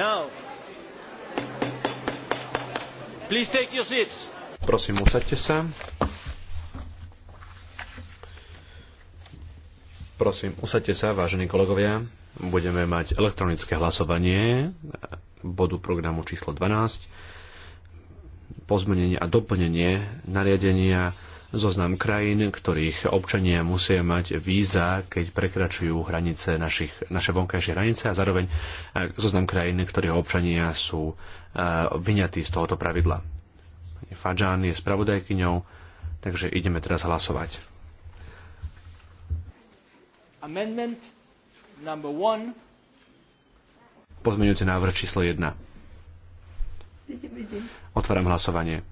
Now. Please take your seats. Prosím, usaďte sa. Prosím, usaďte sa, vážení kolegovia. Budeme mať elektronické hlasovanie bodu programu číslo 12 pozmenenie a doplnenie nariadenia zoznam krajín, ktorých občania musia mať víza, keď prekračujú hranice našich, naše vonkajšie hranice a zároveň e, zoznam krajín, ktorých občania sú e, vyňatí z tohoto pravidla. Fadžán je spravodajkyňou, takže ideme teraz hlasovať. Amendment number one. Pozmeňujúci návrh číslo 1. Otváram hlasovanie.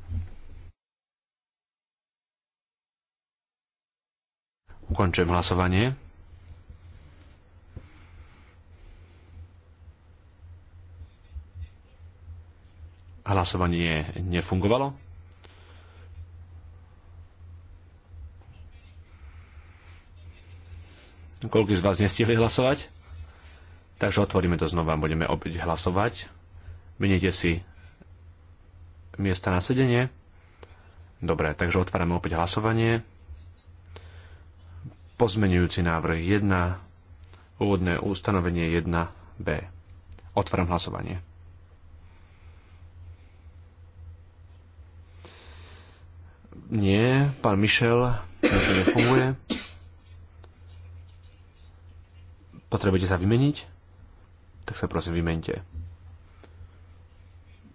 Ukončujem hlasovanie. Hlasovanie nefungovalo. Koľko z vás nestihli hlasovať? Takže otvoríme to znova, budeme opäť hlasovať. Menite si miesta na sedenie. Dobre, takže otvárame opäť hlasovanie. Pozmenujúci návrh 1, úvodné ustanovenie 1b. Otváram hlasovanie. Nie, pán Mišel, to nefunguje. Potrebujete sa vymeniť? Tak sa prosím vymente.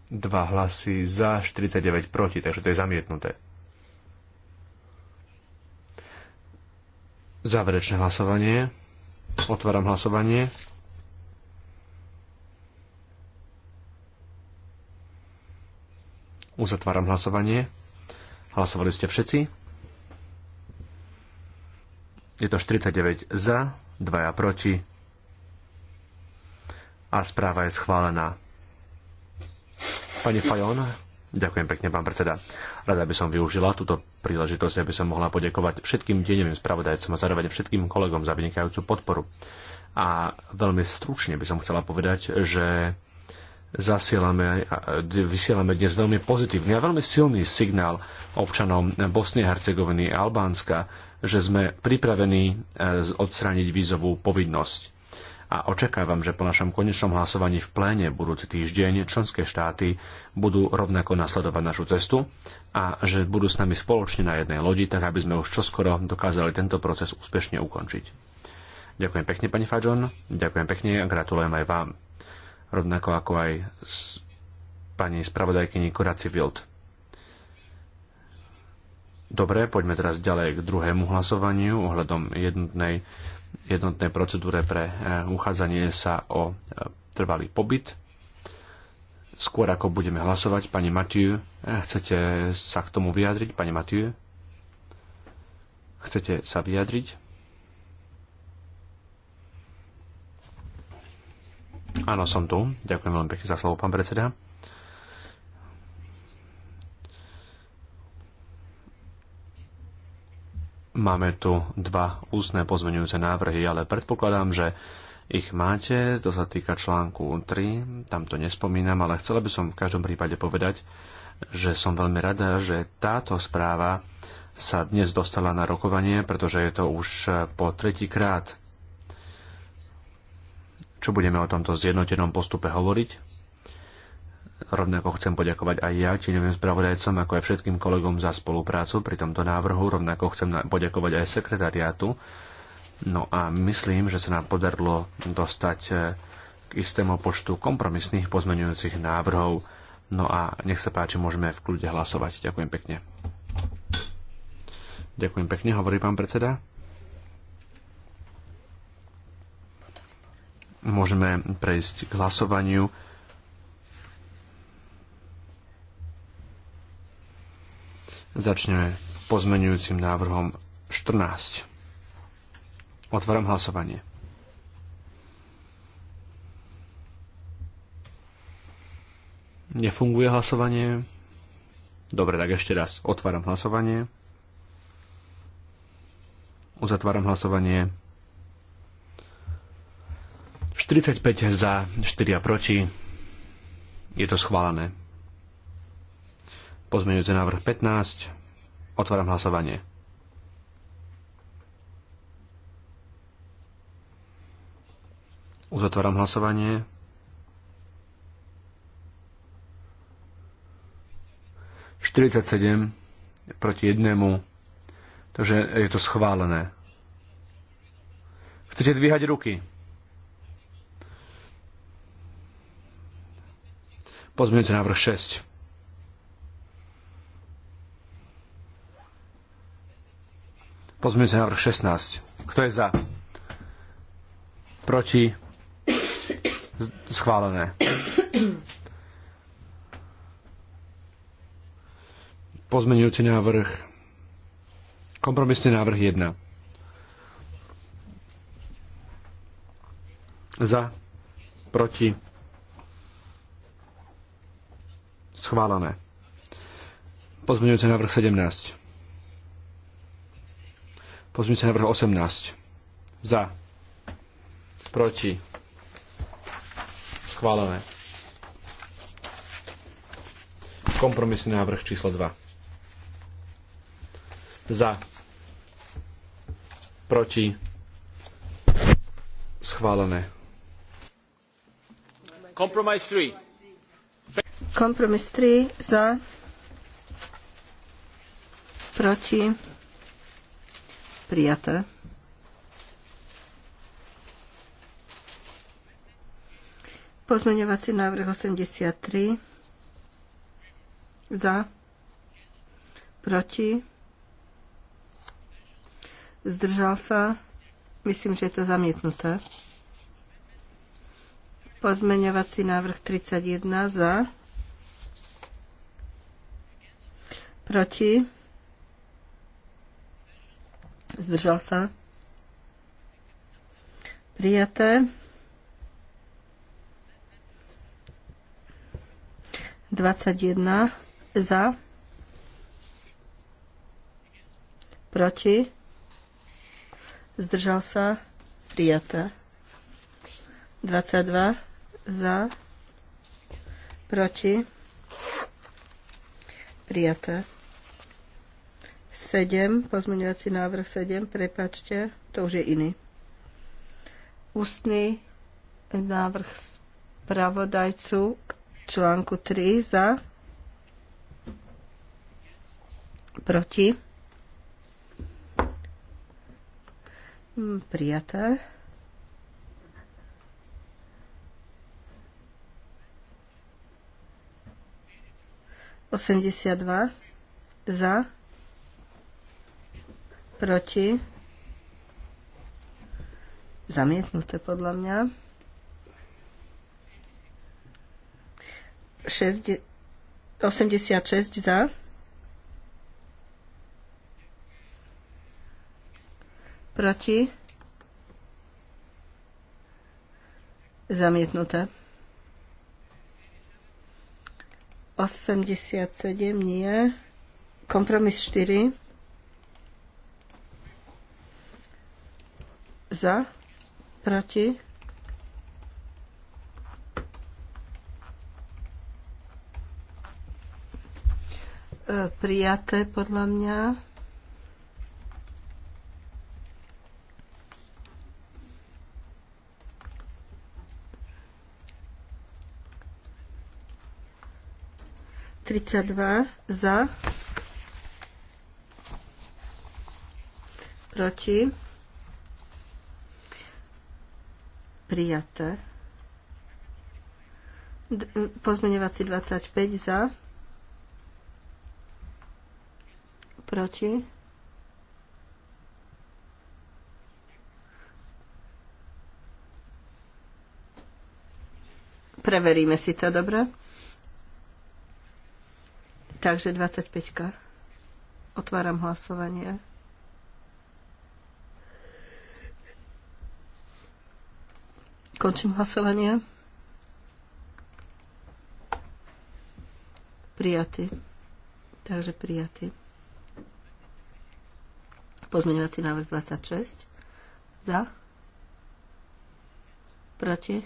Dva hlasy za, 49 proti, takže to je zamietnuté. Záverečné hlasovanie. Otváram hlasovanie. Uzatváram hlasovanie. Hlasovali ste všetci. Je to 49 za, 2 proti. A správa je schválená. Pani Fajon, Ďakujem pekne, pán predseda. Rada by som využila túto príležitosť, aby som mohla podiekovať všetkým deňovým spravodajcom a zároveň všetkým kolegom za vynikajúcu podporu. A veľmi stručne by som chcela povedať, že zasielame, vysielame dnes veľmi pozitívny a veľmi silný signál občanom Bosny, Hercegoviny a Albánska, že sme pripravení eh, odstrániť vízovú povinnosť a očakávam, že po našom konečnom hlasovaní v pléne budúci týždeň členské štáty budú rovnako nasledovať našu cestu a že budú s nami spoločne na jednej lodi, tak aby sme už čoskoro dokázali tento proces úspešne ukončiť. Ďakujem pekne, pani Fajon, ďakujem pekne a gratulujem aj vám. Rovnako ako aj s pani spravodajkyni Koraci Wild. Dobre, poďme teraz ďalej k druhému hlasovaniu ohľadom jednotnej jednotnej procedúre pre e, uchádzanie sa o e, trvalý pobyt. Skôr ako budeme hlasovať, pani Matiu, e, chcete sa k tomu vyjadriť? Pani Matiu, chcete sa vyjadriť? Áno, som tu. Ďakujem veľmi pekne za slovo, pán predseda. Máme tu dva ústne pozmeňujúce návrhy, ale predpokladám, že ich máte, to sa týka článku 3, tam to nespomínam, ale chcela by som v každom prípade povedať, že som veľmi rada, že táto správa sa dnes dostala na rokovanie, pretože je to už po tretí krát. Čo budeme o tomto zjednotenom postupe hovoriť? Rovnako chcem poďakovať aj ja, tieňovým spravodajcom, ako aj všetkým kolegom za spoluprácu pri tomto návrhu. Rovnako chcem poďakovať aj sekretariátu. No a myslím, že sa nám podarilo dostať e, k istému počtu kompromisných pozmenujúcich návrhov. No a nech sa páči, môžeme v kľude hlasovať. Ďakujem pekne. Ďakujem pekne, hovorí pán predseda. Môžeme prejsť k hlasovaniu Začneme pozmenujúcim návrhom 14. Otváram hlasovanie. Nefunguje hlasovanie. Dobre, tak ešte raz. Otváram hlasovanie. Uzatváram hlasovanie. 45 za, 4 proti. Je to schválené. Pozmeňujúci návrh 15. Otváram hlasovanie. Uzatváram hlasovanie. Štyridsaťsedem proti jednému. Takže je to schválené. Chcete dvíhať ruky? Pozmeňujúci návrh 6. na rok 16. Kto je za? Proti? Schválené. Pozmeňujúci návrh. Kompromisný návrh 1. Za? Proti? Schválené. Pozmeňujúci návrh 17 na vrch 18. Za. Proti. Schválené. Kompromisný návrh číslo 2. Za. Proti. Schválené. Kompromis 3. Kompromis 3 za. Proti Prijaté. Pozmeňovací návrh 83. Za. Proti. Zdržal sa. Myslím, že je to zamietnuté. Pozmeňovací návrh 31 za. Proti. Zdržal sa? Prijaté. jedna za, proti, zdržal sa, prijaté. dva za, proti, prijaté. 7, pozmeňovací návrh 7, prepačte, to už je iný. Ústny návrh spravodajcu k článku 3 za, proti, hm, prijaté. Osemdesiat dva za proti, zamietnuté podľa mňa, 6, 86 za, proti, zamietnuté. 87 nie. Kompromis 4. Za? Proti? E, prijaté podľa mňa. Tridsať dva za proti prijaté. E, pozmeňovací 25 za. Proti. Preveríme si to, dobre? Takže 25. -ka. Otváram hlasovanie. Končím hlasovanie. Prijatý. Takže prijatý. Pozmeňovací návrh 26. Za. Proti.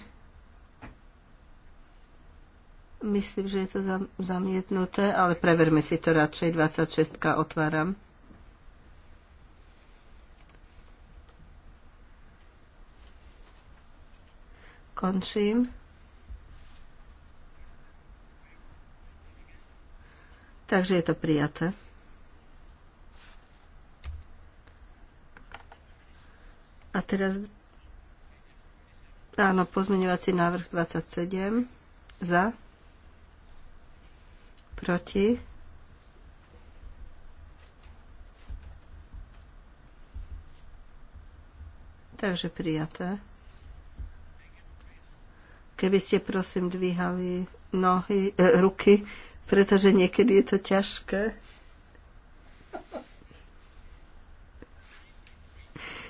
Myslím, že je to zamietnuté, ale preverme si to radšej. 26. otváram. Končím. Takže je to prijaté. A teraz áno, pozmeňovací návrh 27 za proti Takže prijaté. Keby ste prosím dvíhali nohy, e, ruky, pretože niekedy je to ťažké.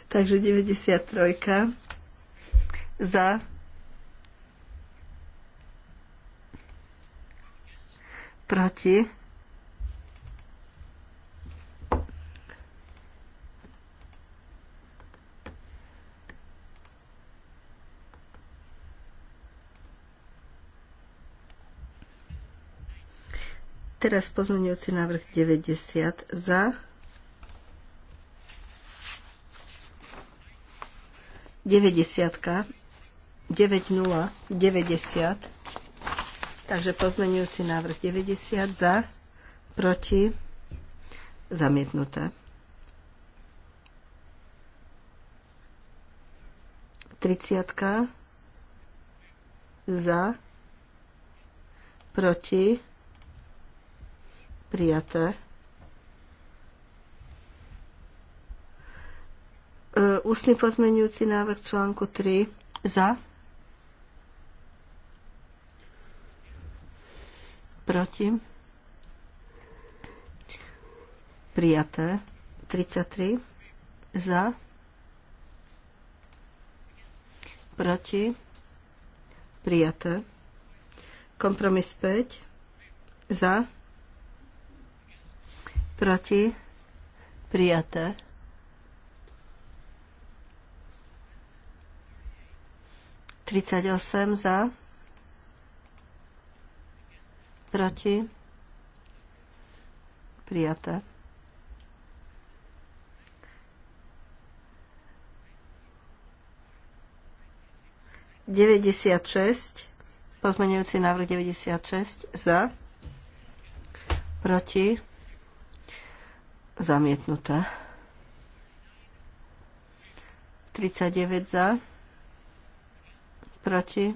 Takže 93 za proti teraz pozmeňujúci návrh 90 za. 90. 90. 90. Takže pozmeňujúci návrh 90 za, proti, zamietnuté. 30 za, proti, prijaté. E, ústny pozmenujúci návrh článku 3 za. Proti. Prijaté. 33 za. Proti. Prijaté. Kompromis 5 za proti, prijaté. Tridsať osem za, proti, prijaté. Deväťdesiat šesť, pozmeňujúci návrh deväťdesiat šesť za, proti, Zamietnuté. 39 za. Proti.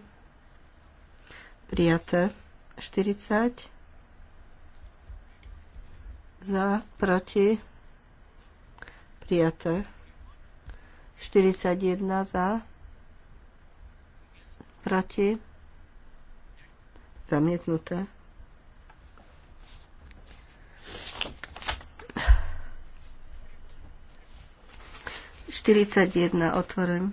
Prijaté. 40. Za. Proti. Prijaté. 41 za. Proti. Zamietnuté. 41 otvorím.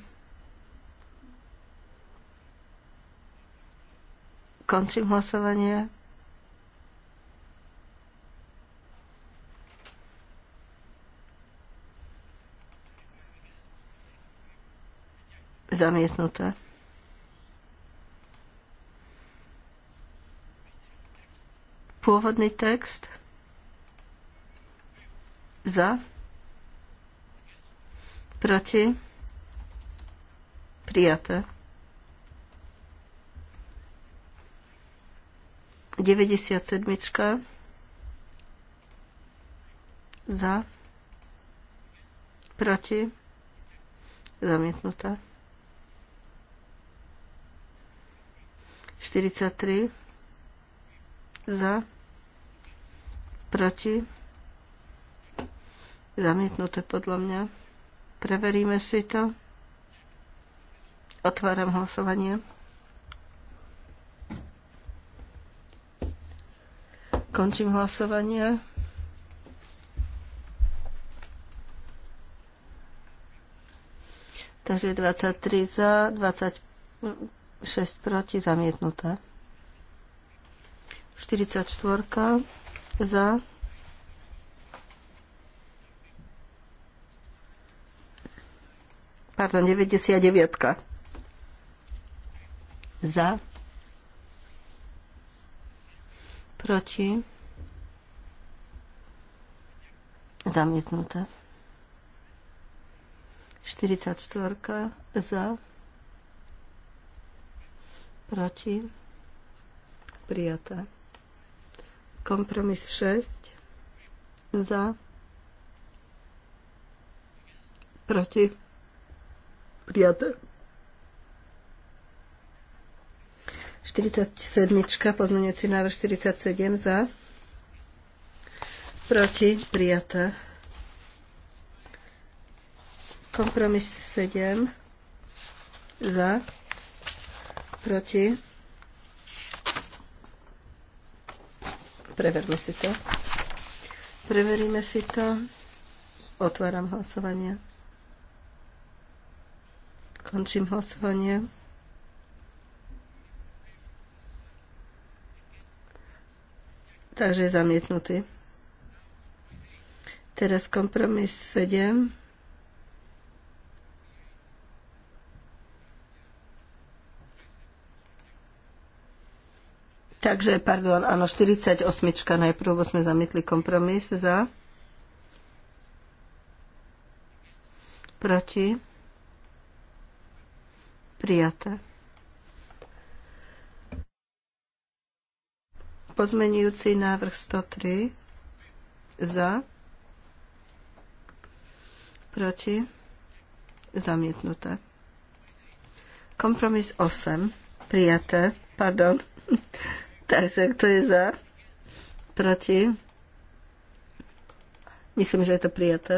Končím hlasovanie. Zamietnuté. Pôvodný text za Proti? Prijaté. 97. Za. Proti. Zamietnutá. 43. Za. Proti. Zamietnuté podľa mňa. Preveríme si to. Otváram hlasovanie. Končím hlasovanie. Takže 23 za, 26 proti, zamietnuté. 44 za, pardon, 99. -ka. Za. Proti. Zamietnuté. 44. Za. Proti. Prijaté. Kompromis 6. Za. Proti Prijaté. 47. Pozmeňujúci návrh 47 za. Proti. Prijaté. Kompromis 7 za. Proti. Preverme si to. Preveríme si to. Otváram hlasovanie. Končím hlasovanie. Takže je zamietnutý. Teraz kompromis 7. Takže, pardon, áno, 48. Najprv sme zamietli kompromis za. Proti. Prijaté. Pozmenujúci návrh 103 za, proti, zamietnuté. Kompromis 8, prijaté, pardon. Takže kto je za, proti, myslím, že je to prijaté.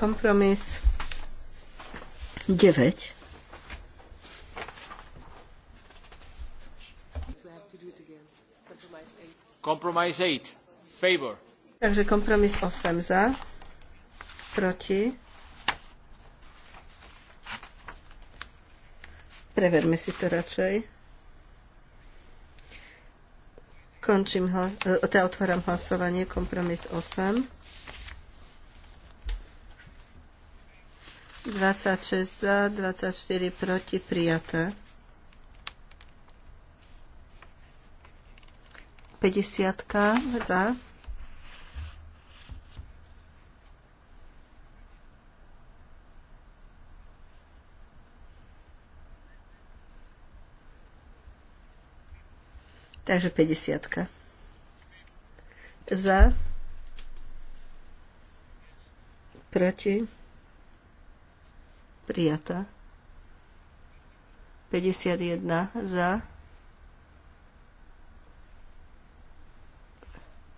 Kompromis 9. Kompromis 8. Favor. Takže kompromis 8 za. Proti. Preverme si to radšej. Končím, e, teda otváram hlasovanie, kompromis 8. 26 za, 24 proti, prijaté. 50 za. Takže 50 za, proti, Prijatá. 51 za.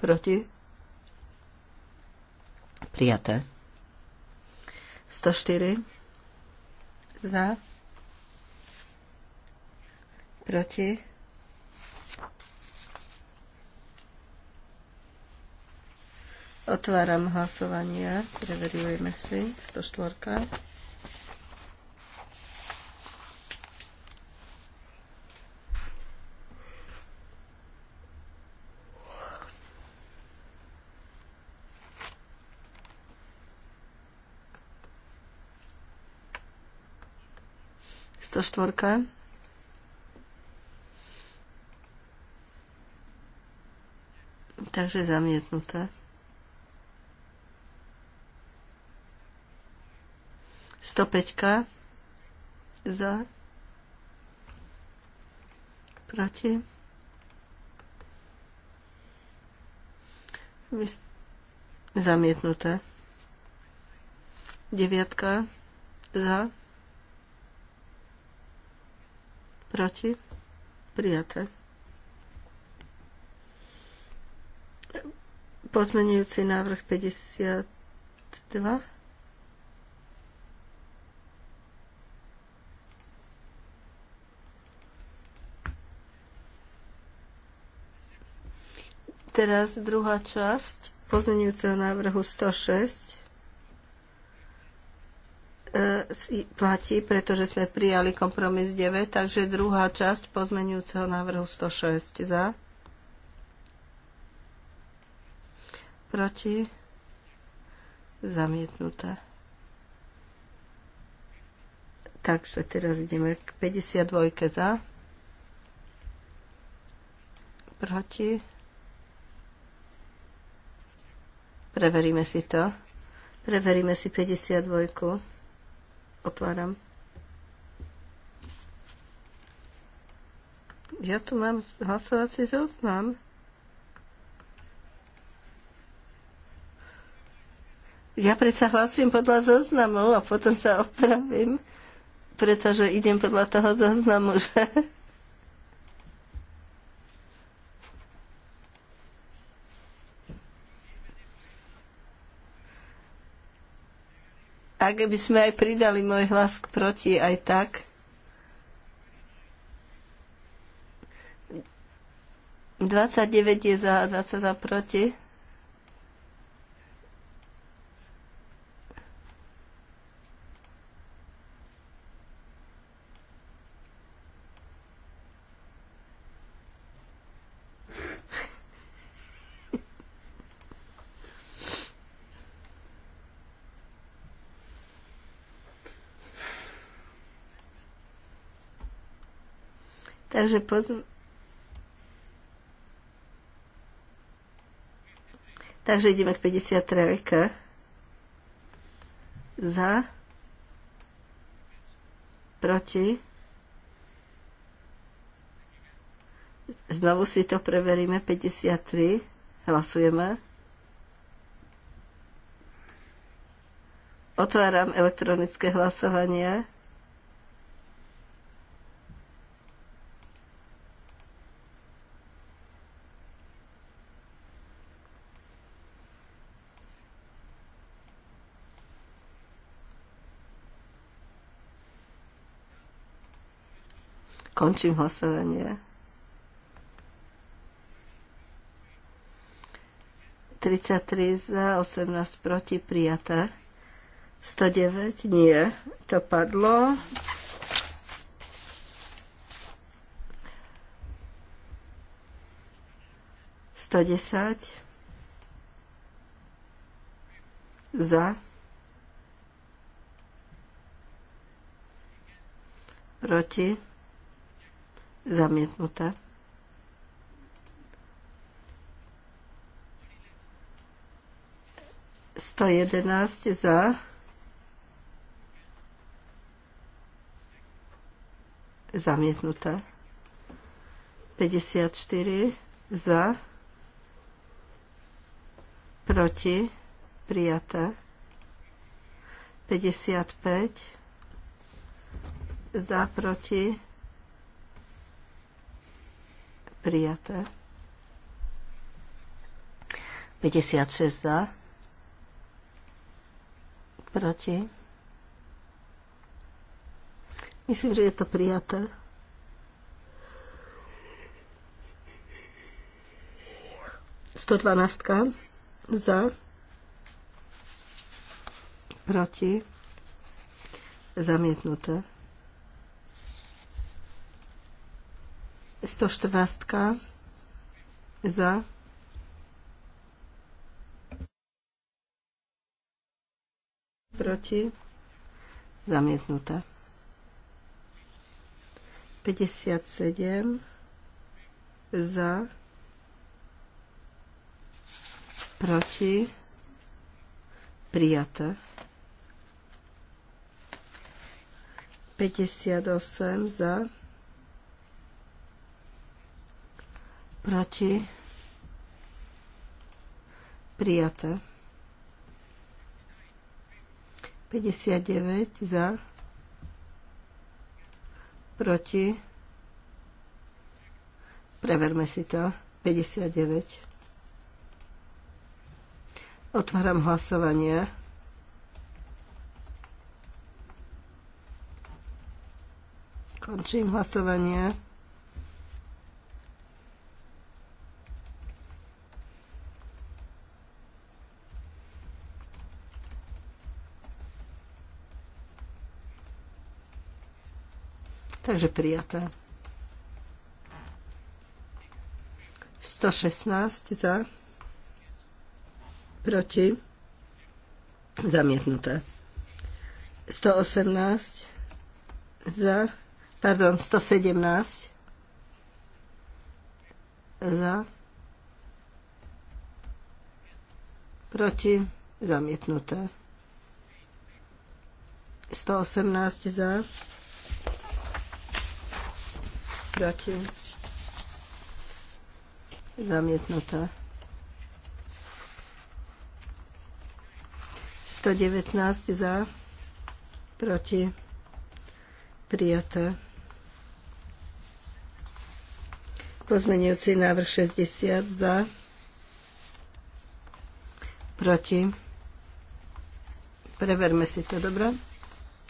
Proti. Prijaté. 104 za. Proti. Otváram hlasovanie, preverujeme si 104. 204. Takže zamietnuté. peťka za proti zamietnuté deviatka za Proti? Prijaté. Pozmenujúci návrh 52. Teraz druhá časť pozmenujúceho návrhu 106. E, platí, pretože sme prijali kompromis 9, takže druhá časť pozmenujúceho návrhu 106 za. Proti. Zamietnuté. Takže teraz ideme k 52 za. Proti. Preveríme si to. Preveríme si 52 otváram. Ja tu mám hlasovací zoznam. Ja predsa hlasujem podľa zoznamu a potom sa opravím, pretože idem podľa toho zoznamu, že? Ak by sme aj pridali môj hlas k proti aj tak, 29 je za, 22 proti. Takže pozv... Takže ideme k 53. Za. Proti. Znovu si to preveríme. 53. Hlasujeme. Otváram elektronické hlasovanie. Končím hlasovanie. 33 za, 18 proti, prijaté. 109 nie, to padlo. Sto desať za proti Zamietnuté. Sto jedenáct za. Zamietnuté. 54 za. Proti. Prijaté. 55 za proti prijaté. 56 za, proti. Myslím, že je to prijaté. Sto dvanástka za, proti, zamietnuté. 114 za. Proti. Zamietnuté. 57 za. Proti. Prijaté. 58 za proti, prijaté. 59 za, proti, preverme si to, 59. Otváram hlasovanie. Končím hlasovanie. Takže prijaté. 116 za, proti, zamietnuté. 118 za, pardon, 117 za, proti, zamietnuté. 118 za, bratia. Zamietnutá. 119 za, proti, prijatá. Pozmenujúci návrh 60 za, proti. Preverme si to, dobre?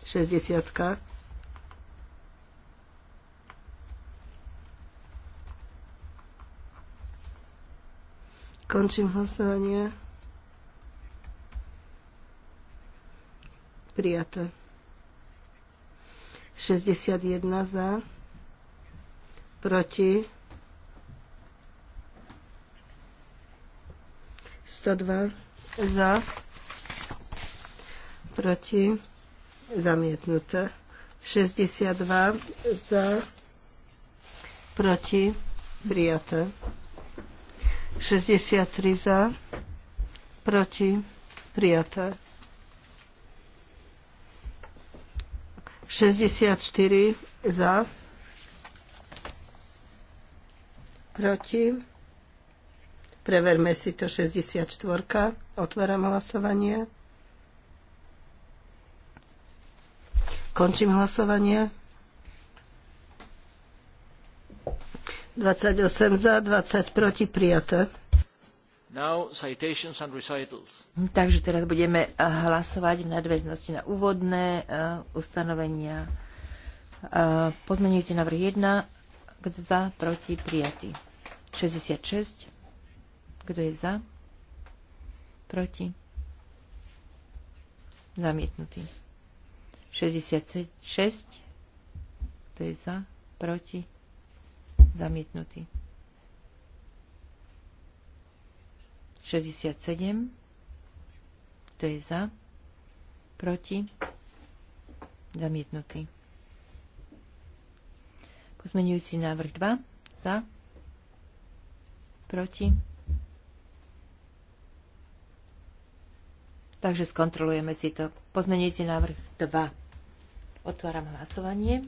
60. -ka. Končím hlasovanie. Prijaté. 61 za. Proti. 102 za. Proti. Zamietnuté. 62 za. Proti. Prijaté. 63 za, proti, prijaté. 64 za, proti, preverme si to 64, otváram hlasovanie, končím hlasovanie. 28 za, 20 proti prijaté. Takže teraz budeme eh, hlasovať v nadväznosti na úvodné uh, ustanovenia. Uh, eh, Pozmenujte návrh 1, kto za, proti, prijatý. 66, kto je za, proti, zamietnutý. 66, kto je za, proti, Zamietnutý. 67. Kto je za? Proti? Zamietnutý. Pozmenujúci návrh 2. Za? Proti? Takže skontrolujeme si to. Pozmenujúci návrh 2. Otváram hlasovanie.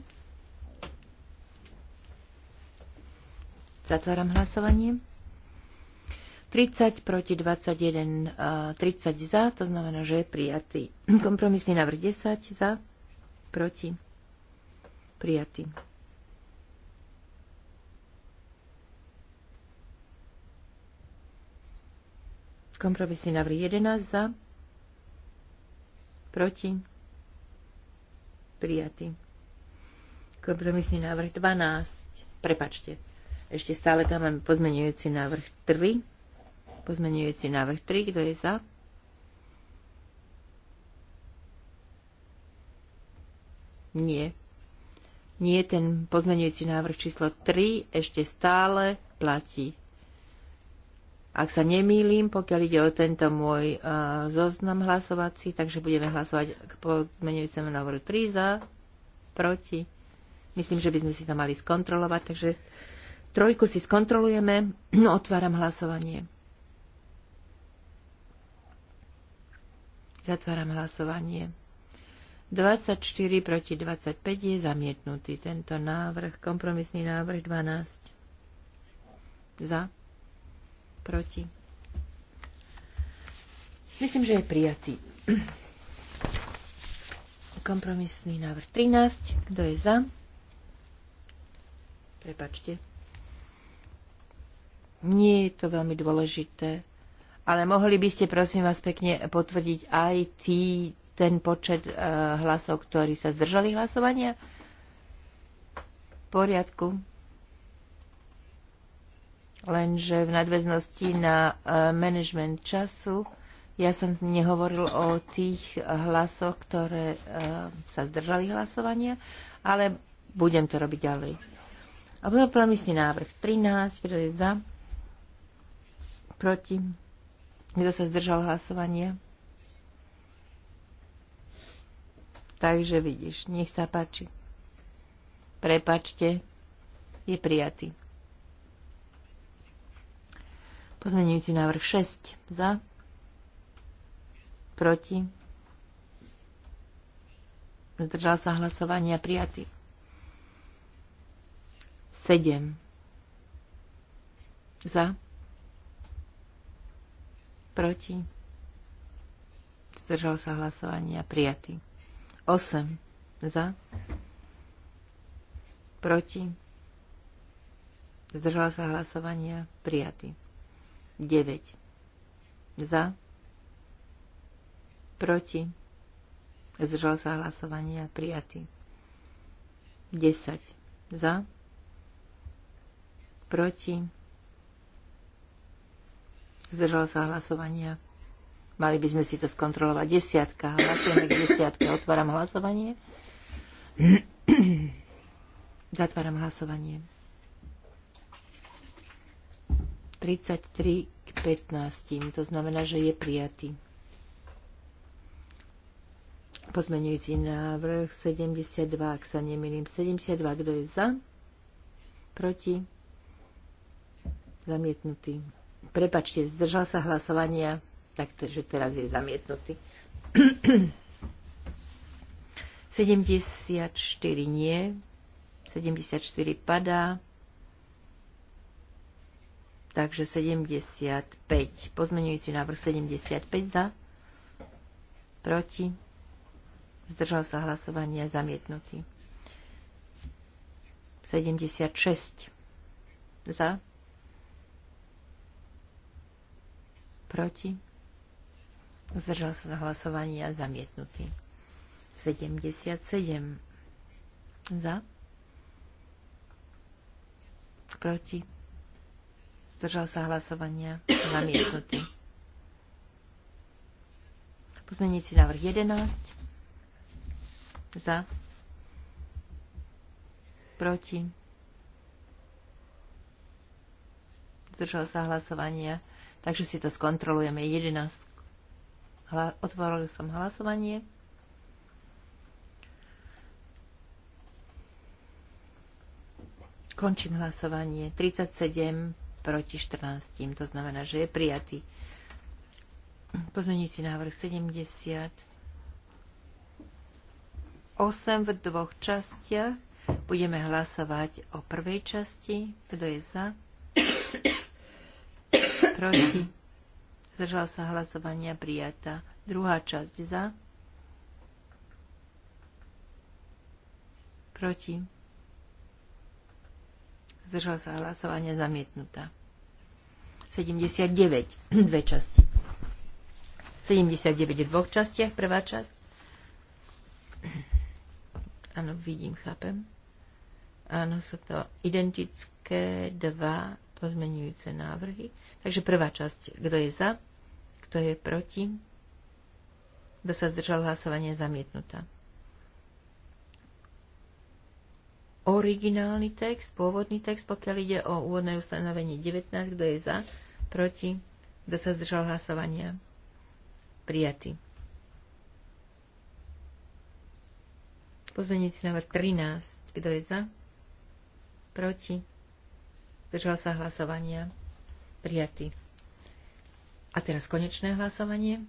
Zatváram hlasovanie. 30 proti 21, 30 e, za, to znamená, že je prijatý. Kompromisný návrh 10 za, proti, prijatý. Kompromisný návrh 11 za, proti, prijatý. Kompromisný návrh 12, prepačte, ešte stále tam máme pozmenujúci návrh 3. Pozmenujúci návrh 3, kto je za? Nie. Nie, ten pozmenujúci návrh číslo 3 ešte stále platí. Ak sa nemýlim, pokiaľ ide o tento môj uh, zoznam hlasovací, takže budeme hlasovať k pozmenujúcemu návrhu 3 za, proti. Myslím, že by sme si to mali skontrolovať, takže Trojku si skontrolujeme. No, otváram hlasovanie. Zatváram hlasovanie. 24 proti 25 je zamietnutý tento návrh, kompromisný návrh 12. Za, proti. Myslím, že je prijatý. Kompromisný návrh 13. Kto je za? Prepačte, nie je to veľmi dôležité. Ale mohli by ste, prosím vás, pekne potvrdiť aj tý, ten počet e, hlasov, ktorí sa zdržali hlasovania? V poriadku. Lenže v nadväznosti na e, management času ja som nehovoril o tých hlasoch, ktoré e, sa zdržali hlasovania, ale budem to robiť ďalej. A potom plomyslný návrh 13, ktorý je za, Proti? Kto sa zdržal hlasovania? Takže vidíš, nech sa páči. Prepačte, je prijatý. Pozmenujúci návrh 6. Za. Proti. Zdržal sa hlasovania prijatý. 7. Za. Proti? Zdržal sa hlasovania. Prijatý. 8. Za? Proti? Zdržal sa hlasovania. Prijatý. 9. Za? Proti? Zdržal sa hlasovania. Prijatý. 10. Za? Proti? zdržal sa hlasovania. Mali by sme si to skontrolovať. Desiatka. Hlasujeme k desiatke. Otváram hlasovanie. Zatváram hlasovanie. 33 k 15. To znamená, že je prijatý. Pozmenujúci návrh 72, ak sa nemýlim. 72, kto je za? Proti? Zamietnutý. Prepačte, zdržal sa hlasovania, takže teraz je zamietnutý. 74 nie, 74 padá, takže 75. Pozmenujúci návrh 75 za, proti, zdržal sa hlasovania, zamietnutý. 76 za, proti, zdržal sa za hlasovania zamietnutý. 77 za, proti, zdržal sa hlasovania zamietnutý. Pozmeniť si návrh 11 za, proti, zdržal sa hlasovania Takže si to skontrolujeme. 11. Hla- otvoril som hlasovanie. Končím hlasovanie. 37 proti 14. To znamená, že je prijatý. Pozmeníci návrh 70. 8 v dvoch častiach. Budeme hlasovať o prvej časti. Kto je za? proti, zdržal sa hlasovania prijatá. Druhá časť za, proti, zdržal sa hlasovania zamietnutá. 79, dve časti. 79 v dvoch častiach, prvá časť. Áno, vidím, chápem. Áno, sú to identické dva pozmenujúce návrhy. Takže prvá časť, kto je za, kto je proti, kto sa zdržal hlasovanie zamietnutá. Originálny text, pôvodný text, pokiaľ ide o úvodné ustanovenie 19, kto je za, proti, kto sa zdržal hlasovania, prijatý. Pozmeňujúci návrh 13, kto je za, proti, Zdržal sa hlasovania. Prijatý. A teraz konečné hlasovanie.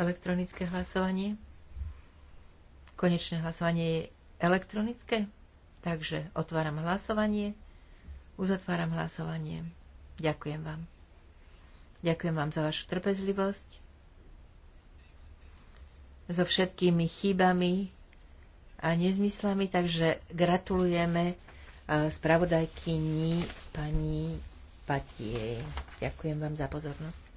Elektronické hlasovanie. Konečné hlasovanie je elektronické. Takže otváram hlasovanie. Uzatváram hlasovanie. Ďakujem vám. Ďakujem vám za vašu trpezlivosť. So všetkými chybami a nezmyslami, takže gratulujeme spravodajkyni pani Patie. Ďakujem vám za pozornosť.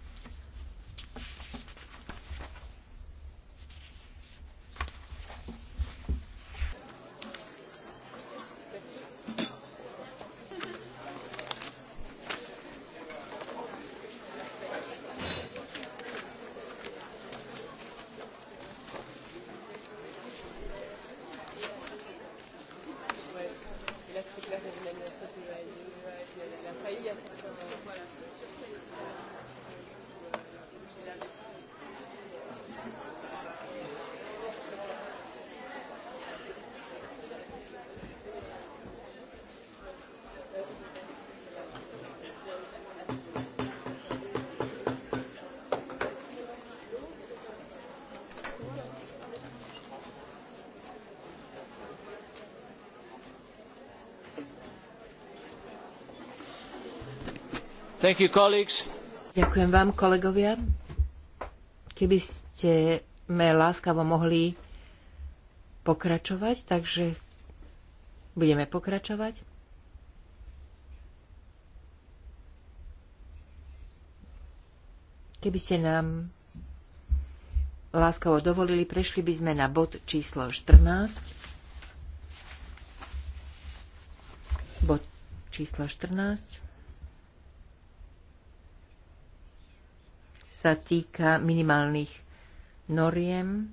Ďakujem vám, kolegovia. Keby ste me láskavo mohli pokračovať, takže budeme pokračovať. Keby ste nám láskavo dovolili, prešli by sme na bod číslo 14. Bod číslo 14. sa týka minimálnych noriem.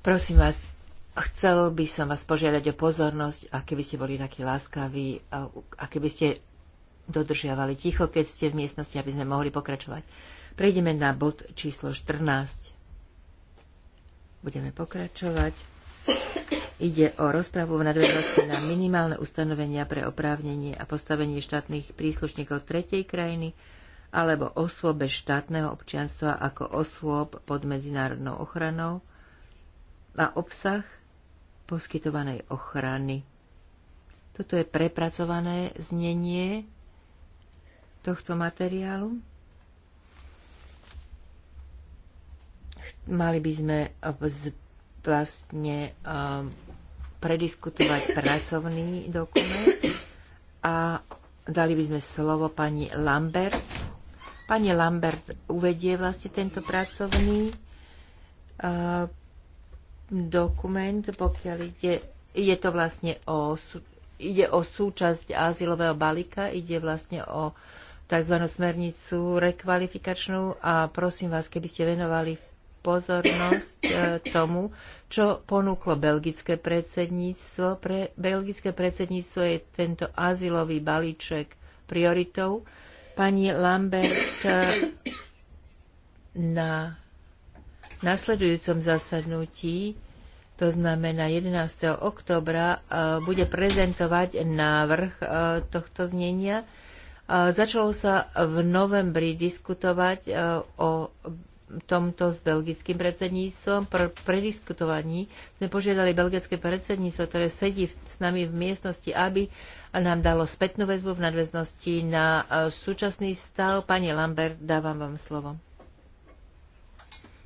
Prosím vás, chcel by som vás požiadať o pozornosť a keby ste boli takí láskaví a keby ste dodržiavali ticho, keď ste v miestnosti, aby sme mohli pokračovať. Prejdeme na bod číslo 14. Budeme pokračovať. Ide o rozpravu v nadväznosti na minimálne ustanovenia pre oprávnenie a postavenie štátnych príslušníkov tretej krajiny alebo osôbe štátneho občianstva ako osôb pod medzinárodnou ochranou a obsah poskytovanej ochrany. Toto je prepracované znenie tohto materiálu. Mali by sme eh, vlastne eh, prediskutovať pracovný dokument a dali by sme slovo pani Lambert. Pani Lambert uvedie vlastne tento pracovný eh, dokument, pokiaľ ide, je to vlastne o, ide o súčasť azylového balíka, ide vlastne o uh, tzv. smernicu rekvalifikačnú a prosím vás, keby ste venovali pozornosť e, tomu, čo ponúklo belgické predsedníctvo. Pre belgické predsedníctvo je tento azylový balíček prioritou. Pani Lambert e, na nasledujúcom zasadnutí, to znamená 11. oktobra, e, bude prezentovať návrh tohto znenia Začalo sa v novembri diskutovať e, o tomto s belgickým predsedníctvom. Pr- prediskutovaní sme požiadali belgické predsedníctvo, ktoré sedí v, s nami v miestnosti, aby nám dalo spätnú väzbu v nadväznosti na e, súčasný stav. Pani Lambert, dávam vám slovo.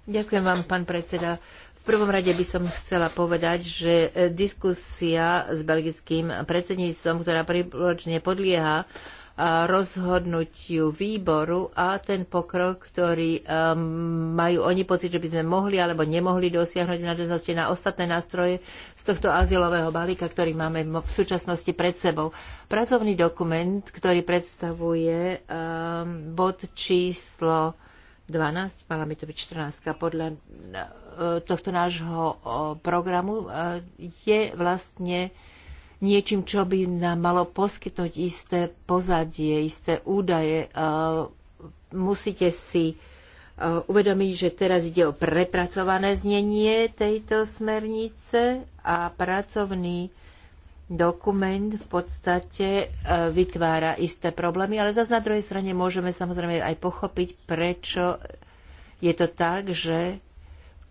Ďakujem vám, pán predseda. V prvom rade by som chcela povedať, že e, diskusia s belgickým predsedníctvom, ktorá príročne podlieha uh, rozhodnutiu výboru a ten pokrok, ktorý um, majú oni pocit, že by sme mohli alebo nemohli dosiahnuť v na ostatné nástroje z tohto azylového balíka, ktorý máme v súčasnosti pred sebou. Pracovný dokument, ktorý predstavuje um, bod číslo 12, mala by to byť 14 podľa uh, tohto nášho uh, programu, uh, je vlastne niečím, čo by nám malo poskytnúť isté pozadie, isté údaje. Musíte si uvedomiť, že teraz ide o prepracované znenie tejto smernice a pracovný dokument v podstate e, vytvára isté problémy, ale zase na druhej strane môžeme samozrejme aj pochopiť, prečo je to tak, že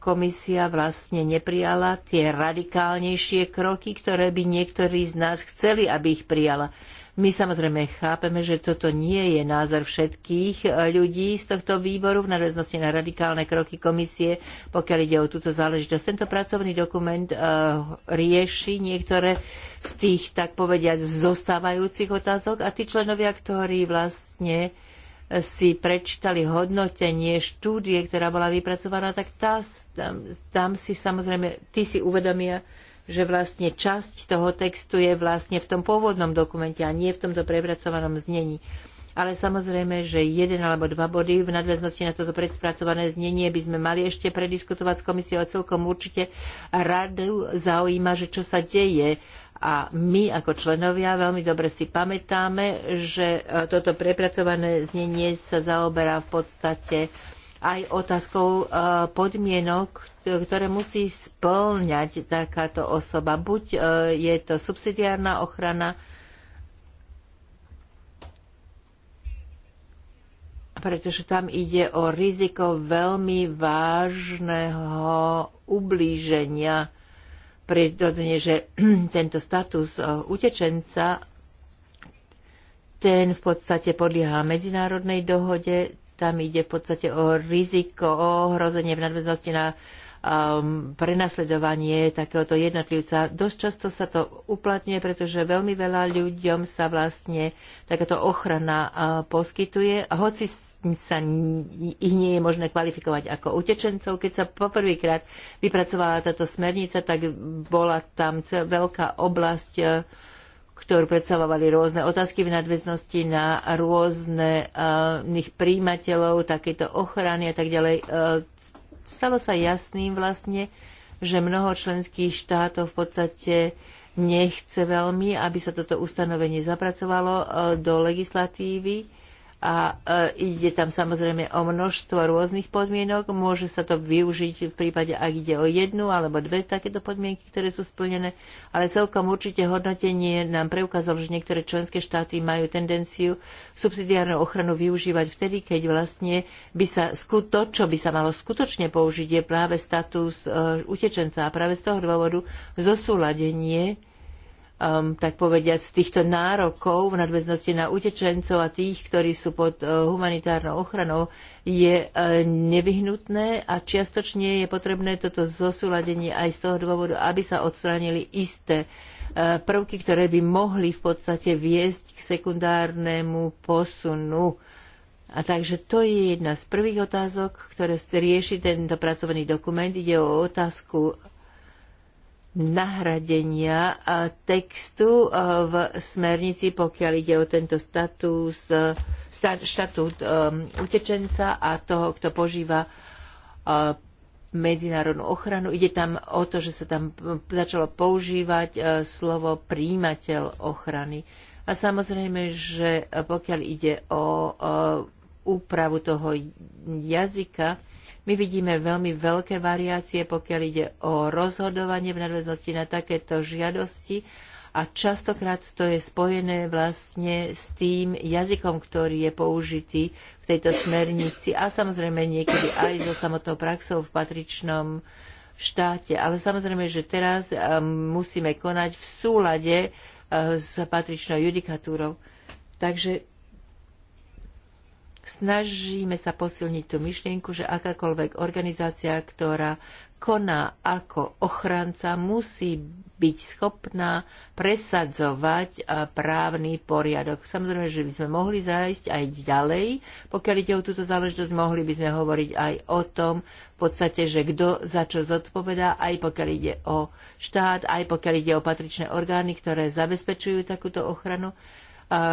komisia vlastne neprijala tie radikálnejšie kroky, ktoré by niektorí z nás chceli, aby ich prijala. My samozrejme chápeme, že toto nie je názor všetkých e, ľudí z tohto výboru v nadväznosti na radikálne kroky komisie, pokiaľ ide o túto záležitosť. Tento pracovný dokument uh, rieši niektoré z tých, tak povediať, zostávajúcich otázok a tí členovia, ktorí vlastne uh, si prečítali hodnotenie štúdie, ktorá bola vypracovaná, tak tá, tam, tam si samozrejme, ty si uvedomia, že vlastne časť toho textu je vlastne v tom pôvodnom dokumente a nie v tomto prepracovanom znení. Ale samozrejme, že jeden alebo dva body v nadväznosti na toto predspracované znenie by sme mali ešte prediskutovať s komisiou a celkom určite radu zaujíma, že čo sa deje a my ako členovia veľmi dobre si pamätáme, že e, toto prepracované znenie sa zaoberá v podstate aj otázkou e, podmienok, ktoré musí splňať takáto osoba. Buď e, je to subsidiárna ochrana, pretože tam ide o riziko veľmi vážneho ublíženia prirodzene, že tento status eh, utečenca ten v podstate podlieha medzinárodnej dohode, tam ide v podstate o riziko, o ohrozenie v nadväznosti na um, prenasledovanie takéhoto jednotlivca. Dosť často sa to uplatňuje, pretože veľmi veľa ľuďom sa vlastne takáto ochrana uh, poskytuje, hoci sa, ich nie je možné kvalifikovať ako utečencov. Keď sa poprvýkrát vypracovala táto smernica, tak bola tam veľká oblasť, e, ktorú predstavovali rôzne otázky v nadväznosti na rôzne uh, príjimateľov, takéto ochrany a tak ďalej. Uh, stalo sa jasným vlastne, že mnoho členských štátov v podstate nechce veľmi, aby sa toto ustanovenie zapracovalo do legislatívy a e, ide tam samozrejme o množstvo rôznych podmienok. Môže sa to využiť v prípade, ak ide o jednu alebo dve takéto podmienky, ktoré sú splnené, ale celkom určite hodnotenie nám preukázalo, že niektoré členské štáty majú tendenciu subsidiárnu ochranu využívať vtedy, keď vlastne by sa to, čo by sa malo skutočne použiť, je práve status e, utečenca a práve z toho dôvodu zosúladenie um, tak povediať, z týchto nárokov v nadväznosti na utečencov a tých, ktorí sú pod uh, humanitárnou ochranou, je uh, nevyhnutné a čiastočne je potrebné toto zosúladenie aj z toho dôvodu, aby sa odstránili isté uh, prvky, ktoré by mohli v podstate viesť k sekundárnemu posunu. A takže to je jedna z prvých otázok, ktoré rieši tento pracovný dokument. Ide o otázku nahradenia textu v smernici, pokiaľ ide o tento status, e, štatút e, utečenca a toho, kto požíva e, medzinárodnú ochranu. Ide tam o to, že sa tam začalo používať slovo príjimateľ ochrany. A samozrejme, že pokiaľ ide o úpravu toho jazyka, my vidíme veľmi veľké variácie, pokiaľ ide o rozhodovanie v nadväznosti na takéto žiadosti a častokrát to je spojené vlastne s tým jazykom, ktorý je použitý v tejto smernici a samozrejme niekedy aj so samotnou praxou v patričnom štáte. Ale samozrejme, že teraz um, musíme konať v súlade uh, s patričnou judikatúrou. Takže Snažíme sa posilniť tú myšlienku, že akákoľvek organizácia, ktorá koná ako ochranca, musí byť schopná presadzovať právny poriadok. Samozrejme, že by sme mohli zájsť aj ďalej. Pokiaľ ide o túto záležitosť, mohli by sme hovoriť aj o tom, v podstate, že kto za čo zodpovedá, aj pokiaľ ide o štát, aj pokiaľ ide o patričné orgány, ktoré zabezpečujú takúto ochranu.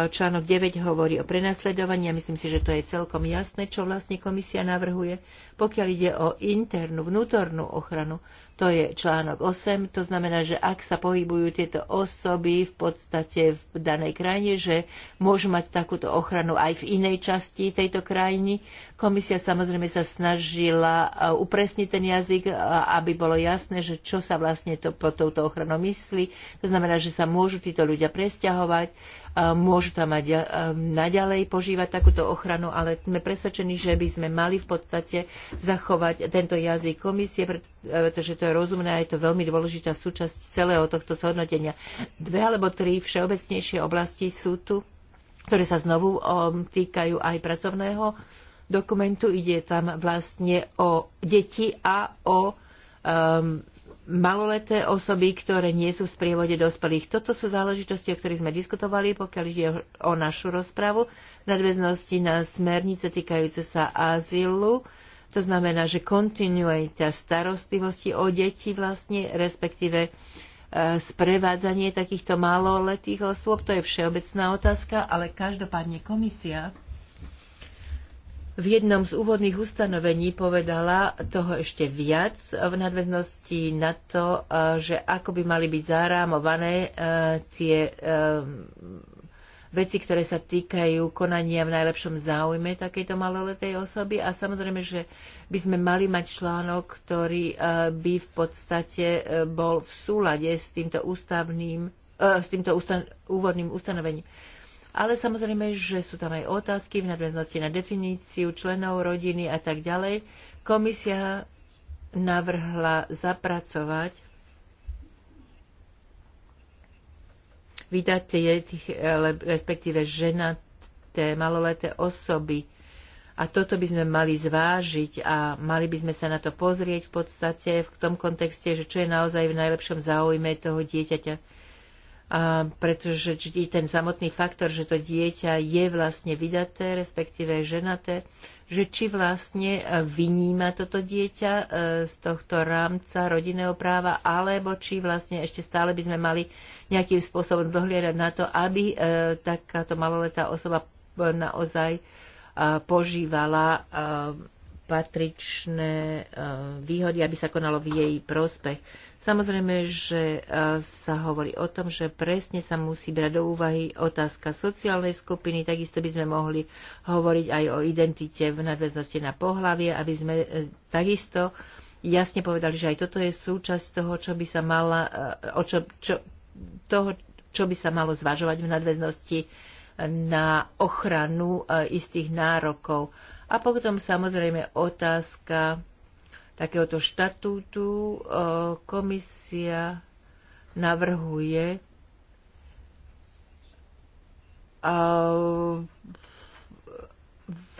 Článok 9 hovorí o prenasledovaní a myslím si, že to je celkom jasné, čo vlastne komisia navrhuje. Pokiaľ ide o internú, vnútornú ochranu, to je článok 8, to znamená, že ak sa pohybujú tieto osoby v podstate v danej krajine, že môžu mať takúto ochranu aj v inej časti tejto krajiny. Komisia samozrejme sa snažila e, upresniť ten jazyk, e, aby bolo jasné, že čo sa vlastne to, pod touto ochranou myslí. To znamená, že sa môžu títo ľudia presťahovať môžu tam mať naďalej požívať takúto ochranu, ale sme presvedčení, že by sme mali v podstate zachovať tento jazyk komisie, e, pretože to je rozumné a je to veľmi dôležitá súčasť celého tohto zhodnotenia. Dve alebo tri všeobecnejšie oblasti sú tu, ktoré sa znovu týkajú aj pracovného dokumentu. Ide tam vlastne o deti a o um, maloleté osoby, ktoré nie sú v sprievode dospelých. Toto sú záležitosti, o ktorých sme diskutovali, pokiaľ ide o našu rozpravu, v nadväznosti na smernice týkajúce sa azylu. To znamená, že kontinuita starostlivosti o deti vlastne, respektíve e, sprevádzanie takýchto maloletých osôb, to je všeobecná otázka, ale každopádne komisia v jednom z úvodných ustanovení povedala toho ešte viac v nadväznosti na to, e, že ako by mali byť zárámované e, tie e, veci, ktoré sa týkajú konania v najlepšom záujme takejto maloletej osoby a samozrejme, že by sme mali mať článok, ktorý by v podstate bol v súlade s týmto ústavným, s týmto ústan- úvodným ustanovením ale samozrejme, že sú tam aj otázky v nadväznosti na definíciu členov rodiny a tak ďalej. Komisia navrhla zapracovať vydať tých, respektíve ženaté maloleté osoby. A toto by sme mali zvážiť a mali by sme sa na to pozrieť v podstate v tom kontexte, že čo je naozaj v najlepšom záujme toho dieťaťa pretože ten samotný faktor, že to dieťa je vlastne vydaté, respektíve ženaté, že či vlastne e, vyníma toto dieťa e, z tohto rámca rodinného práva, alebo či vlastne ešte stále by sme mali nejakým spôsobom dohliadať na to, aby e, takáto maloletá osoba naozaj požívala patričné výhody, aby sa konalo v jej prospech. Samozrejme, že e, sa hovorí o tom, že presne sa musí brať do úvahy otázka sociálnej skupiny. Takisto by sme mohli hovoriť aj o identite v nadväznosti na pohlavie, aby sme e, takisto jasne povedali, že aj toto je súčasť toho, čo by sa mala, e, o čo, čo, toho, čo by sa malo zvažovať v nadväznosti na ochranu istých nárokov. A potom samozrejme otázka takéhoto štatútu e, komisia navrhuje e,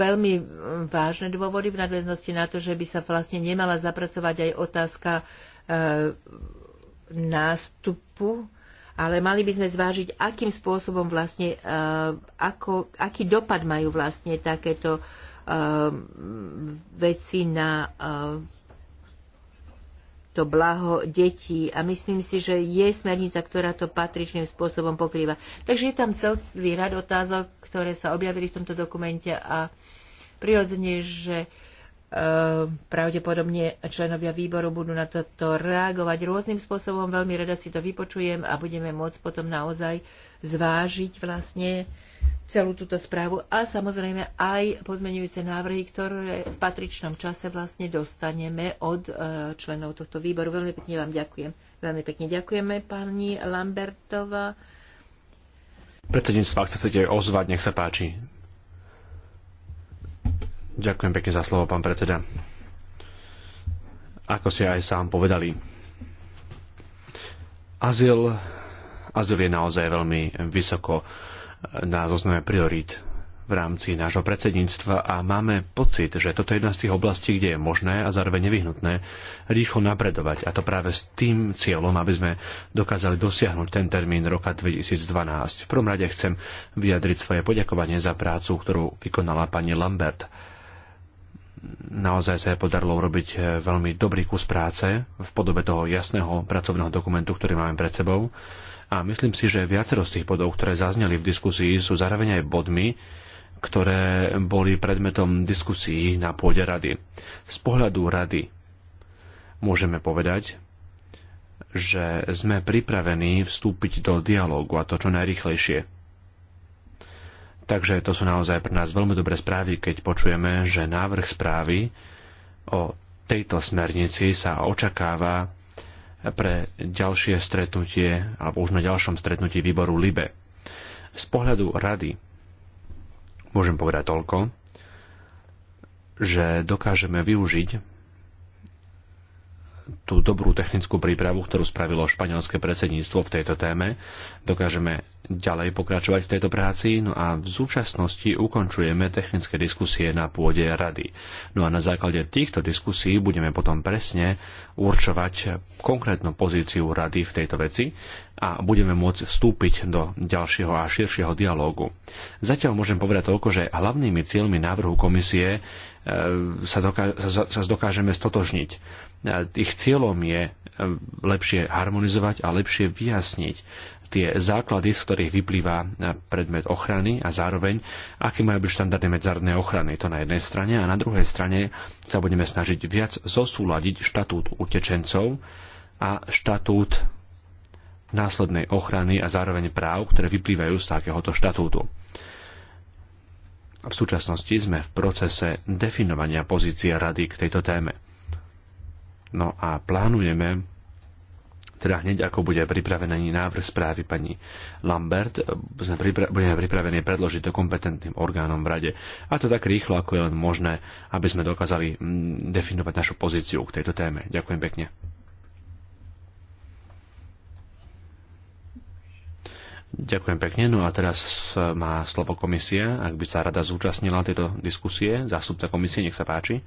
veľmi vážne dôvody v nadväznosti na to, že by sa vlastne nemala zapracovať aj otázka e, nástupu, ale mali by sme zvážiť, akým spôsobom vlastne, e, ako, aký dopad majú vlastne takéto e, veci na e, to blaho detí a myslím si, že je smernica, ktorá to patričným spôsobom pokrýva. Takže je tam celý rad otázok, ktoré sa objavili v tomto dokumente a prirodzene, že e, pravdepodobne členovia výboru budú na toto reagovať rôznym spôsobom. Veľmi rada si to vypočujem a budeme môcť potom naozaj zvážiť vlastne celú túto správu a samozrejme aj pozmenujúce návrhy, ktoré v patričnom čase vlastne dostaneme od e, členov tohto výboru. Veľmi pekne vám ďakujem. Veľmi pekne ďakujeme pani Lambertova. Predsedníctvo, ak chcete ozvať, nech sa páči. Ďakujem pekne za slovo, pán predseda. Ako ste aj sám povedali, azyl, azyl je naozaj veľmi vysoko na zozname priorít v rámci nášho predsedníctva a máme pocit, že toto je jedna z tých oblastí, kde je možné a zároveň nevyhnutné rýchlo napredovať. A to práve s tým cieľom, aby sme dokázali dosiahnuť ten termín roka 2012. V prvom rade chcem vyjadriť svoje poďakovanie za prácu, ktorú vykonala pani Lambert. Naozaj sa podarilo urobiť eh, veľmi dobrý kus práce v podobe toho jasného pracovného dokumentu, ktorý máme pred sebou a myslím si, že viacero z tých bodov, ktoré zazneli v diskusii, sú zároveň aj bodmi, ktoré boli predmetom diskusí na pôde rady. Z pohľadu rady môžeme povedať, že sme pripravení vstúpiť do dialógu a to čo najrychlejšie. Takže to sú naozaj pre nás veľmi dobré správy, keď počujeme, že návrh správy o tejto smernici sa očakáva pre ďalšie stretnutie, alebo už na ďalšom stretnutí výboru LIBE. Z pohľadu rady môžem povedať toľko, že dokážeme využiť tú dobrú technickú prípravu, ktorú spravilo španielské predsedníctvo v tejto téme. Dokážeme ďalej pokračovať v tejto práci, no a v súčasnosti ukončujeme technické diskusie na pôde rady. No a na základe týchto diskusí budeme potom presne určovať konkrétnu pozíciu rady v tejto veci a budeme môcť vstúpiť do ďalšieho a širšieho dialógu. Zatiaľ môžem povedať toľko, že hlavnými cieľmi návrhu komisie e, sa, doká- sa, sa dokážeme stotožniť ich cieľom je e, lepšie harmonizovať a lepšie vyjasniť tie základy, z ktorých vyplýva e, predmet ochrany a zároveň, aké majú byť štandardy medzárodnej ochrany. To na jednej strane a na druhej strane sa budeme snažiť viac zosúľadiť štatút utečencov a štatút následnej ochrany a zároveň práv, ktoré vyplývajú z takéhoto štatútu. V súčasnosti sme v procese definovania pozície rady k tejto téme. No a plánujeme teda hneď ako bude pripravený návrh správy pani Lambert, budeme pripravení predložiť to kompetentným orgánom v rade. A to tak rýchlo, ako je len možné, aby sme dokázali mm, definovať našu pozíciu k tejto téme. Ďakujem pekne. Ďakujem pekne. No a teraz má slovo komisia. Ak by sa rada zúčastnila tejto diskusie, zástupca komisie, nech sa páči.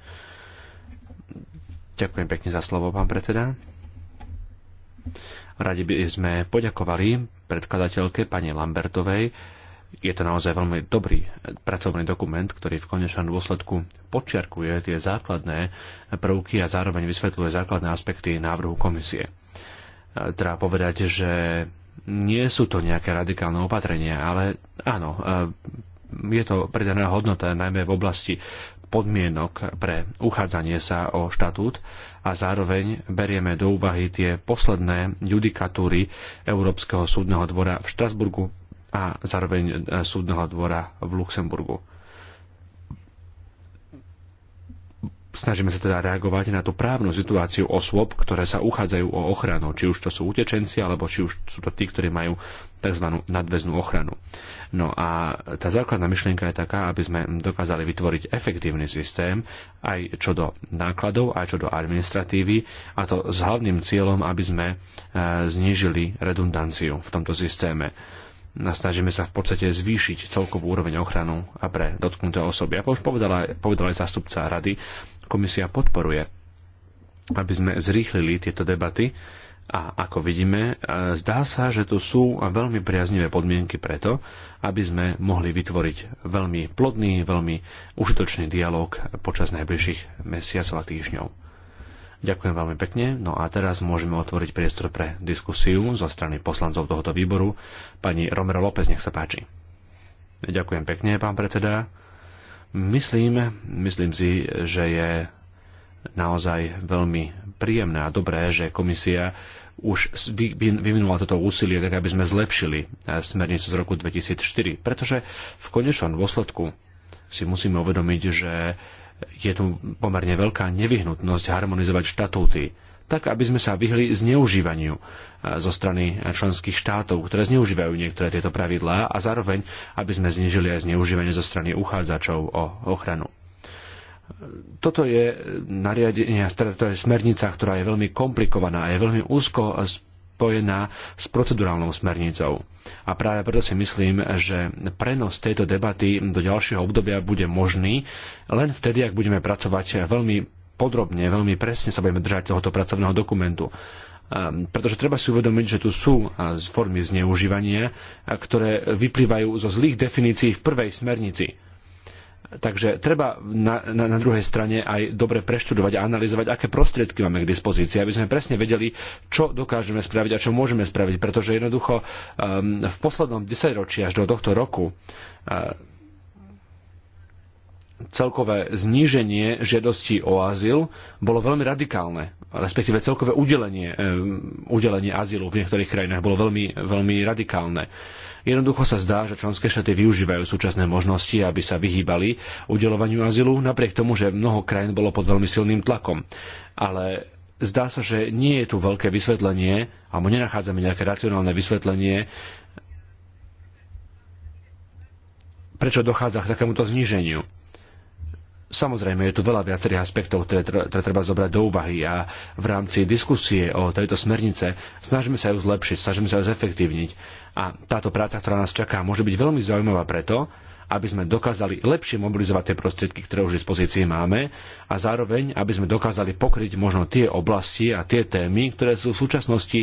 Ďakujem pekne za slovo, pán predseda. Radi by sme poďakovali predkladateľke pani Lambertovej. Je to naozaj veľmi dobrý pracovný dokument, ktorý v konečnom dôsledku počiarkuje tie základné prvky a zároveň vysvetľuje základné aspekty návrhu komisie. Treba povedať, že nie sú to nejaké radikálne opatrenia, ale áno, e, je to pridaná hodnota najmä v oblasti podmienok pre uchádzanie sa o štatút a zároveň berieme do úvahy tie posledné judikatúry Európskeho súdneho dvora v Štrasburgu a zároveň e, súdneho dvora v Luxemburgu. Snažíme sa teda reagovať na tú právnu situáciu osôb, ktoré sa uchádzajú o ochranu, či už to sú utečenci, alebo či už sú to tí, ktorí majú tzv. nadväznú ochranu. No a tá základná myšlienka je taká, aby sme dokázali vytvoriť efektívny systém aj čo do nákladov, aj čo do administratívy a to s hlavným cieľom, aby sme e, znížili redundanciu v tomto systéme snažíme sa v podstate zvýšiť celkovú úroveň ochranu a pre dotknuté osoby. Ako už povedala, povedala aj zástupca rady, Komisia podporuje, aby sme zrýchlili tieto debaty a ako vidíme, e, zdá sa, že tu sú veľmi priaznivé podmienky preto, aby sme mohli vytvoriť veľmi plodný, veľmi užitočný dialog počas najbližších mesiacov a týždňov. Ďakujem veľmi pekne. No a teraz môžeme otvoriť priestor pre diskusiu zo strany poslancov tohoto výboru. Pani Romero López, nech sa páči. Ďakujem pekne, pán predseda. Myslím, myslím si, že je naozaj veľmi príjemné a dobré, že komisia už vyvinula toto úsilie tak, aby sme zlepšili e, smernicu z roku 2004. Pretože v konečnom dôsledku si musíme uvedomiť, že je tu pomerne veľká nevyhnutnosť harmonizovať štatúty tak aby sme sa vyhli zneužívaniu e, zo strany členských štátov, ktoré zneužívajú niektoré tieto pravidlá a zároveň, aby sme znižili aj zneužívanie zo strany uchádzačov o ochranu. Toto je nariadenie, to je smernica, ktorá je veľmi komplikovaná a je veľmi úzko spojená s procedurálnou smernicou. A práve preto si myslím, že prenos tejto debaty do ďalšieho obdobia bude možný len vtedy, ak budeme pracovať veľmi podrobne, veľmi presne sa budeme držať tohoto pracovného dokumentu ehm, pretože treba si uvedomiť, že tu sú formy zneužívania, ktoré vyplývajú zo zlých definícií v prvej smernici. Takže treba na, na, na druhej strane aj dobre preštudovať a analyzovať, aké prostriedky máme k dispozícii, aby sme presne vedeli, čo dokážeme spraviť a čo môžeme spraviť, pretože jednoducho um, v poslednom desaťročí až do tohto roku uh, celkové zníženie žiadostí o azyl bolo veľmi radikálne, respektíve celkové udelenie, udelenie azylu v niektorých krajinách bolo veľmi, veľmi radikálne. Jednoducho sa zdá, že členské štáty využívajú súčasné možnosti, aby sa vyhýbali udelovaniu azylu, napriek tomu, že mnoho krajín bolo pod veľmi silným tlakom. Ale zdá sa, že nie je tu veľké vysvetlenie, alebo nenachádzame nejaké racionálne vysvetlenie, prečo dochádza k takémuto zníženiu. Samozrejme, je tu veľa viacerých aspektov, ktoré, tre, treba zobrať do úvahy a v rámci diskusie o tejto smernice snažíme sa ju zlepšiť, snažíme sa ju zefektívniť. A táto práca, ktorá nás čaká, môže byť veľmi zaujímavá preto, aby sme dokázali lepšie mobilizovať tie prostriedky, ktoré už v dispozícii máme a zároveň, aby sme dokázali pokryť možno tie oblasti a tie témy, ktoré sú v súčasnosti,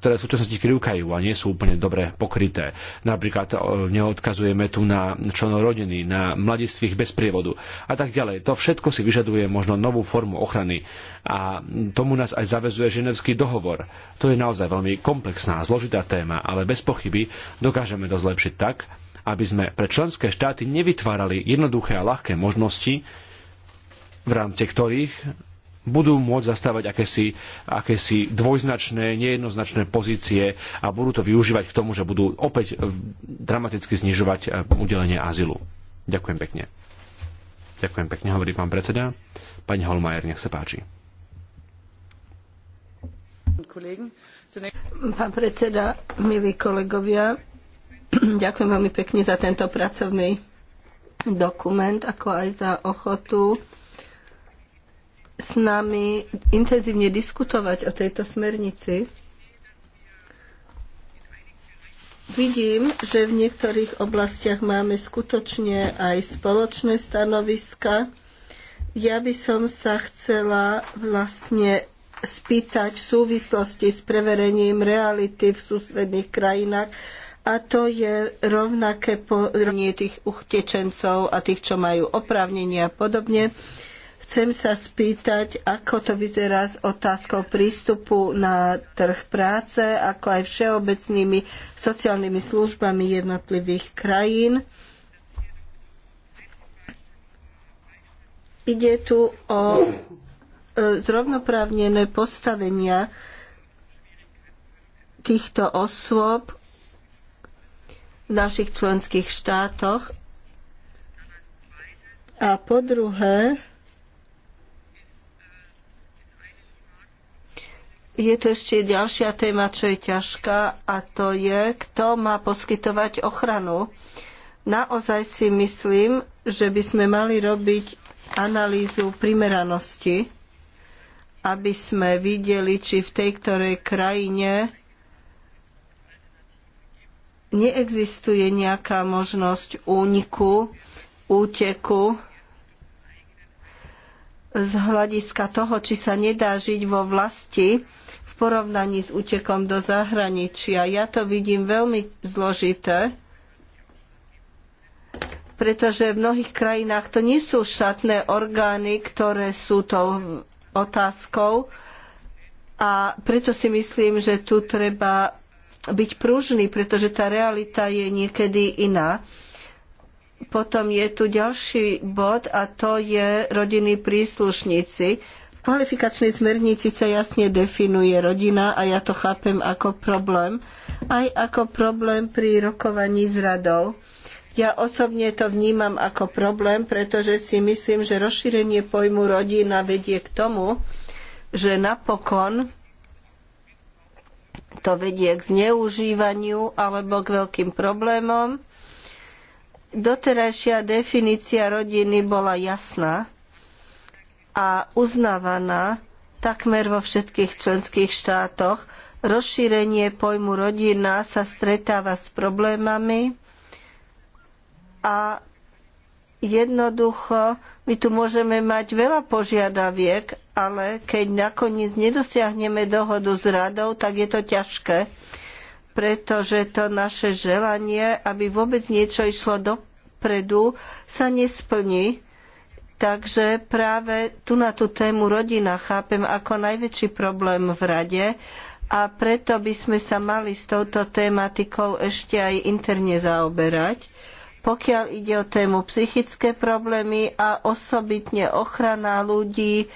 ktoré v súčasnosti krivkajú a nie sú úplne dobre pokryté. Napríklad neodkazujeme tu na členov rodiny, na mladistvých bez prievodu a tak ďalej. To všetko si vyžaduje možno novú formu ochrany a tomu nás aj zavezuje ženevský dohovor. To je naozaj veľmi komplexná, zložitá téma, ale bez pochyby dokážeme to zlepšiť tak, aby sme pre členské štáty nevytvárali jednoduché a ľahké možnosti, v rámci ktorých budú môcť zastávať akési, akési dvojznačné, nejednoznačné pozície a budú to využívať k tomu, že budú opäť dramaticky znižovať eh, udelenie azylu. Ďakujem pekne. Ďakujem pekne, hovorí pán predseda. Pani Holmajer, nech sa páči. Pán predseda, milí kolegovia, Ďakujem veľmi pekne za tento pracovný dokument, ako aj za ochotu s nami intenzívne diskutovať o tejto smernici. Vidím, že v niektorých oblastiach máme skutočne aj spoločné stanoviska. Ja by som sa chcela vlastne spýtať v súvislosti s preverením reality v susledných krajinách, a to je rovnaké porovnanie tých utečencov a tých, čo majú oprávnenia a podobne. Chcem sa spýtať, ako to vyzerá s otázkou prístupu na trh práce, ako aj všeobecnými sociálnymi službami jednotlivých krajín. Ide tu o e, zrovnoprávnené postavenia týchto osôb, v našich členských štátoch. A po druhé, je tu ešte ďalšia téma, čo je ťažká, a to je, kto má poskytovať ochranu. Naozaj si myslím, že by sme mali robiť analýzu primeranosti, aby sme videli, či v tej ktorej krajine neexistuje nejaká možnosť úniku, úteku z hľadiska toho, či sa nedá žiť vo vlasti v porovnaní s útekom do zahraničia. Ja to vidím veľmi zložité, pretože v mnohých krajinách to nie sú štátne orgány, ktoré sú tou otázkou, a preto si myslím, že tu treba byť pružný, pretože tá realita je niekedy iná. Potom je tu ďalší bod a to je rodinní príslušníci. V kvalifikačnej smernici sa jasne definuje rodina a ja to chápem ako problém, aj ako problém pri rokovaní s radou. Ja osobne to vnímam ako problém, pretože si myslím, že rozšírenie pojmu rodina vedie k tomu, že napokon to vedie k zneužívaniu alebo k veľkým problémom. Doterajšia definícia rodiny bola jasná a uznávaná takmer vo všetkých členských štátoch. Rozšírenie pojmu rodina sa stretáva s problémami a jednoducho my tu môžeme mať veľa požiadaviek ale keď nakoniec nedosiahneme dohodu s radou, tak je to ťažké, pretože to naše želanie, aby vôbec niečo išlo dopredu, sa nesplní. Takže práve tu na tú tému rodina chápem ako najväčší problém v rade a preto by sme sa mali s touto tématikou ešte aj interne zaoberať. Pokiaľ ide o tému psychické problémy a osobitne ochrana ľudí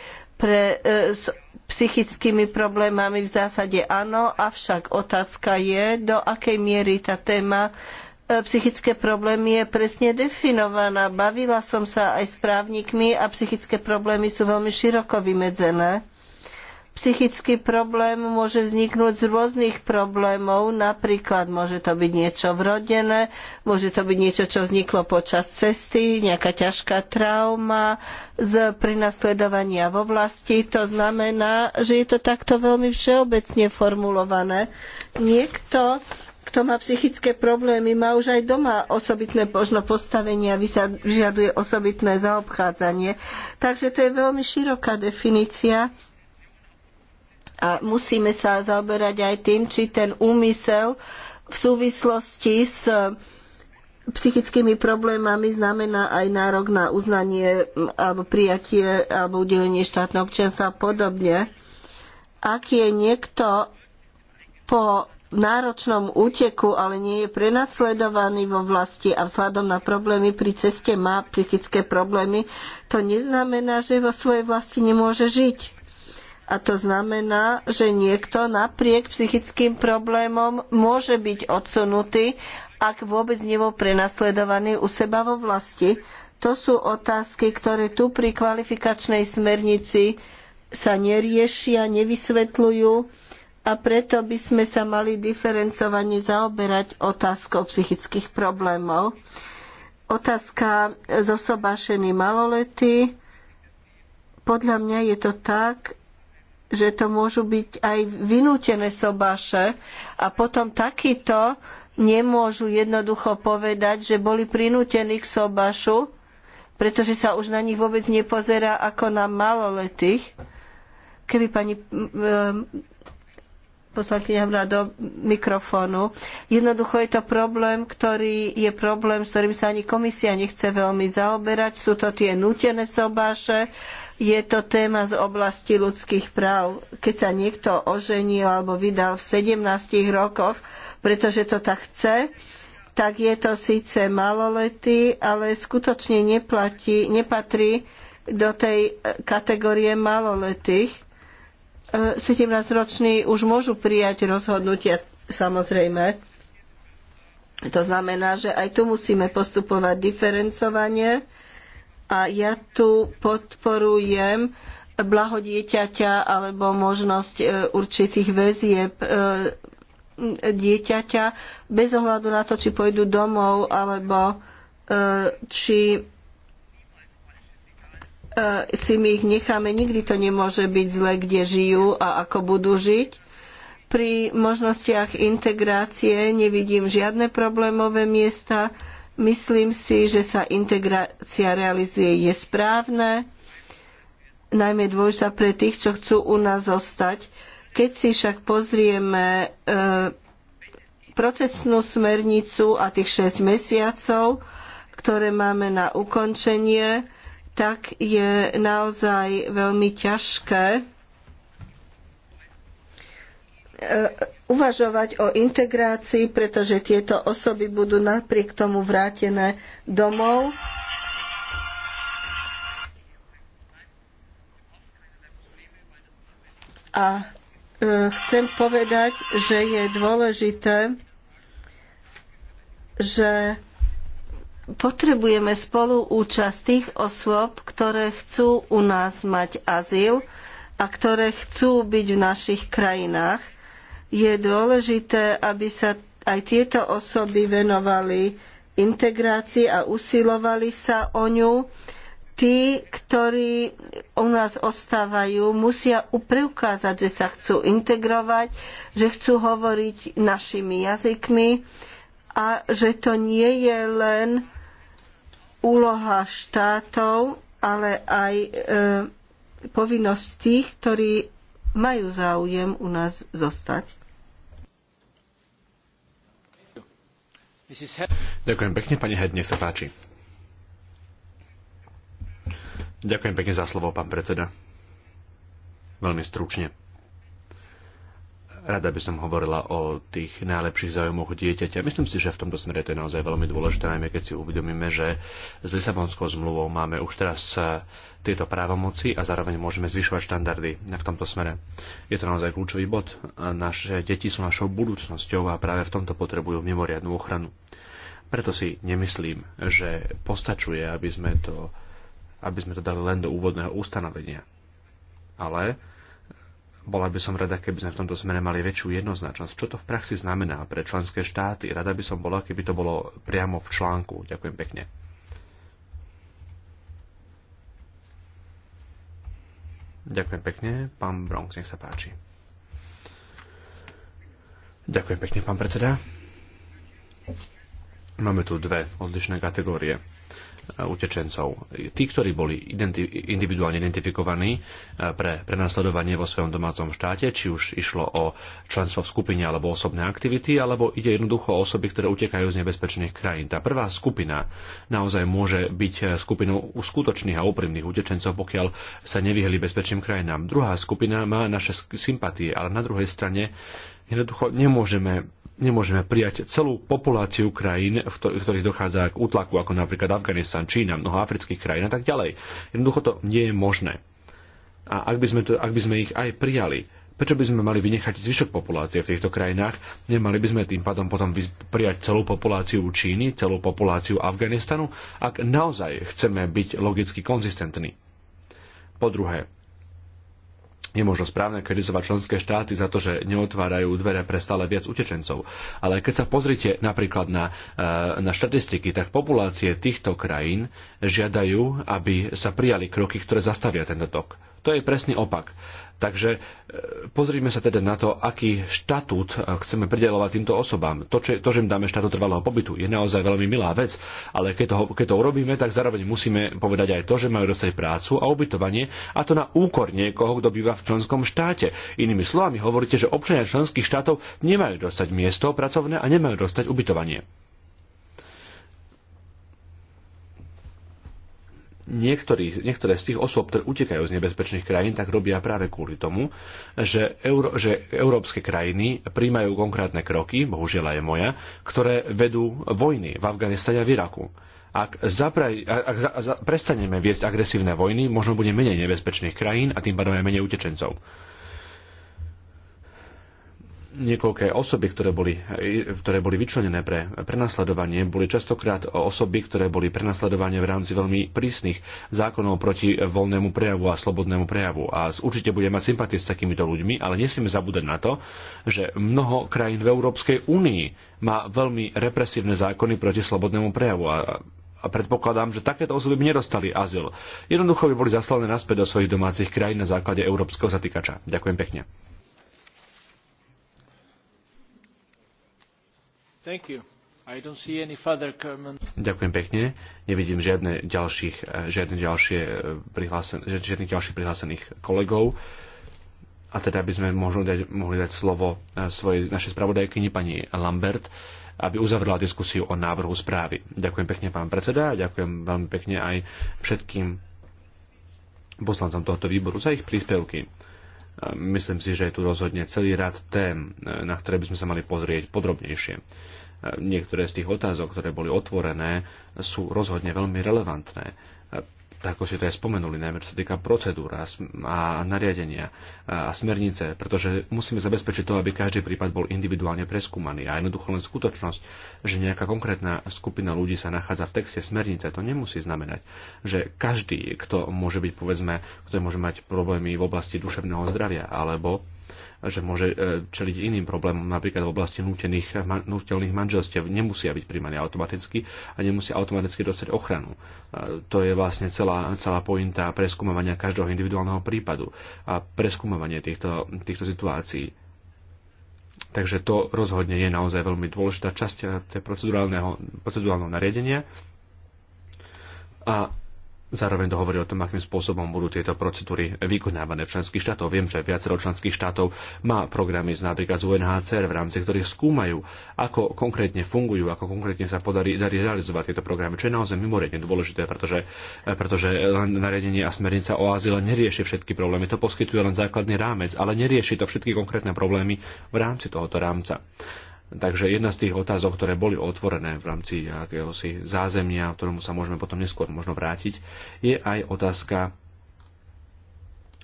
pre, e, s psychickými problémami v zásade áno, avšak otázka je, do akej miery tá téma e, psychické problémy je presne definovaná. Bavila som sa aj s právnikmi a psychické problémy sú veľmi široko vymedzené. Psychický problém môže vzniknúť z rôznych problémov, napríklad môže to byť niečo vrodené, môže to byť niečo, čo vzniklo počas cesty, nejaká ťažká trauma z prinasledovania vo vlasti. To znamená, že je to takto veľmi všeobecne formulované. Niekto kto má psychické problémy, má už aj doma osobitné možno postavenie a vyžaduje osobitné zaobchádzanie. Takže to je veľmi široká definícia a musíme sa zaoberať aj tým, či ten úmysel v súvislosti s psychickými problémami znamená aj nárok na uznanie alebo prijatie alebo udelenie štátneho občianstva a podobne. Ak je niekto po náročnom úteku, ale nie je prenasledovaný vo vlasti a vzhľadom na problémy pri ceste má psychické problémy, to neznamená, že vo svojej vlasti nemôže žiť. A to znamená, že niekto napriek psychickým problémom môže byť odsunutý, ak vôbec nebol prenasledovaný u seba vo vlasti. To sú otázky, ktoré tu pri kvalifikačnej smernici sa neriešia, nevysvetľujú a preto by sme sa mali diferencovane zaoberať otázkou psychických problémov. Otázka zosobášený maloletý. Podľa mňa je to tak, že to môžu byť aj vynútené sobáše a potom takýto nemôžu jednoducho povedať, že boli prinútení k sobašu, pretože sa už na nich vôbec nepozerá ako na maloletých. Keby pani poslankyňa hovorila do mikrofónu. Jednoducho je to problém, ktorý je problém, s ktorým sa ani komisia nechce veľmi zaoberať. Sú to tie nútené sobáše je to téma z oblasti ľudských práv. Keď sa niekto oženil alebo vydal v 17 rokoch, pretože to tak chce, tak je to síce maloletý, ale skutočne neplatí, nepatrí do tej e, kategórie maloletých. 17-roční e, už môžu prijať rozhodnutia, samozrejme. To znamená, že aj tu musíme postupovať diferencovanie a ja tu podporujem blaho dieťaťa alebo možnosť e, určitých väzieb e, dieťaťa bez ohľadu na to, či pôjdu domov alebo e, či si my ich necháme. Nikdy to nemôže byť zle, kde žijú a ako budú žiť. Pri možnostiach integrácie nevidím žiadne problémové miesta Myslím si, že sa integrácia realizuje je správne, najmä dôležitá pre tých, čo chcú u nás zostať. Keď si však pozrieme e, procesnú smernicu a tých 6 mesiacov, ktoré máme na ukončenie, tak je naozaj veľmi ťažké E, uvažovať o integrácii, pretože tieto osoby budú napriek tomu vrátené domov. A e, chcem povedať, že je dôležité, že potrebujeme spoluúčasť tých osôb, ktoré chcú u nás mať azyl a ktoré chcú byť v našich krajinách je dôležité, aby sa aj tieto osoby venovali integrácii a usilovali sa o ňu. Tí, ktorí u nás ostávajú, musia preukázať, že sa chcú integrovať, že chcú hovoriť našimi jazykmi a že to nie je len úloha štátov, ale aj e, povinnosť tých, ktorí majú záujem u nás zostať. Ďakujem pekne, pani Head, nech sa páči. Ďakujem pekne za slovo, pán predseda. Veľmi stručne. Rada by som hovorila o tých najlepších záujmoch dieťaťa. Myslím si, že v tomto smere to je naozaj veľmi dôležité, najmä keď si uvedomíme, že s Lisabonskou zmluvou máme už teraz eh, tieto právomoci a zároveň môžeme zvyšovať štandardy v tomto smere. Je to naozaj kľúčový bod. Naše deti sú našou budúcnosťou a práve v tomto potrebujú mimoriadnú ochranu. Preto si nemyslím, že postačuje, aby sme to, aby sme to dali len do úvodného ustanovenia. Ale bola by som rada, keby sme v tomto smere mali väčšiu jednoznačnosť. Čo to v praxi znamená pre členské štáty? Rada by som bola, keby to bolo priamo v článku. Ďakujem pekne. Ďakujem pekne. Pán Bronx, nech sa páči. Ďakujem pekne, pán predseda. Máme tu dve odlišné kategórie e, utečencov. Tí, ktorí boli identi- individuálne identifikovaní e, pre prenasledovanie vo svojom domácom štáte, či už išlo o členstvo v skupine alebo osobné aktivity, alebo ide jednoducho o osoby, ktoré utekajú z nebezpečných krajín. Tá prvá skupina naozaj môže byť e, skupinou skutočných a úprimných utečencov, pokiaľ sa nevyhli bezpečným krajinám. Druhá skupina má naše sympatie, ale na druhej strane jednoducho nemôžeme nemôžeme prijať celú populáciu krajín, v ktorých dochádza k útlaku, ako napríklad Afganistan, Čína, mnoho afrických krajín a tak ďalej. Jednoducho to nie je možné. A ak by sme, to, ak by sme ich aj prijali, prečo by sme mali vynechať zvyšok populácie v týchto krajinách? Nemali by sme tým pádom potom prijať celú populáciu Číny, celú populáciu Afganistanu, ak naozaj chceme byť logicky konzistentní. Po druhé, Nemôžno správne kritizovať členské štáty za to, že neotvárajú dvere pre stále viac utečencov. Ale keď sa pozrite napríklad na, eh, na štatistiky, tak populácie týchto krajín žiadajú, aby sa prijali kroky, ktoré zastavia tento tok. To je presný opak. Takže e, pozrime sa teda na to, aký štatút e, chceme pridelovať týmto osobám. To, čo, to že im dáme štatút trvalého pobytu, je naozaj veľmi milá vec, ale keď to, keď to urobíme, tak zároveň musíme povedať aj to, že majú dostať prácu a ubytovanie, a to na úkor niekoho, kto býva v členskom štáte. Inými slovami hovoríte, že občania členských štátov nemajú dostať miesto pracovné a nemajú dostať ubytovanie. niektorí, niektoré z tých osôb, ktoré utekajú z nebezpečných krajín, tak robia práve kvôli tomu, že, euro, že európske krajiny príjmajú konkrétne kroky, bohužiaľ aj moja, ktoré vedú vojny v Afganistane a v Iraku. Ak, zapraj, ak za, za, prestaneme viesť agresívne vojny, možno bude menej nebezpečných krajín a tým pádom aj menej utečencov niekoľké osoby, ktoré boli, ktoré boli vyčlenené pre prenasledovanie, boli častokrát osoby, ktoré boli prenasledované v rámci veľmi prísnych zákonov proti voľnému prejavu a slobodnému prejavu. A určite budeme mať sympatie s takýmito ľuďmi, ale nesmieme zabúdať na to, že mnoho krajín v Európskej únii má veľmi represívne zákony proti slobodnému prejavu. A a predpokladám, že takéto osoby by nedostali azyl. Jednoducho by boli zaslané naspäť do svojich domácich krajín na základe európskeho zatýkača. Ďakujem pekne. Ďakujem pekne. Nevidím žiadne ďalších, e, žiadne ďalšie e, prihlásen, žiadnych ďalších prihlásených kolegov. A teda by sme možno dať, mohli dať slovo e, svojej našej spravodajkyni pani Lambert, aby uzavrela diskusiu o návrhu správy. Ďakujem pekne, pán predseda, a ďakujem veľmi pekne aj všetkým poslancom tohto výboru za ich príspevky. Myslím si, že je tu rozhodne celý rad tém, e, na ktoré by sme sa mali pozrieť podrobnejšie. E, Niektoré z tých otázok, ktoré boli otvorené, sú rozhodne veľmi relevantné tak ako si to aj spomenuli, najmä čo sa týka procedúr a, a nariadenia a, a smernice, pretože musíme zabezpečiť to, aby každý prípad bol individuálne preskúmaný. A jednoducho len skutočnosť, že nejaká konkrétna skupina ľudí sa nachádza v texte smernice, to nemusí znamenať, že každý, kto môže byť, povedzme, kto môže mať problémy v oblasti duševného zdravia alebo že môže e, čeliť iným problémom, napríklad v oblasti nútených, nútených manželstiev. Nemusia byť príjmaní automaticky a nemusia automaticky dostať ochranu. E, to je vlastne celá, celá pointa preskúmovania každého individuálneho prípadu a preskúmovanie týchto, týchto situácií. Takže to rozhodne je naozaj veľmi dôležitá časť e, procedurálneho, procedurálneho nariadenia. A Zároveň to hovorí o tom, akým spôsobom budú tieto procedúry vykonávané v členských štátoch Viem, že viacero členských štátov má programy z napríklad z UNHCR, v rámci ktorých skúmajú, ako konkrétne fungujú, ako konkrétne sa podarí darí realizovať tieto programy, čo je naozaj mimoriadne dôležité, pretože, pretože len nariadenie a smernica o azyle nerieši všetky problémy. To poskytuje len základný rámec, ale nerieši to všetky konkrétne problémy v rámci tohoto rámca. Takže jedna z tých otázok, ktoré boli otvorené v rámci akéhosi zázemia, ktorému sa môžeme potom neskôr možno vrátiť, je aj otázka,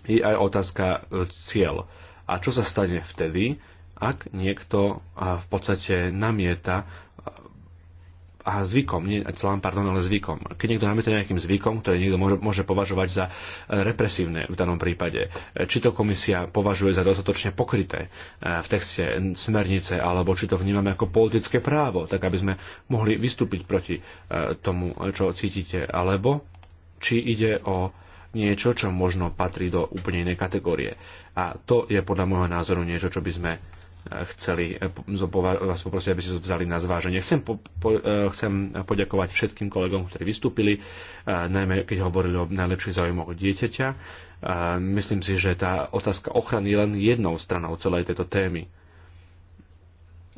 je aj otázka e, cieľ. A čo sa stane vtedy, ak niekto v podstate namieta a zvykom, nie celám, pardon, ale zvykom. Keď niekto namieta nejakým zvykom, ktorý niekto môže, môže považovať za e, represívne v danom prípade, e, či to komisia považuje za dostatočne pokryté e, v texte smernice, alebo či to vnímame ako politické právo, tak aby sme mohli vystúpiť proti tomu, čo cítite, alebo či ide o niečo, čo možno patrí do úplne inej kategórie. A to je podľa môjho názoru niečo, čo by sme chceli eh, vás poprosiť, aby ste to vzali na zváženie. Chcem, po, po, eh, chcem poďakovať všetkým kolegom, ktorí vystúpili, eh, najmä keď hovorili o najlepších záujmoch dieťaťa. Myslím si, že tá otázka ochrany je len jednou stranou celej tejto témy.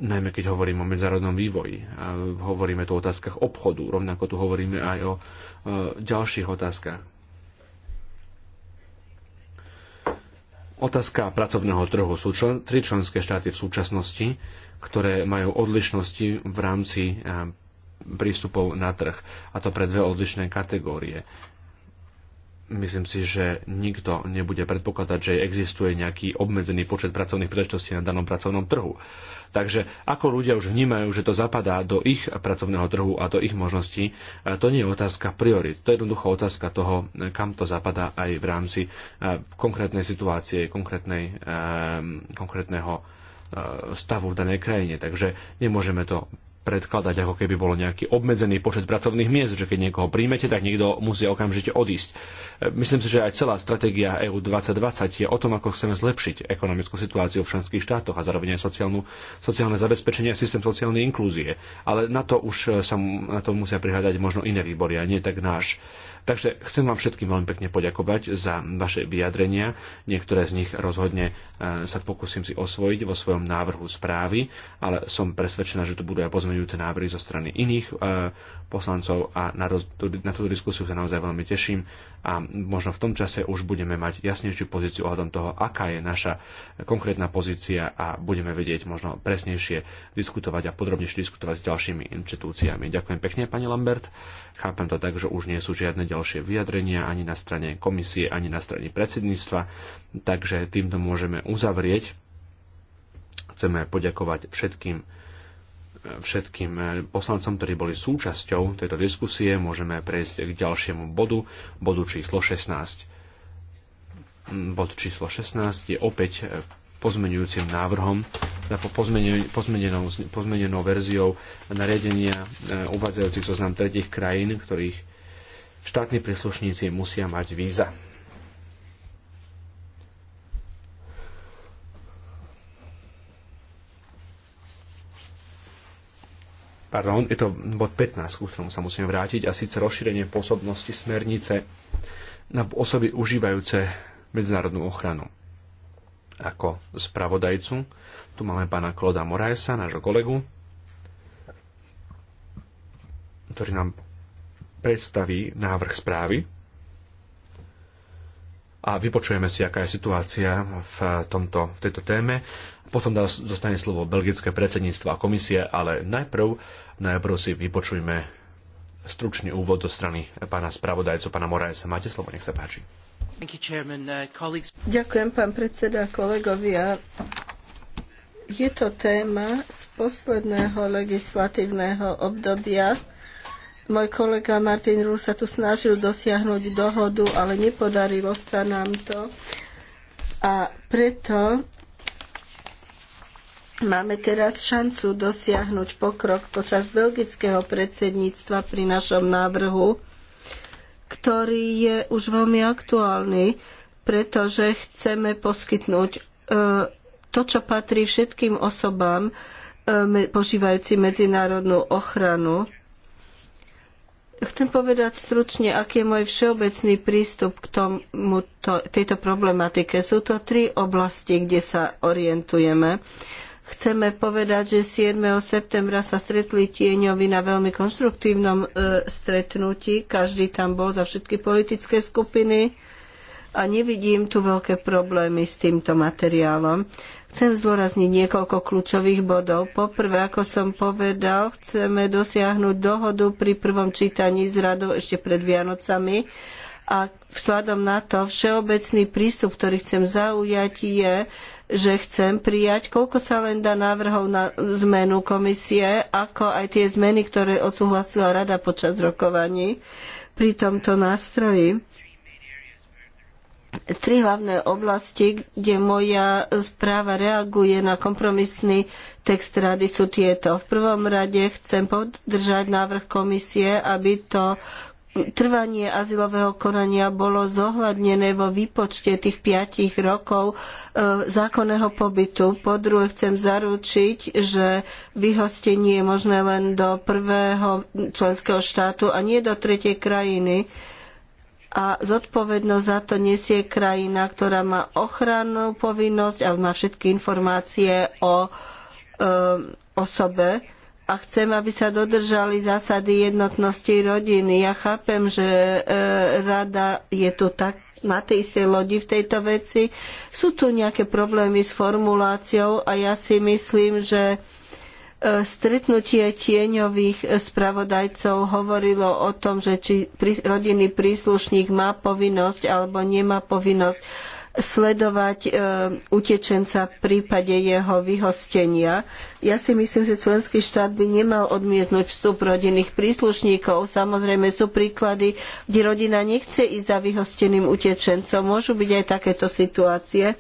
Najmä keď hovorím o medzárodnom vývoji. Hovoríme tu o otázkach obchodu, rovnako tu hovoríme aj o ďalších otázkach Otázka pracovného trhu. Sú člen, tri členské štáty v súčasnosti, ktoré majú odlišnosti v rámci eh, prístupov na trh, a to pre dve odlišné kategórie. Myslím si, že nikto nebude predpokladať, že existuje nejaký obmedzený počet pracovných príležitostí na danom pracovnom trhu. Takže ako ľudia už vnímajú, že to zapadá do ich pracovného trhu a do ich možností, e, to nie je otázka priorit. To je jednoducho otázka toho, e, kam to zapadá aj v rámci e, konkrétnej situácie, konkrétnej, konkrétneho stavu v danej krajine. Takže nemôžeme to predkladať, ako keby bolo nejaký obmedzený počet pracovných miest, že keď niekoho príjmete, tak niekto musí okamžite odísť. Myslím si, že aj celá stratégia EU 2020 je o tom, ako chceme zlepšiť ekonomickú situáciu v členských štátoch a zároveň aj sociálnu, sociálne zabezpečenie a systém sociálnej inklúzie. Ale na to už sa na to musia prihľadať možno iné výbory a nie tak náš. Takže chcem vám všetkým veľmi pekne poďakovať za vaše vyjadrenia. Niektoré z nich rozhodne e, sa pokúsim si osvojiť vo svojom návrhu správy, ale som presvedčená, že tu budú aj pozmeňujúce návrhy zo strany iných e, poslancov a na, roz, na túto diskusiu sa naozaj veľmi teším a možno v tom čase už budeme mať jasnejšiu pozíciu ohľadom toho, aká je naša konkrétna pozícia a budeme vedieť možno presnejšie diskutovať a podrobnejšie diskutovať s ďalšími inštitúciami. Ďakujem pekne, pani Lambert. Chápem to tak, že už nie sú žiadne ďalšie vyjadrenia ani na strane komisie, ani na strane predsedníctva, takže týmto môžeme uzavrieť. Chceme poďakovať všetkým všetkým poslancom, ktorí boli súčasťou tejto diskusie. Môžeme prejsť k ďalšiemu bodu, bodu číslo 16. Bod číslo 16 je opäť pozmenujúcim návrhom, pozmenenou, pozmenenou verziou nariadenia e, uvádzajúcich zoznam tretich krajín, ktorých štátni príslušníci musia mať víza. Pardon, je to bod 15, ku ktorom sa musíme vrátiť, a síce rozšírenie pôsobnosti smernice na osoby užívajúce medzinárodnú ochranu. Ako spravodajcu tu máme pána Kloda Moraesa, nášho kolegu, ktorý nám predstaví návrh správy a vypočujeme si, aká je situácia v, tomto, v tejto téme. Potom dostane slovo belgické predsedníctvo a komisie, ale najprv, najprv si vypočujme stručný úvod zo strany pána spravodajcu, pána Moraesa. Máte slovo, nech sa páči. Uh, Ďakujem, pán predseda, kolegovia. Je to téma z posledného legislatívneho obdobia, môj kolega Martin Rú sa tu snažil dosiahnuť dohodu, ale nepodarilo sa nám to. A preto máme teraz šancu dosiahnuť pokrok počas belgického predsedníctva pri našom návrhu, ktorý je už veľmi aktuálny, pretože chceme poskytnúť e, to, čo patrí všetkým osobám e, požívajúcim medzinárodnú ochranu Chcem povedať stručne, aký je môj všeobecný prístup k tejto problematike. Sú to tri oblasti, kde sa orientujeme. Chceme povedať, že 7. septembra sa stretli tieňovi na veľmi konštruktívnom e, stretnutí. Každý tam bol za všetky politické skupiny a nevidím tu veľké problémy s týmto materiálom. Chcem zdôrazniť niekoľko kľúčových bodov. Poprvé, ako som povedal, chceme dosiahnuť dohodu pri prvom čítaní s radou ešte pred Vianocami a vzhľadom na to všeobecný prístup, ktorý chcem zaujať, je, že chcem prijať, koľko sa len dá návrhov na zmenu komisie, ako aj tie zmeny, ktoré odsúhlasila rada počas rokovaní pri tomto nástroji tri hlavné oblasti, kde moja správa reaguje na kompromisný text rady sú tieto. V prvom rade chcem podržať návrh komisie, aby to trvanie azylového konania bolo zohľadnené vo výpočte tých piatich rokov e, zákonného pobytu. Po druhé chcem zaručiť, že vyhostenie je možné len do prvého členského štátu a nie do tretej krajiny a zodpovednosť za to nesie krajina, ktorá má ochrannú povinnosť a má všetky informácie o e, osobe. A chcem, aby sa dodržali zásady jednotnosti rodiny. Ja chápem, že e, rada je tu tak na tej istej lodi v tejto veci. Sú tu nejaké problémy s formuláciou a ja si myslím, že Stretnutie tieňových spravodajcov hovorilo o tom, že či rodinný príslušník má povinnosť alebo nemá povinnosť sledovať e, utečenca v prípade jeho vyhostenia. Ja si myslím, že členský štát by nemal odmietnúť vstup rodinných príslušníkov. Samozrejme sú príklady, kde rodina nechce ísť za vyhosteným utečencom. Môžu byť aj takéto situácie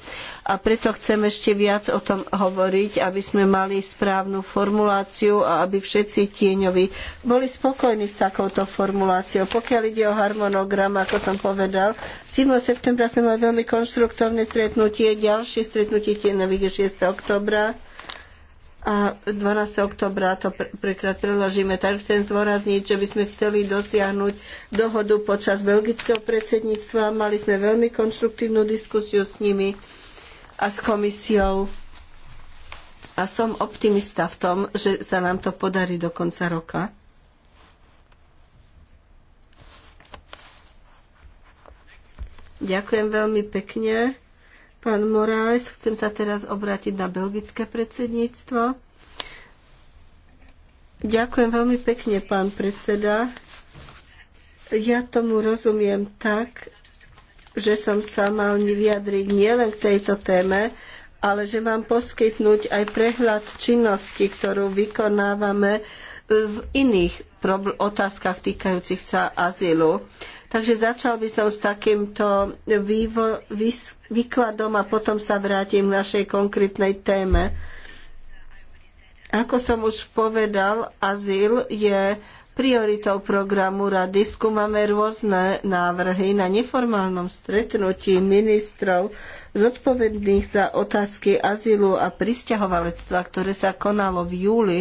a preto chcem ešte viac o tom hovoriť, aby sme mali správnu formuláciu a aby všetci tieňovi boli spokojní s takouto formuláciou. Pokiaľ ide o harmonogram, ako som povedal, 7. septembra sme mali veľmi konštruktívne stretnutie, ďalšie stretnutie tieňových je 6. oktobra a 12. oktobra to prekrát preložíme. Tak chcem zdôrazniť, že by sme chceli dosiahnuť dohodu počas belgického predsedníctva. Mali sme veľmi konštruktívnu diskusiu s nimi a s komisiou. A som optimista v tom, že sa nám to podarí do konca roka. Ďakujem veľmi pekne. Pán Moraes, chcem sa teraz obrátiť na belgické predsedníctvo. Ďakujem veľmi pekne, pán predseda. Ja tomu rozumiem tak, že som sa mal vyjadriť nielen k tejto téme, ale že vám poskytnúť aj prehľad činnosti, ktorú vykonávame e, v iných otázkach týkajúcich sa azylu. Takže začal by som s takýmto výkladom a potom sa vrátim k našej konkrétnej téme. Ako som už povedal, azyl je prioritou programu rady skúmame rôzne návrhy na neformálnom stretnutí ministrov zodpovedných za otázky azylu a prisťahovalectva, ktoré sa konalo v júli.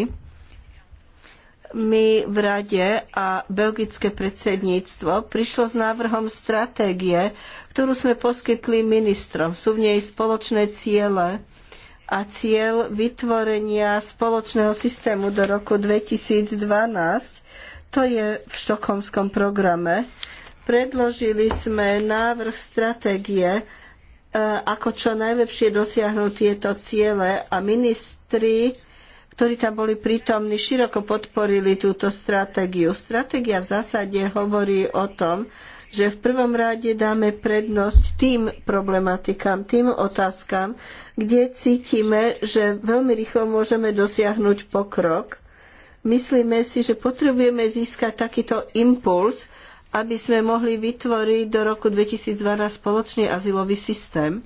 My v rade a belgické predsedníctvo prišlo s návrhom stratégie, ktorú sme poskytli ministrom. Sú v nej spoločné ciele a cieľ vytvorenia spoločného systému do roku 2012 to je v štokholmskom programe. Predložili sme návrh stratégie, e, ako čo najlepšie dosiahnuť tieto ciele a ministri, ktorí tam boli prítomní, široko podporili túto stratégiu. Stratégia v zásade hovorí o tom, že v prvom rade dáme prednosť tým problematikám, tým otázkam, kde cítime, že veľmi rýchlo môžeme dosiahnuť pokrok Myslíme si, že potrebujeme získať takýto impuls, aby sme mohli vytvoriť do roku 2012 spoločný azylový systém.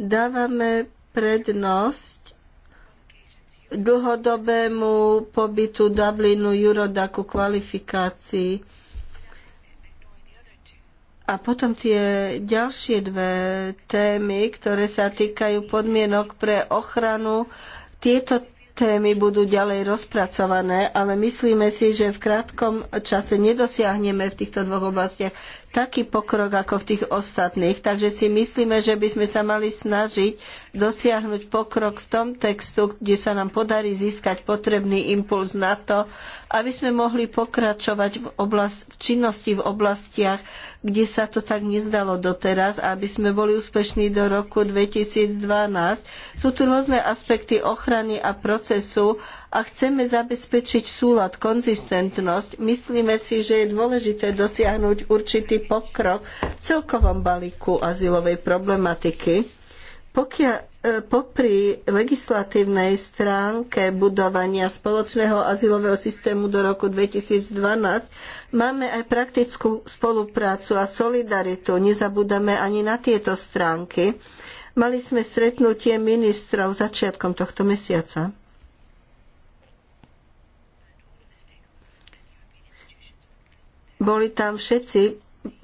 Dávame prednosť dlhodobému pobytu Dublinu, Eurodaku, kvalifikácii a potom tie ďalšie dve témy, ktoré sa týkajú podmienok pre ochranu, tieto témy budú ďalej rozpracované, ale myslíme si, že v krátkom čase nedosiahneme v týchto dvoch oblastiach taký pokrok ako v tých ostatných. Takže si myslíme, že by sme sa mali snažiť dosiahnuť pokrok v tom textu, kde sa nám podarí získať potrebný impuls na to, aby sme mohli pokračovať v, oblast, v činnosti v oblastiach, kde sa to tak nezdalo doteraz, aby sme boli úspešní do roku 2012. Sú tu rôzne aspekty ochrany a procesu a chceme zabezpečiť súlad, konzistentnosť, myslíme si, že je dôležité dosiahnuť určitý pokrok v celkovom balíku azylovej problematiky. Pokiaľ, e, popri legislatívnej stránke budovania spoločného azylového systému do roku 2012 máme aj praktickú spoluprácu a solidaritu. Nezabúdame ani na tieto stránky. Mali sme stretnutie ministrov začiatkom tohto mesiaca. Boli tam všetci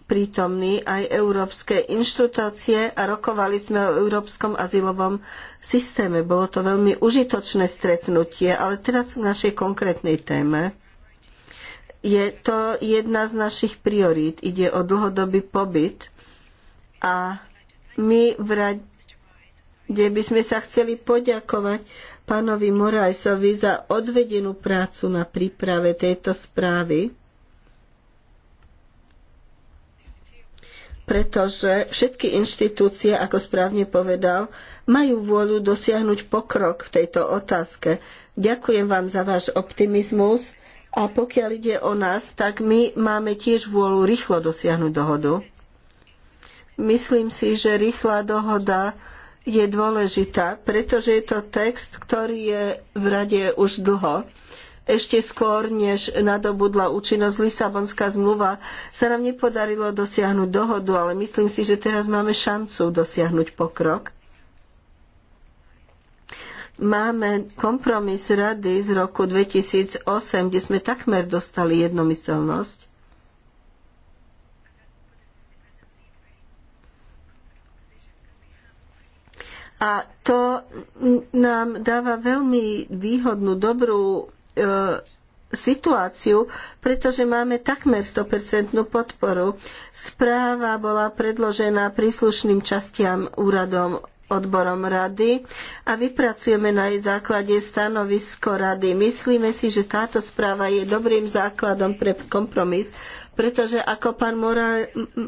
prítomní, aj európske inštitúcie a rokovali sme o európskom azylovom systéme. Bolo to veľmi užitočné stretnutie, ale teraz k našej konkrétnej téme. Je to jedna z našich priorít. Ide o dlhodobý pobyt a my v rade by sme sa chceli poďakovať pánovi Morajsovi za odvedenú prácu na príprave tejto správy pretože všetky inštitúcie, ako správne povedal, majú vôľu dosiahnuť pokrok v tejto otázke. Ďakujem vám za váš optimizmus a pokiaľ ide o nás, tak my máme tiež vôľu rýchlo dosiahnuť dohodu. Myslím si, že rýchla dohoda je dôležitá, pretože je to text, ktorý je v rade už dlho ešte skôr, než nadobudla účinnosť Lisabonská zmluva, sa nám nepodarilo dosiahnuť dohodu, ale myslím si, že teraz máme šancu dosiahnuť pokrok. Máme kompromis rady z roku 2008, kde sme takmer dostali jednomyselnosť. A to nám dáva veľmi výhodnú, dobrú E, situáciu, pretože máme takmer 100% podporu. Správa bola predložená príslušným častiam úradom odborom rady a vypracujeme na jej základe stanovisko rady. Myslíme si, že táto správa je dobrým základom pre kompromis, pretože ako pán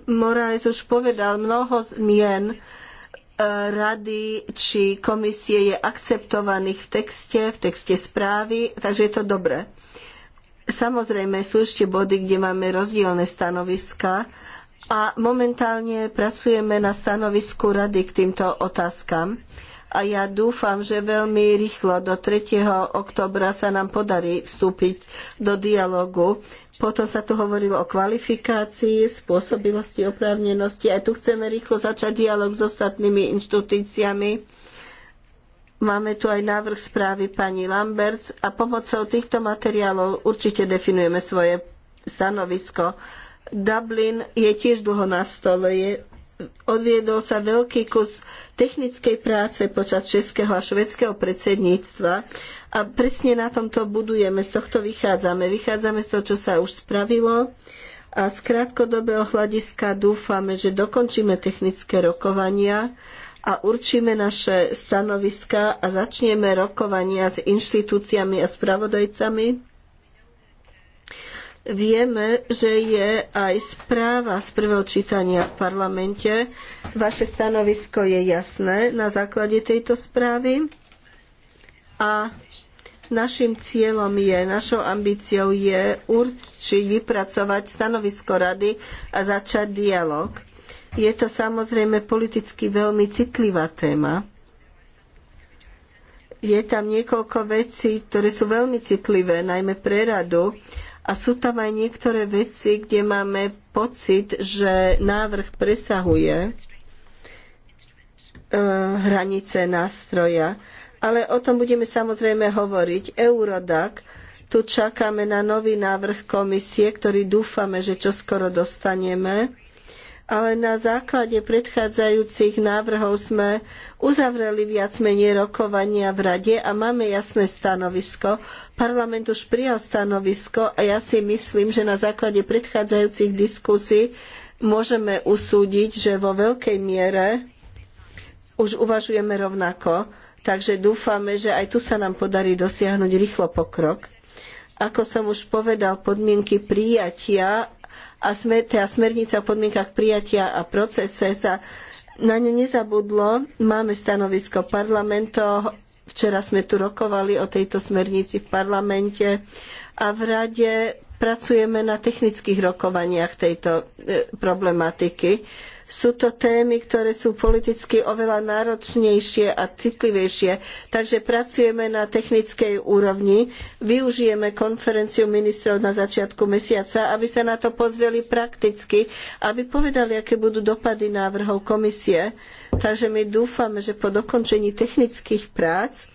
Moraes už povedal, mnoho zmien rady či komisie je akceptovaných v texte, v texte správy, takže je to dobré. Samozrejme sú ešte body, kde máme rozdielne stanoviska a momentálne pracujeme na stanovisku rady k týmto otázkam. A ja dúfam, že veľmi rýchlo do 3. oktobra sa nám podarí vstúpiť do dialogu. Potom sa tu hovorilo o kvalifikácii, spôsobilosti, oprávnenosti. Aj tu chceme rýchlo začať dialog s ostatnými inštitúciami. Máme tu aj návrh správy pani Lamberts a pomocou týchto materiálov určite definujeme svoje stanovisko. Dublin je tiež dlho na stole. Je, odviedol sa veľký kus technickej práce počas českého a švedského predsedníctva a presne na tomto budujeme, z tohto vychádzame. Vychádzame z toho, čo sa už spravilo a z krátkodobého hľadiska dúfame, že dokončíme technické rokovania a určíme naše stanoviska a začneme rokovania s inštitúciami a spravodajcami. Vieme, že je aj správa z prvého čítania v parlamente. Vaše stanovisko je jasné na základe tejto správy. A Našim cieľom je, našou ambíciou je určiť, vypracovať stanovisko rady a začať dialog. Je to samozrejme politicky veľmi citlivá téma. Je tam niekoľko vecí, ktoré sú veľmi citlivé, najmä pre radu. A sú tam aj niektoré veci, kde máme pocit, že návrh presahuje eh, hranice nástroja ale o tom budeme samozrejme hovoriť. Eurodac, tu čakáme na nový návrh komisie, ktorý dúfame, že čoskoro dostaneme ale na základe predchádzajúcich návrhov sme uzavreli viac menej rokovania v Rade a máme jasné stanovisko. Parlament už prijal stanovisko a ja si myslím, že na základe predchádzajúcich diskusí môžeme usúdiť, že vo veľkej miere už uvažujeme rovnako. Takže dúfame, že aj tu sa nám podarí dosiahnuť rýchlo pokrok. Ako som už povedal, podmienky prijatia a teda smernica o podmienkach prijatia a procese sa na ňu nezabudlo. Máme stanovisko parlamentu. Včera sme tu rokovali o tejto smernici v parlamente a v rade pracujeme na technických rokovaniach tejto e, problematiky. Sú to témy, ktoré sú politicky oveľa náročnejšie a citlivejšie, takže pracujeme na technickej úrovni. Využijeme konferenciu ministrov na začiatku mesiaca, aby sa na to pozreli prakticky, aby povedali, aké budú dopady návrhov komisie. Takže my dúfame, že po dokončení technických prác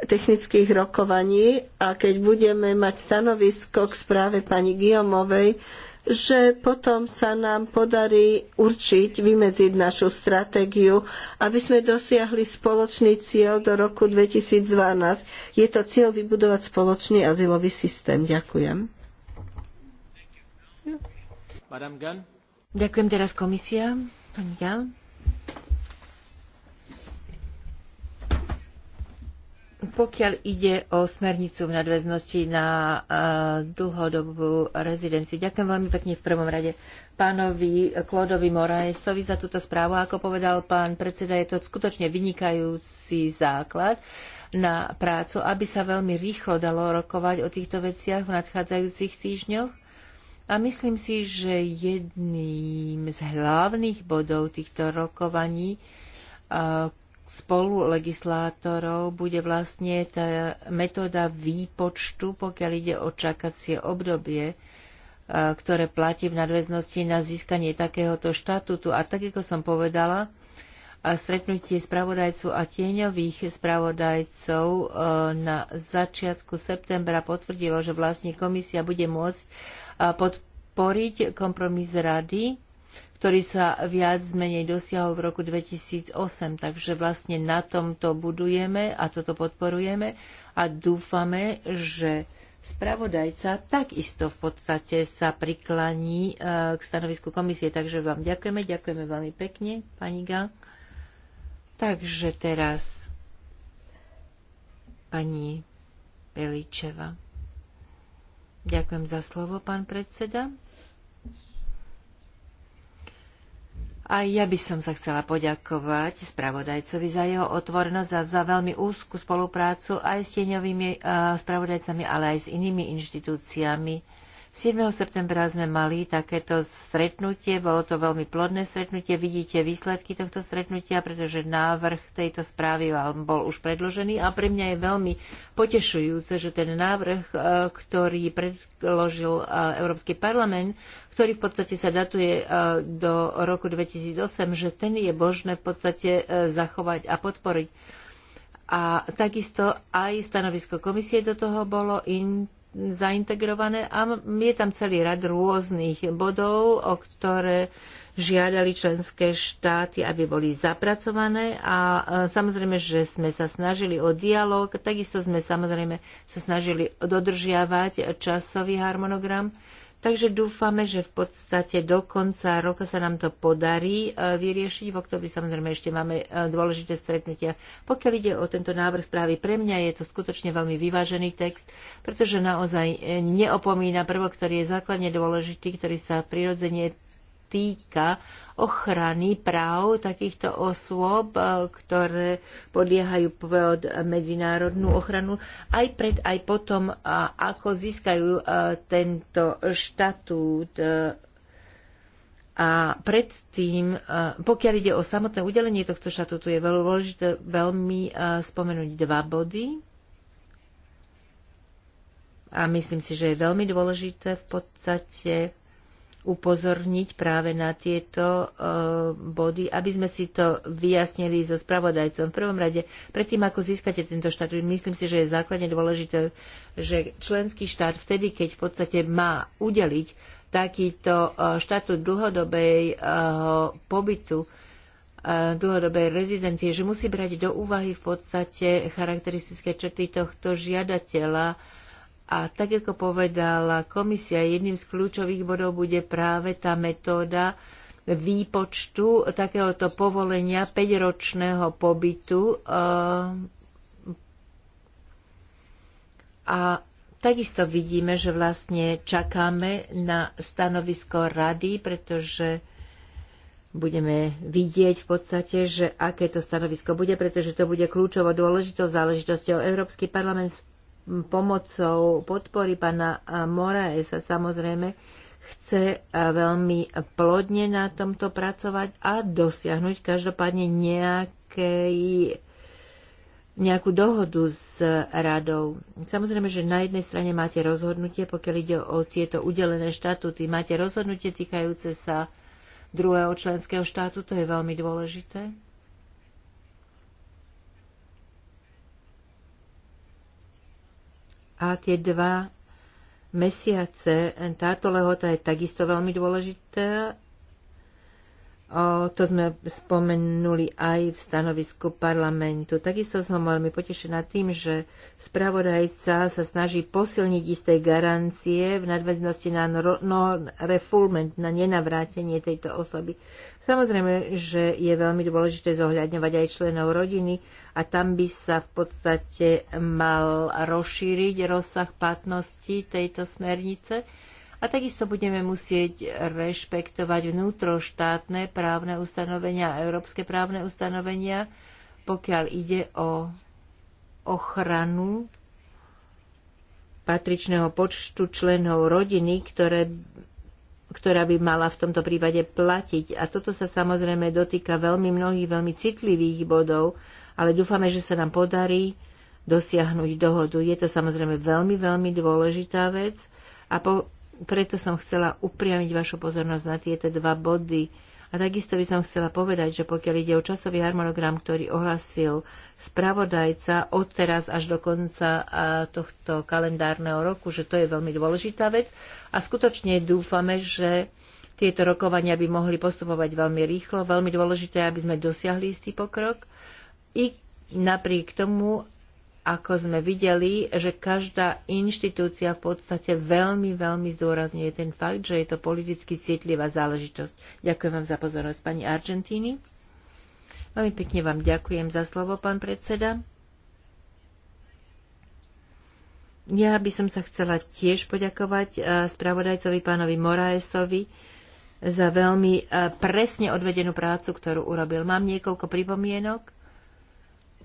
technických rokovaní a keď budeme mať stanovisko k správe pani Guillaumeovej, že potom sa nám podarí určiť, vymedziť našu stratégiu, aby sme dosiahli spoločný cieľ do roku 2012. Je to cieľ vybudovať spoločný azylový systém. Ďakujem. Ďakujem teraz komisia. Pani Gal. Pokiaľ ide o smernicu v nadväznosti na dlhodobú rezidenciu, ďakujem veľmi pekne v prvom rade pánovi Klodovi Moraesovi za túto správu. Ako povedal pán predseda, je to skutočne vynikajúci základ na prácu, aby sa veľmi rýchlo dalo rokovať o týchto veciach v nadchádzajúcich týždňoch. A myslím si, že jedným z hlavných bodov týchto rokovaní spolulegislátorov bude vlastne tá metóda výpočtu, pokiaľ ide o čakacie obdobie, e, ktoré platí v nadväznosti na získanie takéhoto štatútu. A tak, ako som povedala, stretnutie spravodajcu a tieňových spravodajcov e, na začiatku septembra potvrdilo, že vlastne komisia bude môcť e, podporiť kompromis rady ktorý sa viac menej dosiahol v roku 2008. Takže vlastne na tomto budujeme a toto podporujeme a dúfame, že spravodajca takisto v podstate sa priklaní e, k stanovisku komisie. Takže vám ďakujeme, ďakujeme veľmi pekne, pani Gang. Takže teraz pani Peličeva. Ďakujem za slovo, pán predseda. A ja by som sa chcela poďakovať spravodajcovi za jeho otvornosť a za veľmi úzkú spoluprácu aj s tieňovými eh, spravodajcami, ale aj s inými inštitúciami 7. septembra sme mali takéto stretnutie, bolo to veľmi plodné stretnutie, vidíte výsledky tohto stretnutia, pretože návrh tejto správy vám bol už predložený a pre mňa je veľmi potešujúce, že ten návrh, e, ktorý predložil e, Európsky parlament, ktorý v podstate sa datuje e, do roku 2008, že ten je možné v podstate zachovať a podporiť. A takisto aj stanovisko komisie do toho bolo in, zaintegrované a je tam celý rad rôznych bodov, o ktoré žiadali členské štáty, aby boli zapracované a e, samozrejme, že sme sa snažili o dialog, takisto sme samozrejme sa snažili dodržiavať časový harmonogram Takže dúfame, že v podstate do konca roka sa nám to podarí e, vyriešiť. V oktobri samozrejme ešte máme e, dôležité stretnutia. Pokiaľ ide o tento návrh správy, pre mňa je to skutočne veľmi vyvážený text, pretože naozaj e, neopomína prvok, ktorý je základne dôležitý, ktorý sa prirodzene týka ochrany práv takýchto osôb, e, ktoré podliehajú pod medzinárodnú ochranu, aj pred, aj potom, e, ako získajú e, tento štatút a predtým, pokiaľ ide o samotné udelenie tohto štatútu, je veľmi dôležité veľmi spomenúť dva body. A myslím si, že je veľmi dôležité v podstate upozorniť práve na tieto e, body, aby sme si to vyjasnili so spravodajcom. V prvom rade, predtým ako získate tento štatút, myslím si, že je základne dôležité, že členský štát vtedy, keď v podstate má udeliť takýto e, štatút dlhodobej e, pobytu, dlhodobej rezidencie, že musí brať do úvahy v podstate charakteristické črty tohto žiadateľa, a tak ako povedala komisia, jedným z kľúčových bodov bude práve tá metóda výpočtu takéhoto povolenia 5-ročného pobytu. Eh, a takisto vidíme, že vlastne čakáme na stanovisko rady, pretože budeme vidieť v podstate, že aké to stanovisko bude, pretože to bude kľúčovo dôležitou záležitosťou. Európsky parlament pomocou podpory pána Moraesa samozrejme chce veľmi plodne na tomto pracovať a dosiahnuť každopádne nejakej, nejakú dohodu s radou. Samozrejme, že na jednej strane máte rozhodnutie, pokiaľ ide o tieto udelené štatúty, máte rozhodnutie týkajúce sa druhého členského štátu, to je veľmi dôležité a tie dva mesiace, táto lehota je takisto veľmi dôležitá O, to sme spomenuli aj v stanovisku parlamentu. Takisto som veľmi potešená tým, že spravodajca sa snaží posilniť isté garancie v nadväznosti na no, refoulement na nenavrátenie tejto osoby. Samozrejme, že je veľmi dôležité zohľadňovať aj členov rodiny a tam by sa v podstate mal rozšíriť rozsah platnosti tejto smernice a takisto budeme musieť rešpektovať vnútroštátne právne ustanovenia a európske právne ustanovenia, pokiaľ ide o ochranu patričného počtu členov rodiny, ktoré, ktorá by mala v tomto prípade platiť. A toto sa samozrejme dotýka veľmi mnohých veľmi citlivých bodov, ale dúfame, že sa nám podarí dosiahnuť dohodu. Je to samozrejme veľmi, veľmi dôležitá vec a po, preto som chcela upriamiť vašu pozornosť na tieto dva body. A takisto by som chcela povedať, že pokiaľ ide o časový harmonogram, ktorý ohlasil spravodajca od teraz až do konca tohto kalendárneho roku, že to je veľmi dôležitá vec a skutočne dúfame, že tieto rokovania by mohli postupovať veľmi rýchlo, veľmi dôležité, aby sme dosiahli istý pokrok. I napriek tomu, ako sme videli, že každá inštitúcia v podstate veľmi, veľmi zdôrazňuje ten fakt, že je to politicky citlivá záležitosť. Ďakujem vám za pozornosť, pani Argentíny. Veľmi pekne vám ďakujem za slovo, pán predseda. Ja by som sa chcela tiež poďakovať eh, spravodajcovi pánovi Moraesovi za veľmi eh, presne odvedenú prácu, ktorú urobil. Mám niekoľko pripomienok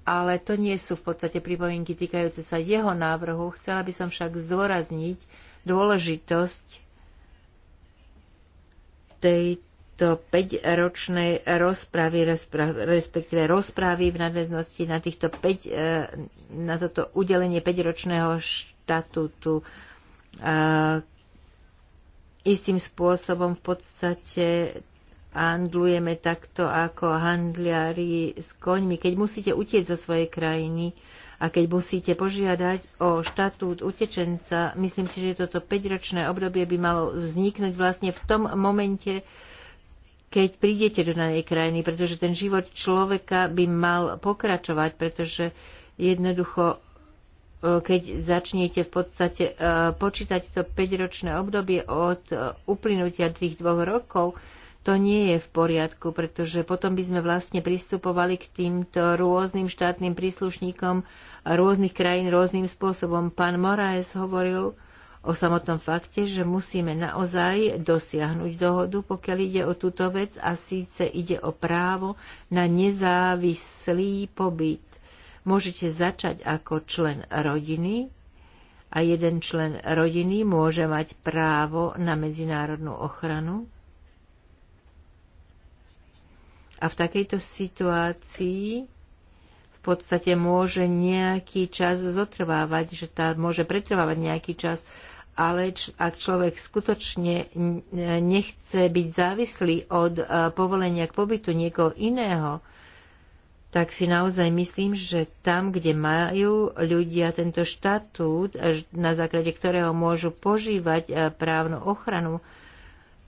ale to nie sú v podstate pripomienky týkajúce sa jeho návrhu. Chcela by som však zdôrazniť dôležitosť tejto 5-ročnej rozpravy, respektíve rozpravy v nadväznosti na, týchto 5, e, na toto udelenie 5-ročného štatútu e, istým spôsobom v podstate handlujeme takto ako handliari s koňmi. Keď musíte utieť zo svojej krajiny a keď musíte požiadať o štatút utečenca, myslím si, že toto 5-ročné obdobie by malo vzniknúť vlastne v tom momente, keď prídete do danej krajiny, pretože ten život človeka by mal pokračovať, pretože jednoducho e, keď začnete v podstate e, počítať to 5-ročné obdobie od e, uplynutia tých dvoch rokov, to nie je v poriadku, pretože potom by sme vlastne pristupovali k týmto rôznym štátnym príslušníkom rôznych krajín rôznym spôsobom. Pán Moraes hovoril o samotnom fakte, že musíme naozaj dosiahnuť dohodu, pokiaľ ide o túto vec a síce ide o právo na nezávislý pobyt. Môžete začať ako člen rodiny a jeden člen rodiny môže mať právo na medzinárodnú ochranu a v takejto situácii v podstate môže nejaký čas zotrvávať, že tá môže pretrvávať nejaký čas, ale č- ak človek skutočne nechce byť závislý od e, povolenia k pobytu niekoho iného, tak si naozaj myslím, že tam, kde majú ľudia tento štatút, e, na základe ktorého môžu požívať e, právnu ochranu,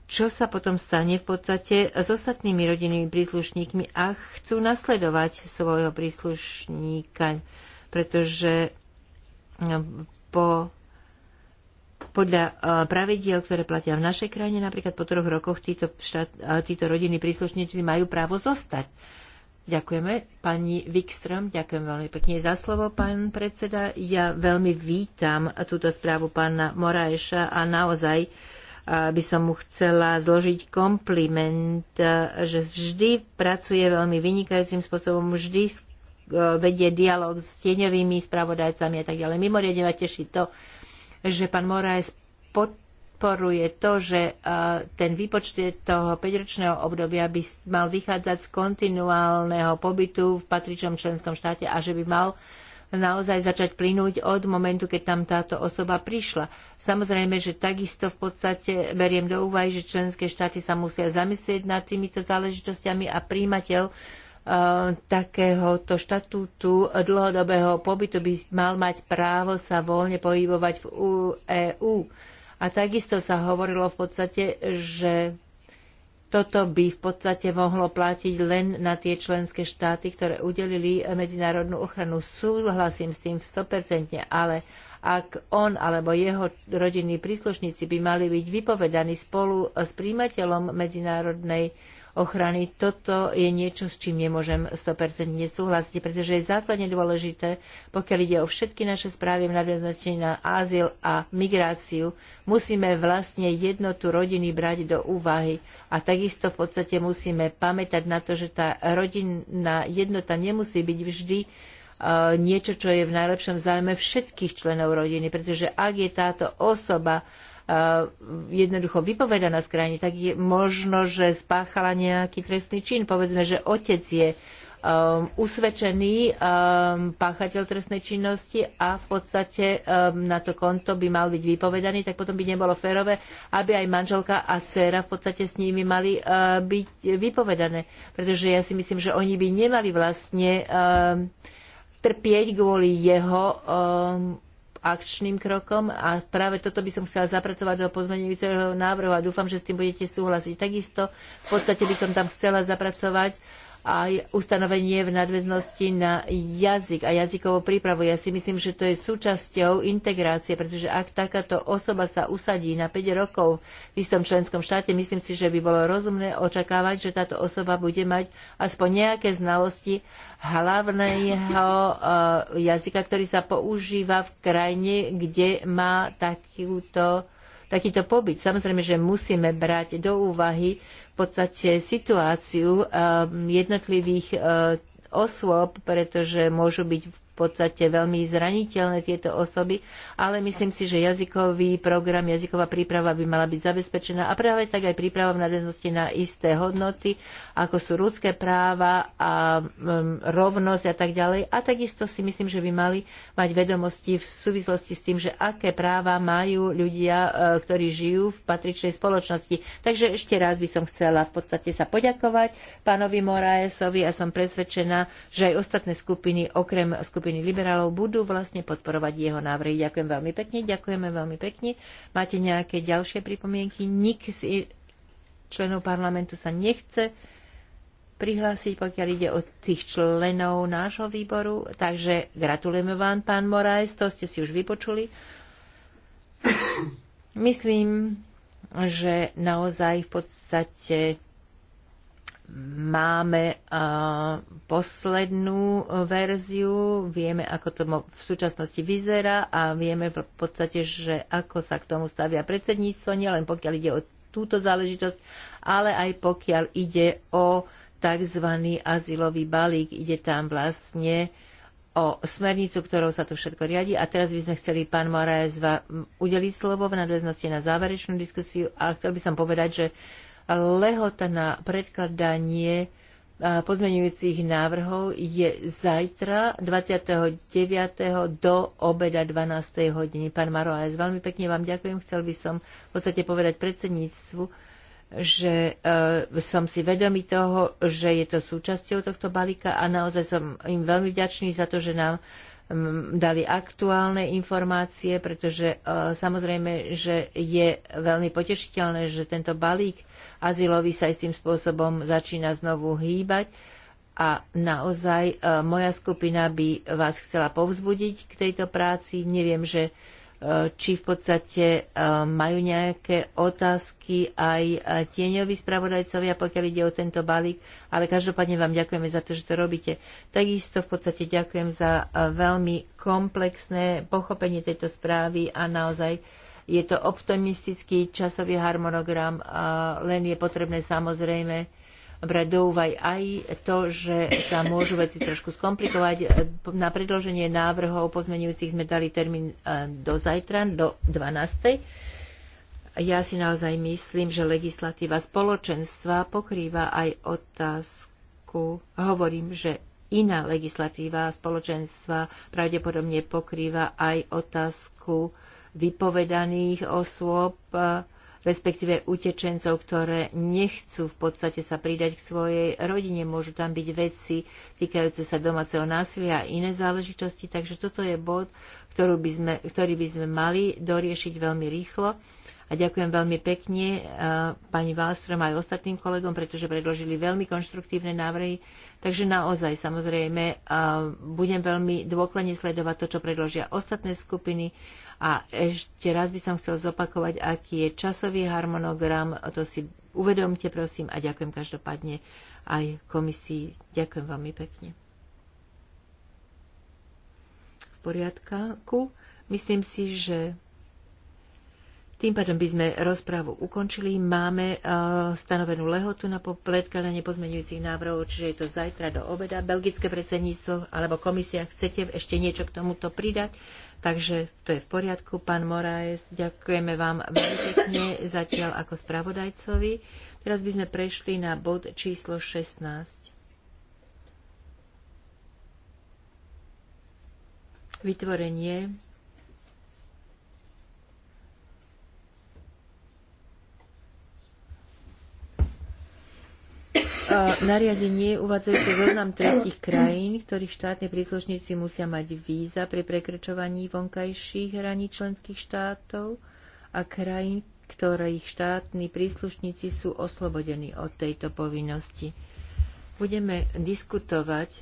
čo sa potom stane v podstate s ostatnými rodinnými príslušníkmi a chcú nasledovať svojho príslušníka, pretože no, po, podľa e, pravidiel, ktoré platia v našej krajine, napríklad po troch rokoch títo, štát, e, títo rodiny príslušníci majú právo zostať. Ďakujeme. Pani Wikström, ďakujem veľmi pekne za slovo, pán predseda. Ja veľmi vítam túto správu pána Moraeša a naozaj uh, by som mu chcela zložiť kompliment, e, že vždy pracuje veľmi vynikajúcim spôsobom, vždy e, vedie dialog s tieňovými spravodajcami a tak ďalej. Mimoriadne ma teší to, že pán Moraes podporuje to, že e, ten výpočet toho 5-ročného obdobia by mal vychádzať z kontinuálneho pobytu v patričnom členskom štáte a že by mal naozaj začať plynúť od momentu, keď tam táto osoba prišla. Samozrejme, že takisto v podstate beriem do úvahy, že členské štáty sa musia zamyslieť nad týmito záležitostiami a príjimateľ e, takéhoto štatútu dlhodobého pobytu by mal mať právo sa voľne pohybovať v EÚ. A takisto sa hovorilo v podstate, že toto by v podstate mohlo platiť len na tie členské štáty, ktoré udelili medzinárodnú ochranu. Súhlasím s tým 100%, ale ak on alebo jeho rodinní príslušníci by mali byť vypovedaní spolu s príjmateľom medzinárodnej ochrany. Toto je niečo, s čím nemôžem 100% nesúhlasiť, pretože je základne dôležité, pokiaľ ide o všetky naše správy v nadväznosti na azyl a migráciu, musíme vlastne jednotu rodiny brať do úvahy a takisto v podstate musíme pamätať na to, že tá rodinná jednota nemusí byť vždy E, niečo, čo je v najlepšom zájme všetkých členov rodiny, pretože ak je táto osoba e, jednoducho vypovedaná z krajiny, tak je možno, že spáchala nejaký trestný čin. Povedzme, že otec je um, usvedčený um, páchateľ trestnej činnosti a v podstate um, na to konto by mal byť vypovedaný, tak potom by nebolo férové, aby aj manželka a dcera v podstate s nimi mali uh, byť vypovedané. Pretože ja si myslím, že oni by nemali vlastne um, trpieť kvôli jeho um, akčným krokom a práve toto by som chcela zapracovať do pozmeňujúceho návrhu a dúfam, že s tým budete súhlasiť. Takisto v podstate by som tam chcela zapracovať uh, aj ustanovenie v nadväznosti na jazyk a jazykovú prípravu. Ja si myslím, že to je súčasťou integrácie, pretože ak takáto osoba sa usadí na 5 rokov v istom členskom štáte, myslím si, že by bolo rozumné očakávať, že táto osoba bude mať aspoň nejaké znalosti hlavného e, jazyka, ktorý sa používa v krajine, kde má takúto takýto pobyt. Samozrejme, že musíme brať do úvahy v podstate situáciu eh, jednotlivých eh, osôb, pretože môžu byť v podstate veľmi zraniteľné tieto osoby, ale myslím si, že jazykový program, jazyková príprava by mala byť zabezpečená a práve tak aj príprava v nadväznosti na isté hodnoty, ako sú ľudské práva a um, rovnosť a tak ďalej. A takisto si myslím, že by mali mať vedomosti v súvislosti s tým, že aké práva majú ľudia, e, ktorí žijú v patričnej spoločnosti. Takže ešte raz by som chcela v podstate sa poďakovať pánovi Moraesovi a som presvedčená, že aj ostatné skupiny, okrem skupiny skupiny liberálov budú vlastne podporovať jeho návrhy. Ďakujem veľmi pekne, ďakujeme veľmi pekne. Máte nejaké ďalšie pripomienky? Nik z členov parlamentu sa nechce prihlásiť, pokiaľ ide o tých členov nášho výboru. Takže gratulujeme vám, pán Morajs, to ste si už vypočuli. Myslím, že naozaj v podstate máme poslednú e, verziu, vieme, ako to v súčasnosti vyzerá a vieme v podstate, že ako sa k tomu stavia predsedníctvo, nielen pokiaľ ide o túto záležitosť, ale aj pokiaľ ide o tzv. azylový balík. Ide tam vlastne o smernicu, ktorou sa to všetko riadi. A teraz by sme chceli pán Moraes udeliť slovo v nadväznosti na záverečnú diskusiu a chcel by som povedať, že Lehota na predkladanie e, pozmeňujúcich návrhov je zajtra 29. do obeda 12. hodiny. Pán Maro veľmi pekne vám ďakujem. Chcel by som v podstate povedať predsedníctvu, že e, som si vedomý toho, že je to súčasťou tohto balíka a naozaj som im veľmi vďačný za to, že nám dali aktuálne informácie, pretože e, samozrejme, že je veľmi potešiteľné, že tento balík azylový sa aj tým spôsobom začína znovu hýbať. A naozaj e, moja skupina by vás chcela povzbudiť k tejto práci. Neviem, že Eh, či v podstate eh, majú nejaké otázky aj eh, tieňoví spravodajcovia, pokiaľ ide o tento balík, ale každopádne vám ďakujeme za to, že to robíte. Takisto v podstate ďakujem za veľmi komplexné pochopenie tejto správy a naozaj je to optimistický časový harmonogram, len je potrebné samozrejme brať do úvaj aj to, že sa môžu veci trošku skomplikovať. Na predloženie návrhov pozmenujúcich sme dali termín e, do zajtra, do 12. Ja si naozaj myslím, že legislatíva spoločenstva pokrýva aj otázku, hovorím, že iná legislatíva spoločenstva pravdepodobne pokrýva aj otázku vypovedaných osôb, e, respektíve utečencov, ktoré nechcú v podstate sa pridať k svojej rodine. Môžu tam byť veci týkajúce sa domáceho násilia a iné záležitosti. Takže toto je bod, ktorú by sme, ktorý by sme mali doriešiť veľmi rýchlo a ďakujem veľmi pekne e, pani Wallström aj ostatným kolegom, pretože predložili veľmi konštruktívne návrhy. Takže naozaj, samozrejme, e, budem veľmi dôkladne sledovať to, čo predložia ostatné skupiny. A ešte raz by som chcel zopakovať, aký je časový harmonogram. To si uvedomte, prosím, a ďakujem každopádne aj komisii. Ďakujem veľmi pekne. V poriadku. Myslím si, že tým pádom by sme rozprávu ukončili. Máme e, stanovenú lehotu na popletkanie pozmeňujúcich návrhov, čiže je to zajtra do obeda. Belgické predsedníctvo alebo komisia, chcete ešte niečo k tomuto pridať? Takže to je v poriadku. Pán Moraes, ďakujeme vám veľmi pekne zatiaľ ako spravodajcovi. Teraz by sme prešli na bod číslo 16. vytvorenie nariadenie uvádzajúce zoznam tretich krajín, ktorých štátni príslušníci musia mať víza pri prekračovaní vonkajších hraní členských štátov a krajín, ktorých štátni príslušníci sú oslobodení od tejto povinnosti. Budeme diskutovať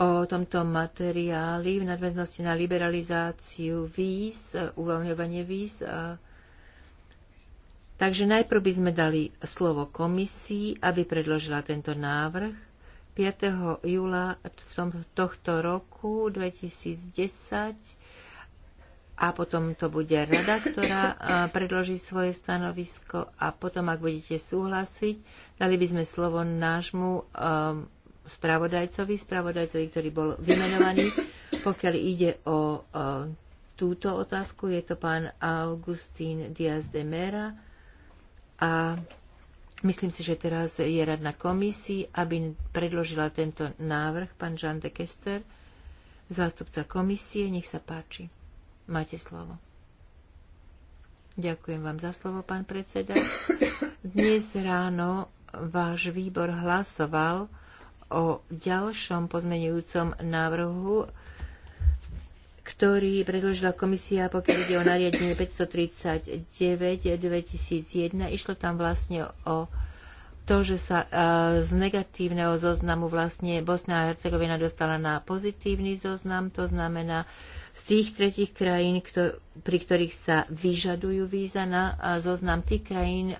o tomto materiáli v nadväznosti na liberalizáciu víz, uvoľňovanie víz a Takže najprv by sme dali slovo komisii, aby predložila tento návrh. 5. júla v tom, tohto roku 2010 a potom to bude rada, ktorá predloží svoje stanovisko a potom, ak budete súhlasiť, dali by sme slovo nášmu um, spravodajcovi, spravodajcovi, ktorý bol vymenovaný. Pokiaľ ide o um, túto otázku, je to pán Augustín Diaz de Mera a myslím si, že teraz je rad na komisii, aby predložila tento návrh. Pán Jean de Kester, zástupca komisie, nech sa páči. Máte slovo. Ďakujem vám za slovo, pán predseda. Dnes ráno váš výbor hlasoval o ďalšom pozmenujúcom návrhu ktorý predložila komisia, pokiaľ ide o nariadenie 539 2001. Išlo tam vlastne o to, že sa e, z negatívneho zoznamu vlastne Bosna a Hercegovina dostala na pozitívny zoznam, to znamená z tých tretich krajín, pri ktorých sa vyžadujú víza na e, zoznam tých krajín,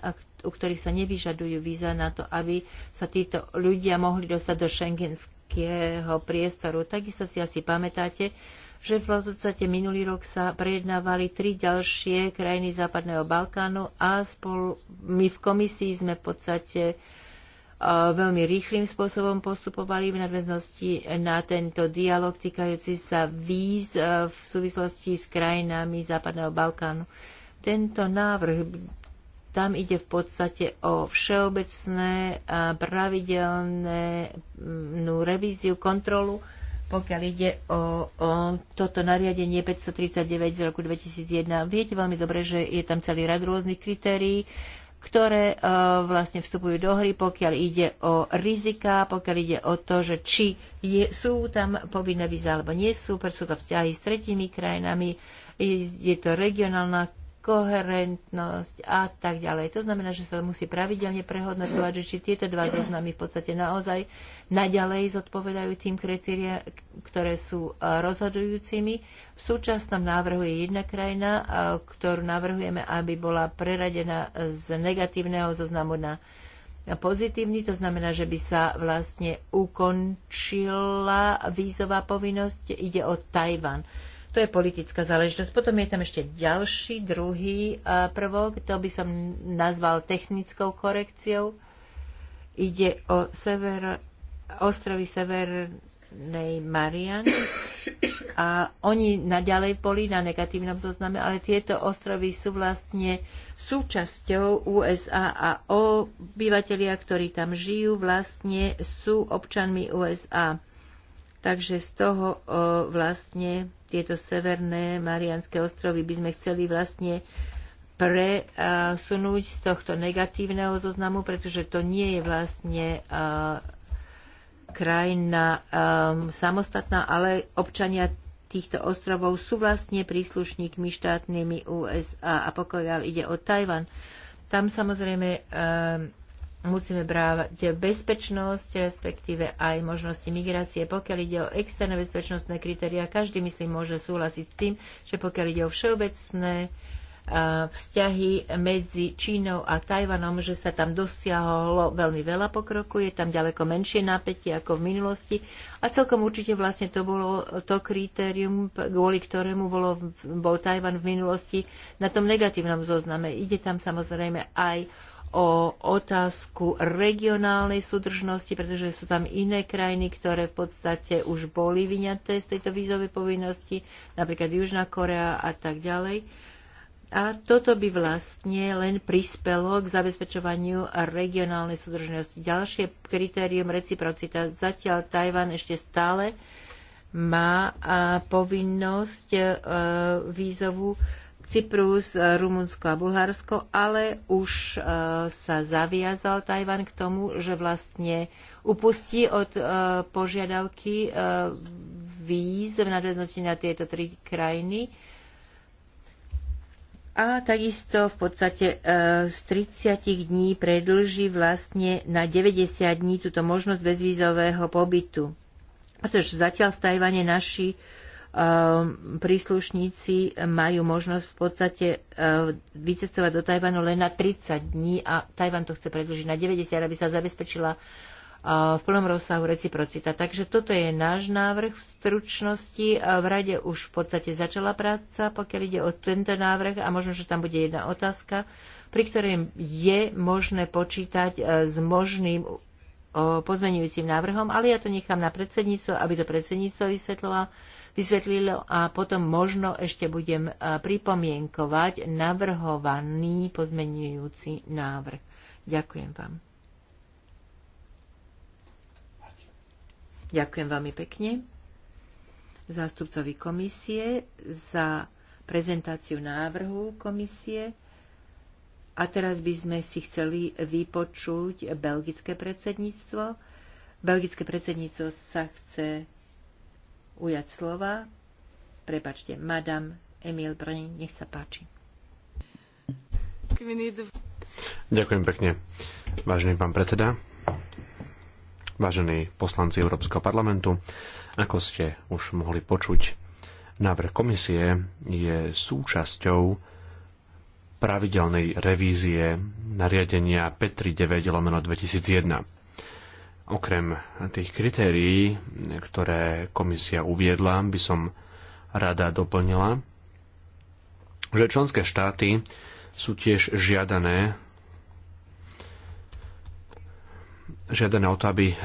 u ktorých sa nevyžadujú víza na to, aby sa títo ľudia mohli dostať do šengenského priestoru. Takisto si asi pamätáte, že v podstate minulý rok sa prejednávali tri ďalšie krajiny Západného Balkánu a spolu, my v komisii sme v podstate e, veľmi rýchlým spôsobom postupovali v nadväznosti na tento dialog týkajúci sa víz e, v súvislosti s krajinami Západného Balkánu. Tento návrh, tam ide v podstate o všeobecné a pravidelnú revíziu, kontrolu pokiaľ ide o, o toto nariadenie 539 z roku 2001. Viete veľmi dobre, že je tam celý rad rôznych kritérií, ktoré uh, vlastne vstupujú do hry, pokiaľ ide o rizika, pokiaľ ide o to, že či je, sú tam povinné víza alebo nie sú, sú to vzťahy s tretími krajinami, je to regionálna koherentnosť a tak ďalej. To znamená, že sa musí pravidelne prehodnocovať, že či tieto dva zoznamy v podstate naozaj naďalej zodpovedajú tým kritériám, ktoré sú e, rozhodujúcimi. V súčasnom návrhu je jedna krajina, e, ktorú navrhujeme, aby bola preradená z negatívneho zoznamu na pozitívny, to znamená, že by sa vlastne ukončila vízová povinnosť. Ide o Tajvan. To je politická záležitosť. Potom je tam ešte ďalší, druhý e, prvok, to by som nazval technickou korekciou. Ide o sever, ostrovy Severnej Marian a oni naďalej boli na negatívnom zozname, ale tieto ostrovy sú vlastne súčasťou USA a obyvateľia, ktorí tam žijú, vlastne sú občanmi USA. Takže z toho vlastne tieto severné Marianské ostrovy by sme chceli vlastne presunúť z tohto negatívneho zoznamu, pretože to nie je vlastne krajina samostatná, ale občania týchto ostrovov sú vlastne príslušníkmi štátnymi USA a pokiaľ ide o Tajvan. Tam samozrejme musíme brávať bezpečnosť, respektíve aj možnosti migrácie. Pokiaľ ide o externé bezpečnostné kritéria, každý, myslím, môže súhlasiť s tým, že pokiaľ ide o všeobecné e, vzťahy medzi Čínou a Tajvanom, že sa tam dosiahlo veľmi veľa pokroku, je tam ďaleko menšie napätie ako v minulosti a celkom určite vlastne to bolo to kritérium, kvôli ktorému bolo, bol Tajvan v minulosti na tom negatívnom zozname. Ide tam samozrejme aj o otázku regionálnej súdržnosti, pretože sú tam iné krajiny, ktoré v podstate už boli vyňaté z tejto vízovej povinnosti, napríklad Južná Korea a tak ďalej. A toto by vlastne len prispelo k zabezpečovaniu regionálnej súdržnosti. Ďalšie kritérium reciprocita. Zatiaľ Tajvan ešte stále má povinnosť e, vízovú Cyprus, e, Rumunsko a Bulharsko, ale už e, sa zaviazal Tajvan k tomu, že vlastne upustí od e, požiadavky víz v nadväznosti na tieto tri krajiny. A takisto v podstate z 30 dní predlží vlastne na 90 dní túto možnosť bezvízového pobytu. Pretože zatiaľ v Tajvane naši Ehm, príslušníci majú možnosť v podstate ehm, vycestovať do Tajvanu len na 30 dní a Tajvan to chce predlžiť na 90, aby sa zabezpečila ehm, v plnom rozsahu reciprocita. Takže toto je náš návrh v stručnosti. V rade už v podstate začala práca, pokiaľ ide o tento návrh a možno, že tam bude jedna otázka, pri ktorej je možné počítať s možným pozmenujúcim návrhom, ale ja to nechám na predsedníctvo, aby to predsedníctvo vysvetlovalo vysvetlilo a potom možno ešte budem e, pripomienkovať navrhovaný pozmenujúci návrh. Ďakujem vám. Ďakujem veľmi pekne zástupcovi komisie za prezentáciu návrhu komisie. A teraz by sme si chceli vypočuť belgické predsedníctvo. Belgické predsedníctvo sa chce ujať slova. Prepačte, Madame Emil Brin, nech sa páči. Ďakujem pekne. Vážený pán predseda, vážení poslanci Európskeho parlamentu, ako ste už mohli počuť, návrh komisie je súčasťou pravidelnej revízie nariadenia P39 2001. Okrem tých kritérií, ktoré komisia uviedla, by som rada doplnila, že členské štáty sú tiež žiadané žiadané o to, aby eh,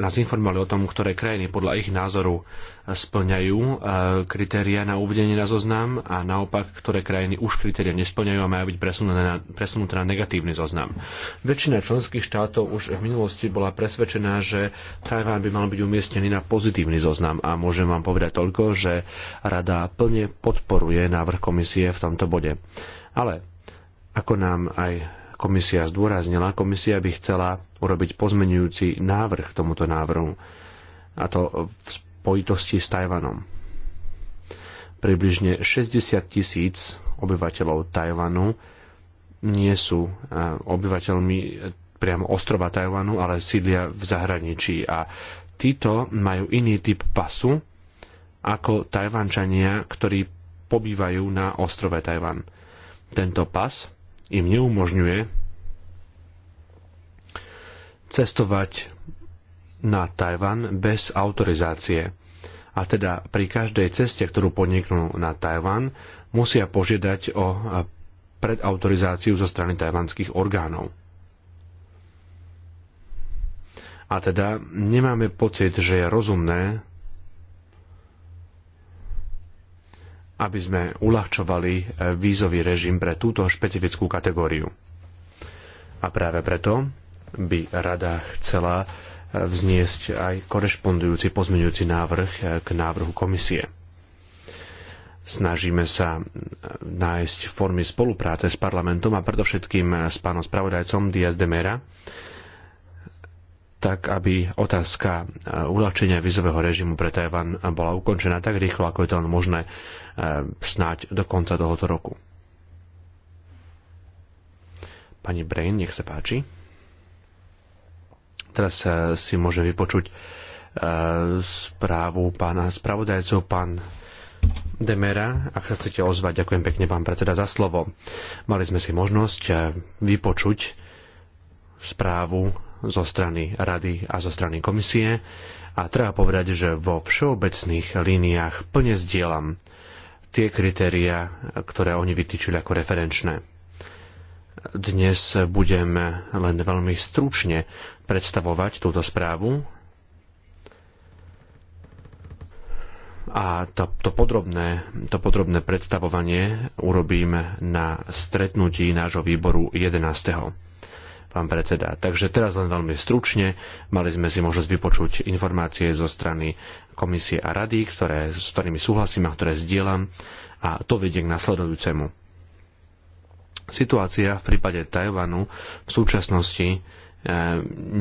nás informovali o tom, ktoré krajiny podľa ich názoru eh, splňajú eh, kritéria na uvedenie na zoznam a naopak, ktoré krajiny už kritéria nesplňajú a majú byť presunuté na, presunuté na negatívny zoznam. Väčšina členských štátov už v minulosti bola presvedčená, že Tajván by mal byť umiestnený na pozitívny zoznam a môžem vám povedať toľko, že Rada plne podporuje návrh komisie v tomto bode. Ale ako nám aj komisia zdôraznila, komisia by chcela urobiť pozmenujúci návrh k tomuto návrhu, a to v spojitosti s Tajvanom. Približne 60 tisíc obyvateľov Tajvanu nie sú e, obyvateľmi priamo ostrova Tajvanu, ale sídlia v zahraničí a títo majú iný typ pasu ako Tajvančania, ktorí pobývajú na ostrove Tajvan. Tento pas im neumožňuje cestovať na Tajvan bez autorizácie. A teda pri každej ceste, ktorú podniknú na Tajvan, musia požiadať o predautorizáciu zo strany tajvanských orgánov. A teda nemáme pocit, že je rozumné, aby sme uľahčovali vízový režim pre túto špecifickú kategóriu. A práve preto by rada chcela vzniesť aj korešpondujúci pozmeňujúci návrh k návrhu komisie. Snažíme sa nájsť formy spolupráce s parlamentom a predovšetkým s pánom spravodajcom Diaz de Mera, tak aby otázka uľahčenia vizového režimu pre Tajvan bola ukončená tak rýchlo, ako je to len možné e, snáď do konca tohoto roku. Pani Brain, nech sa páči. Teraz eh, si môžem vypočuť eh, správu pána spravodajcov, pán Demera, ak sa chcete ozvať, ďakujem pekne pán predseda za slovo. Mali sme si možnosť eh, vypočuť správu zo strany Rady a zo strany komisie a treba povedať, že vo všeobecných líniách plne zdieľam tie kritéria, ktoré oni vytýčili ako referenčné. Dnes budem len veľmi stručne predstavovať túto správu a to, to, podrobné, to podrobné predstavovanie urobím na stretnutí nášho výboru 11 pán predseda. Takže teraz len veľmi stručne, mali sme si možnosť vypočuť informácie zo strany komisie a rady, ktoré, s ktorými súhlasím a ktoré zdieľam a to vedie k nasledujúcemu. Situácia v prípade Tajvanu v súčasnosti eh,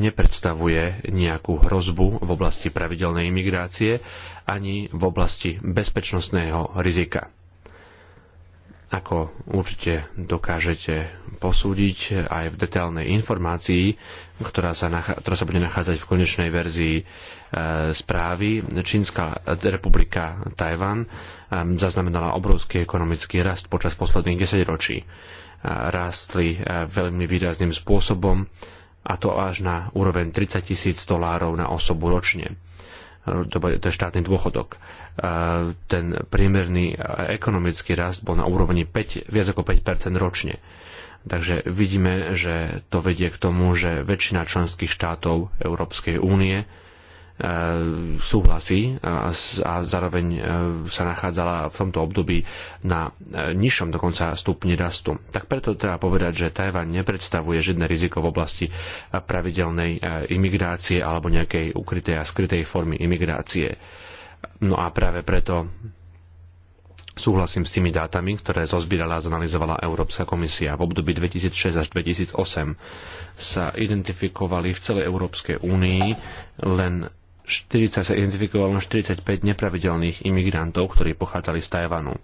nepredstavuje nejakú hrozbu v oblasti pravidelnej imigrácie ani v oblasti bezpečnostného rizika. Ako určite dokážete posúdiť aj v detailnej informácii, ktorá sa, ktorá sa bude nachádzať v konečnej verzii e, správy, Čínska republika Tajvan e, zaznamenala obrovský ekonomický rast počas posledných 10 ročí rástli eh, veľmi výrazným spôsobom a to až na úroveň 30 tisíc dolárov na osobu ročne. Eh, to je štátny dôchodok. Eh, ten priemerný ekonomický rast bol na úrovni 5, viac ako 5 ročne. Takže vidíme, že to vedie k tomu, že väčšina členských štátov Európskej únie E, súhlasí a, zároveň e, sa nachádzala v tomto období na e, nižšom dokonca stupni rastu. Tak preto treba povedať, že Tajván nepredstavuje žiadne riziko v oblasti pravidelnej imigrácie alebo nejakej ukrytej a skrytej formy imigrácie. No a práve preto Súhlasím s tými dátami, ktoré zozbírala a zanalizovala Európska komisia. V období 2006 až 2008 sa identifikovali v celej Európskej únii len 40 sa identifikovalo 45 nepravidelných imigrantov, ktorí pochádzali z Tajvanu.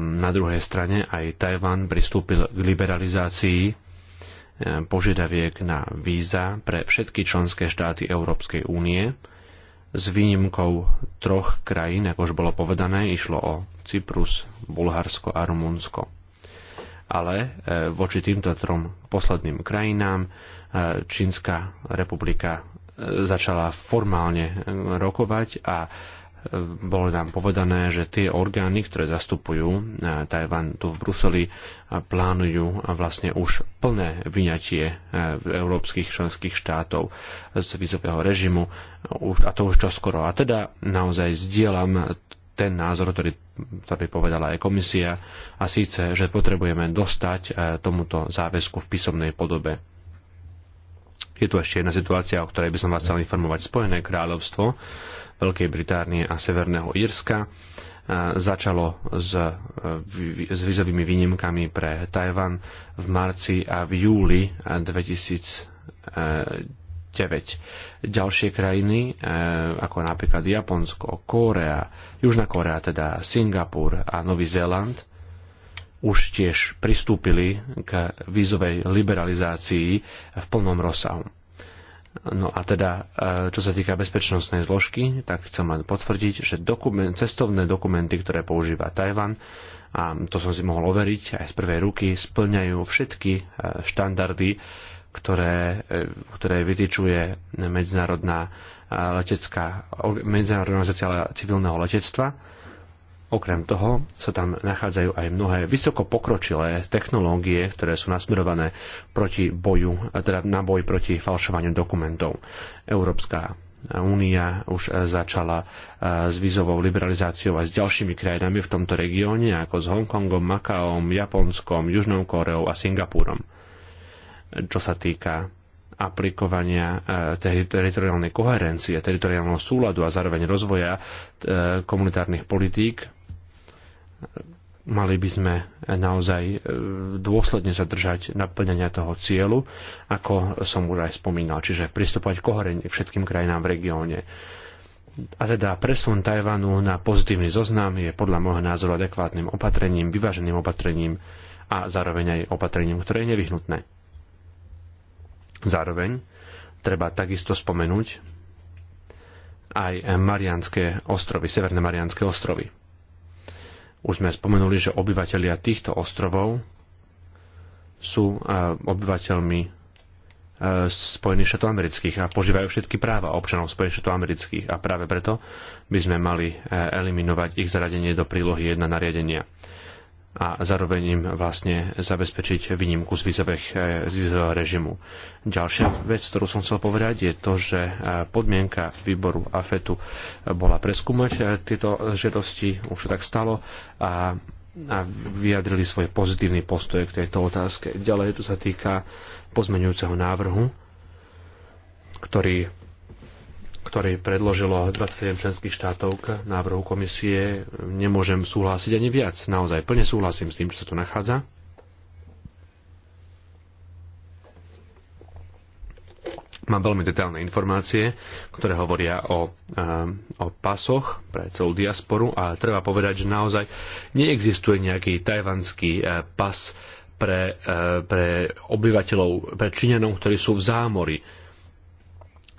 Na druhej strane aj Tajvan pristúpil k liberalizácii požiadaviek na víza pre všetky členské štáty Európskej únie. S výnimkou troch krajín, ako už bolo povedané, išlo o Cyprus, Bulharsko a Rumunsko. Ale e, voči týmto trom posledným krajinám e, Čínska republika začala formálne eh, rokovať a eh, bolo nám povedané, že tie orgány, ktoré zastupujú eh, Tajvan tu v Bruseli, plánujú vlastne už plné vyňatie európskych členských štátov z vízového režimu a to už čoskoro. A teda naozaj zdieľam ten názor, ktorý, ktorý povedala aj komisia, a síce, že potrebujeme dostať tomuto záväzku v písomnej podobe. Je tu ešte jedna situácia, o ktorej by som vás chcel informovať. Spojené kráľovstvo Veľkej Británie a Severného Írska e, začalo s, e, s vizovými výnimkami pre Tajvan v marci a v júli 2009. E, Ďalšie krajiny, ako napríklad Japonsko, Kórea, Južná Kórea, teda Singapur a Nový Zéland, už tiež pristúpili k vízovej liberalizácii v plnom rozsahu. No a teda, e, čo sa týka bezpečnostnej zložky, tak chcem len potvrdiť, že dokument, cestovné dokumenty, ktoré používa Tajvan, a to som si mohol overiť aj z prvej ruky, splňajú všetky e, štandardy, ktoré, e, ktoré vytýčuje medzinárodná letecká, medzinárodná organizácia civilného letectva Okrem toho sa tam nachádzajú aj mnohé vysoko pokročilé technológie, ktoré sú nasmerované proti boju, teda na boj proti falšovaniu dokumentov. Európska Únia už začala e, s vízovou liberalizáciou a s ďalšími krajinami v tomto regióne, ako s Hongkongom, Makaom, Japonskom, Južnou Koreou a Singapúrom. Čo sa týka aplikovania e, teritoriálnej koherencie, teritoriálneho súladu a zároveň rozvoja e, komunitárnych politík, mali by sme naozaj e, dôsledne zadržať naplňania toho cieľu, ako som už aj spomínal, čiže pristupovať koherentne k všetkým krajinám v regióne. A teda presun Tajvanu na pozitívny zoznam je podľa môjho názoru adekvátnym opatrením, vyváženým opatrením a zároveň aj opatrením, ktoré je nevyhnutné. Zároveň treba takisto spomenúť aj Marianské ostrovy, Severné Marianské ostrovy. Už sme spomenuli, že obyvateľia týchto ostrovov sú e, obyvateľmi e, Spojených štátov amerických a požívajú všetky práva občanov Spojených štátov amerických a práve preto by sme mali e, eliminovať ich zaradenie do prílohy 1 nariadenia a zároveň im vlastne zabezpečiť výnimku z, výzového eh, vízového režimu. Ďalšia vec, ktorú som chcel povedať, je to, že eh, podmienka výboru AFETu bola preskúmať eh, tieto žiadosti, už tak stalo a, a vyjadrili svoj pozitívny postoj k tejto otázke. Ďalej to sa týka pozmeňujúceho návrhu, ktorý ktorý predložilo 27 členských štátov k návrhu komisie, nemôžem súhlasiť ani viac. Naozaj plne súhlasím s tým, čo sa tu nachádza. Mám veľmi detailné informácie, ktoré hovoria o, eh, o pasoch pre celú diasporu a treba povedať, že naozaj neexistuje nejaký tajvanský eh, pas pre, eh, pre obyvateľov, pre Číňanov, ktorí sú v zámori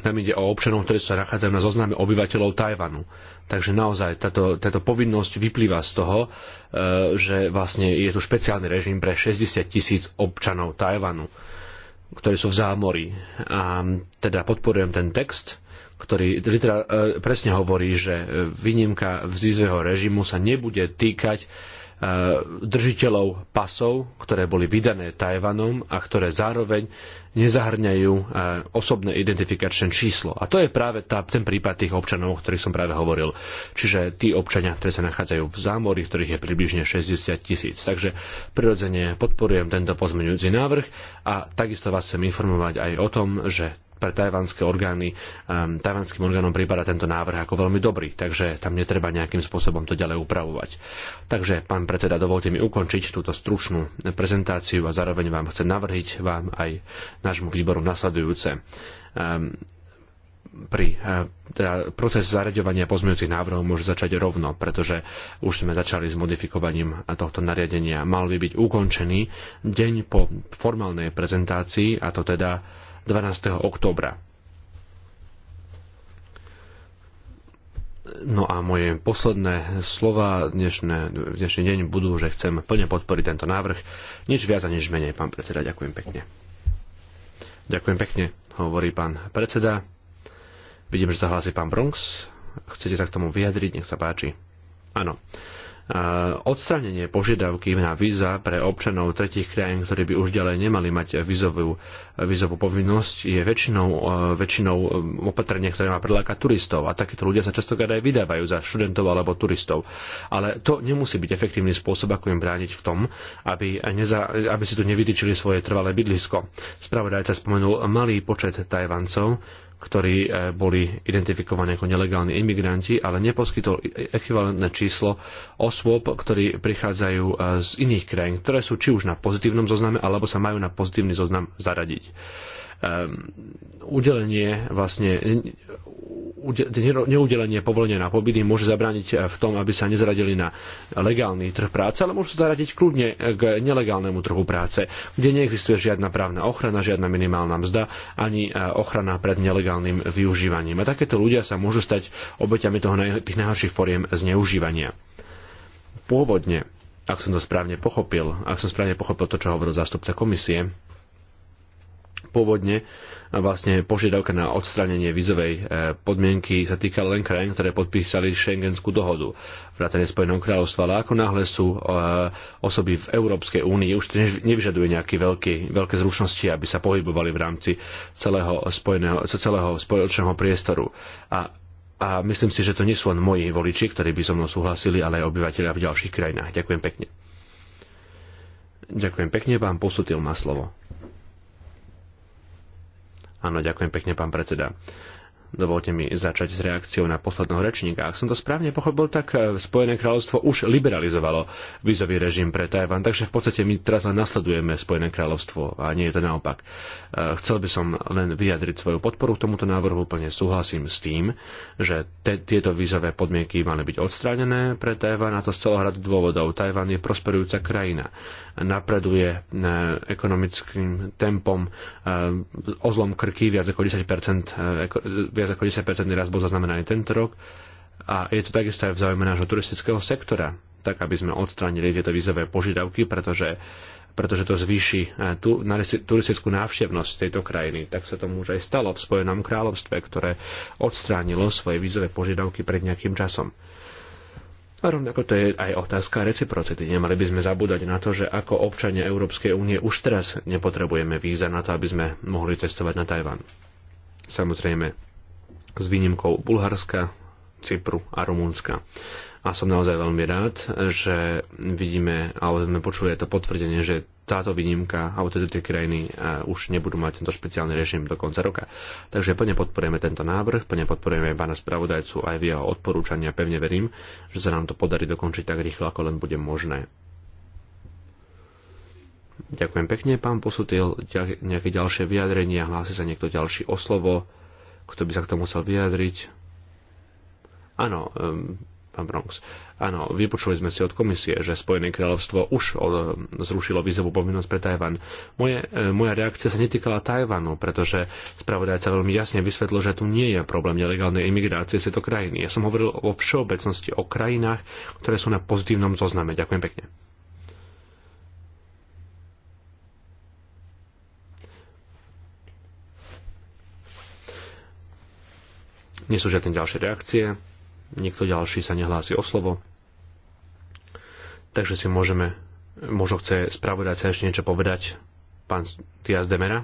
tam ide o občanov, ktorí sa nachádzajú na zozname obyvateľov Tajvanu. Takže naozaj táto, táto povinnosť vyplýva z toho, e, že vlastne je tu špeciálny režim pre 60 tisíc občanov Tajvanu, ktorí sú v zámorí. A teda podporujem ten text, ktorý litera, e, presne hovorí, že výnimka v režimu sa nebude týkať e, držiteľov pasov, ktoré boli vydané Tajvanom a ktoré zároveň nezahrňajú e, osobné identifikačné číslo. A to je práve tá, ten prípad tých občanov, o ktorých som práve hovoril. Čiže tí občania, ktorí sa nachádzajú v zámori, ktorých je približne 60 tisíc. Takže prirodzene podporujem tento pozmeňujúci návrh a takisto vás chcem informovať aj o tom, že pre tajvanské orgány, ehm, tajvanským orgánom prípada tento návrh ako veľmi dobrý, takže tam netreba nejakým spôsobom to ďalej upravovať. Takže, pán predseda, dovolte mi ukončiť túto stručnú prezentáciu a zároveň vám chcem navrhiť vám aj nášmu výboru nasledujúce ehm, pri eh, teda proces zariadovania pozmeňujúcich návrhov môže začať rovno, pretože už sme začali s modifikovaním tohto nariadenia. Mal by byť ukončený deň po formálnej prezentácii, a to teda 12. oktobra. No a moje posledné slova dnešné, dnešný deň budú, že chcem plne podporiť tento návrh. Nič viac a nič menej, pán predseda, ďakujem pekne. Ďakujem pekne, hovorí pán predseda. Vidím, že sa hlási pán Bronx. Chcete sa k tomu vyjadriť? Nech sa páči. Áno odstranenie požiadavky na víza pre občanov tretich krajín, ktorí by už ďalej nemali mať vízovú, vízovú povinnosť, je väčšinou, e, väčšinou e, opatrenie, ktoré má prilákať turistov. A takíto ľudia sa častokrát aj vydávajú za študentov alebo turistov. Ale to nemusí byť efektívny spôsob, ako im brániť v tom, aby, neza, aby si tu nevytýčili svoje trvalé bydlisko. Spravodajca spomenul malý počet Tajvancov, ktorí e, boli identifikovaní ako nelegálni imigranti, ale neposkytol e, ekvivalentné číslo osôb, ktorí prichádzajú e, z iných krajín, ktoré sú či už na pozitívnom zozname, alebo sa majú na pozitívny zoznam zaradiť. Ehm, udelenie vlastne neudelenie povolenia na pobyt im môže zabrániť eh, v tom, aby sa nezradili na legálny trh práce, ale môžu sa zaradiť kľudne k nelegálnemu trhu práce, kde neexistuje žiadna právna ochrana, žiadna minimálna mzda ani eh, ochrana pred nelegálnym využívaním. A takéto ľudia sa môžu stať obeťami toho, tých najhorších foriem zneužívania. Pôvodne, ak som to správne pochopil, ak som správne pochopil to, čo hovoril zástupca komisie, pôvodne vlastne požiadavka na odstránenie vizovej e, podmienky sa týkala len krajín, ktoré podpísali Schengenskú dohodu vrátane Spojeného kráľovstva, ale ako náhle sú e, osoby v Európskej únii, už to nevyžaduje nejaké veľké, veľké zručnosti, aby sa pohybovali v rámci celého, spojeného, celého spoločného priestoru. A a myslím si, že to nie sú len moji voliči, ktorí by so mnou súhlasili, ale aj obyvateľia v ďalších krajinách. Ďakujem pekne. Ďakujem pekne, pán posutil má slovo. Áno, ďakujem pekne, pán predseda. Dovolte mi začať s reakciou na posledného rečníka. Ak som to správne pochopil, tak e, Spojené kráľovstvo už liberalizovalo vízový režim pre Tajvan, takže v podstate my teraz len nasledujeme Spojené kráľovstvo a nie je to naopak. E, chcel by som len vyjadriť svoju podporu k tomuto návrhu, plne súhlasím s tým, že te, tieto vízové podmienky mali byť odstránené pre Tajvan a to z celého hradu dôvodov. Tajvan je prosperujúca krajina napreduje e, ekonomickým tempom e, o zlom krky, viac ako 10%, e, viac ako 10% rast bol zaznamenaný tento rok a je to takisto aj v záujme nášho turistického sektora, tak aby sme odstránili tieto vízové požiadavky, pretože pretože to zvýši tú turistickú návštevnosť tejto krajiny. Tak sa tomu už aj stalo v Spojenom kráľovstve, ktoré odstránilo svoje vízové požiadavky pred nejakým časom. A rovnako to je aj otázka reciprocity. Nemali by sme zabúdať na to, že ako občania Európskej únie už teraz nepotrebujeme víza na to, aby sme mohli cestovať na Tajvan. Samozrejme, s výnimkou Bulharska, Cypru a Rumunska. A som naozaj veľmi rád, že vidíme, alebo sme počuli to potvrdenie, že táto výnimka, alebo tieto teda tie krajiny eh, už nebudú mať tento špeciálny režim do konca roka. Takže plne podporujeme tento návrh, plne podporujeme pána spravodajcu aj v jeho odporúčania. Pevne verím, že sa nám to podarí dokončiť tak rýchlo, ako len bude možné. Ďakujem pekne, pán posutil. Nejaké ďalšie vyjadrenia? Hlási sa niekto ďalší o slovo? Kto by sa k tomu chcel vyjadriť? Áno, um, Bronx. Áno, vypočuli sme si od komisie, že Spojené kráľovstvo už zrušilo vízovú povinnosť pre Tajvan. Moje, e, moja reakcia sa netýkala Tajvanu, pretože spravodajca veľmi jasne vysvetlil, že tu nie je problém nelegálnej imigrácie z tejto krajiny. Ja som hovoril o všeobecnosti o krajinách, ktoré sú na pozitívnom zozname. Ďakujem pekne. Nie sú žiadne ďalšie reakcie. Niekto ďalší sa nehlási o slovo. Takže si môžeme, možno chce spravodať sa ešte niečo povedať pán Tias Demera.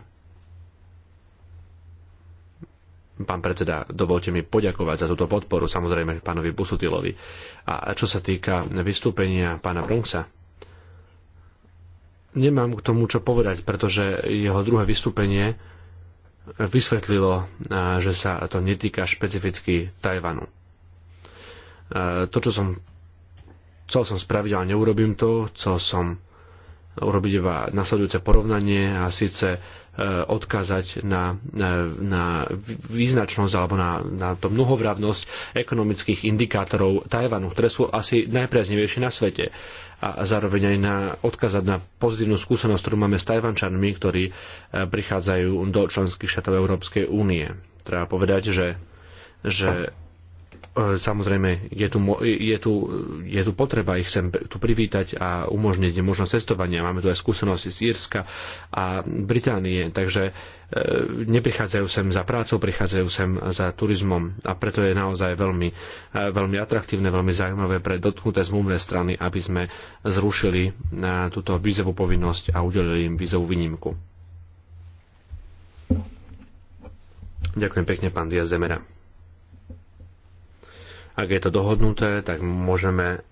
Pán predseda, dovolte mi poďakovať za túto podporu, samozrejme pánovi Busutilovi. A čo sa týka vystúpenia pána Bronxa, nemám k tomu čo povedať, pretože jeho druhé vystúpenie vysvetlilo, že sa to netýka špecificky Tajvanu. E, to, čo som chcel som spraviť, ale neurobím to, chcel som urobiť iba nasledujúce porovnanie a síce e, odkázať na, e, na, na význačnosť alebo na, na to mnohovravnosť ekonomických indikátorov Tajvanu, ktoré sú asi najpriaznivejšie na svete a zároveň aj na, odkázať na pozitívnu skúsenosť, ktorú máme s Tajvančanmi, ktorí prichádzajú do členských štátov Európskej únie. Treba povedať, že, že E, samozrejme, je tu, je, tu, je tu potreba ich sem tu privítať a umožniť možnosť cestovania. Máme tu aj skúsenosti z Írska a Británie, takže e, neprichádzajú sem za prácou, prichádzajú sem za turizmom a preto je naozaj veľmi, e, veľmi atraktívne, veľmi zaujímavé pre dotknuté zmluvné strany, aby sme zrušili túto vízovú povinnosť a udelili im vízovú výnimku. Ďakujem pekne, pán Diaz Zemera. Ak je to dohodnuté, tak môžeme,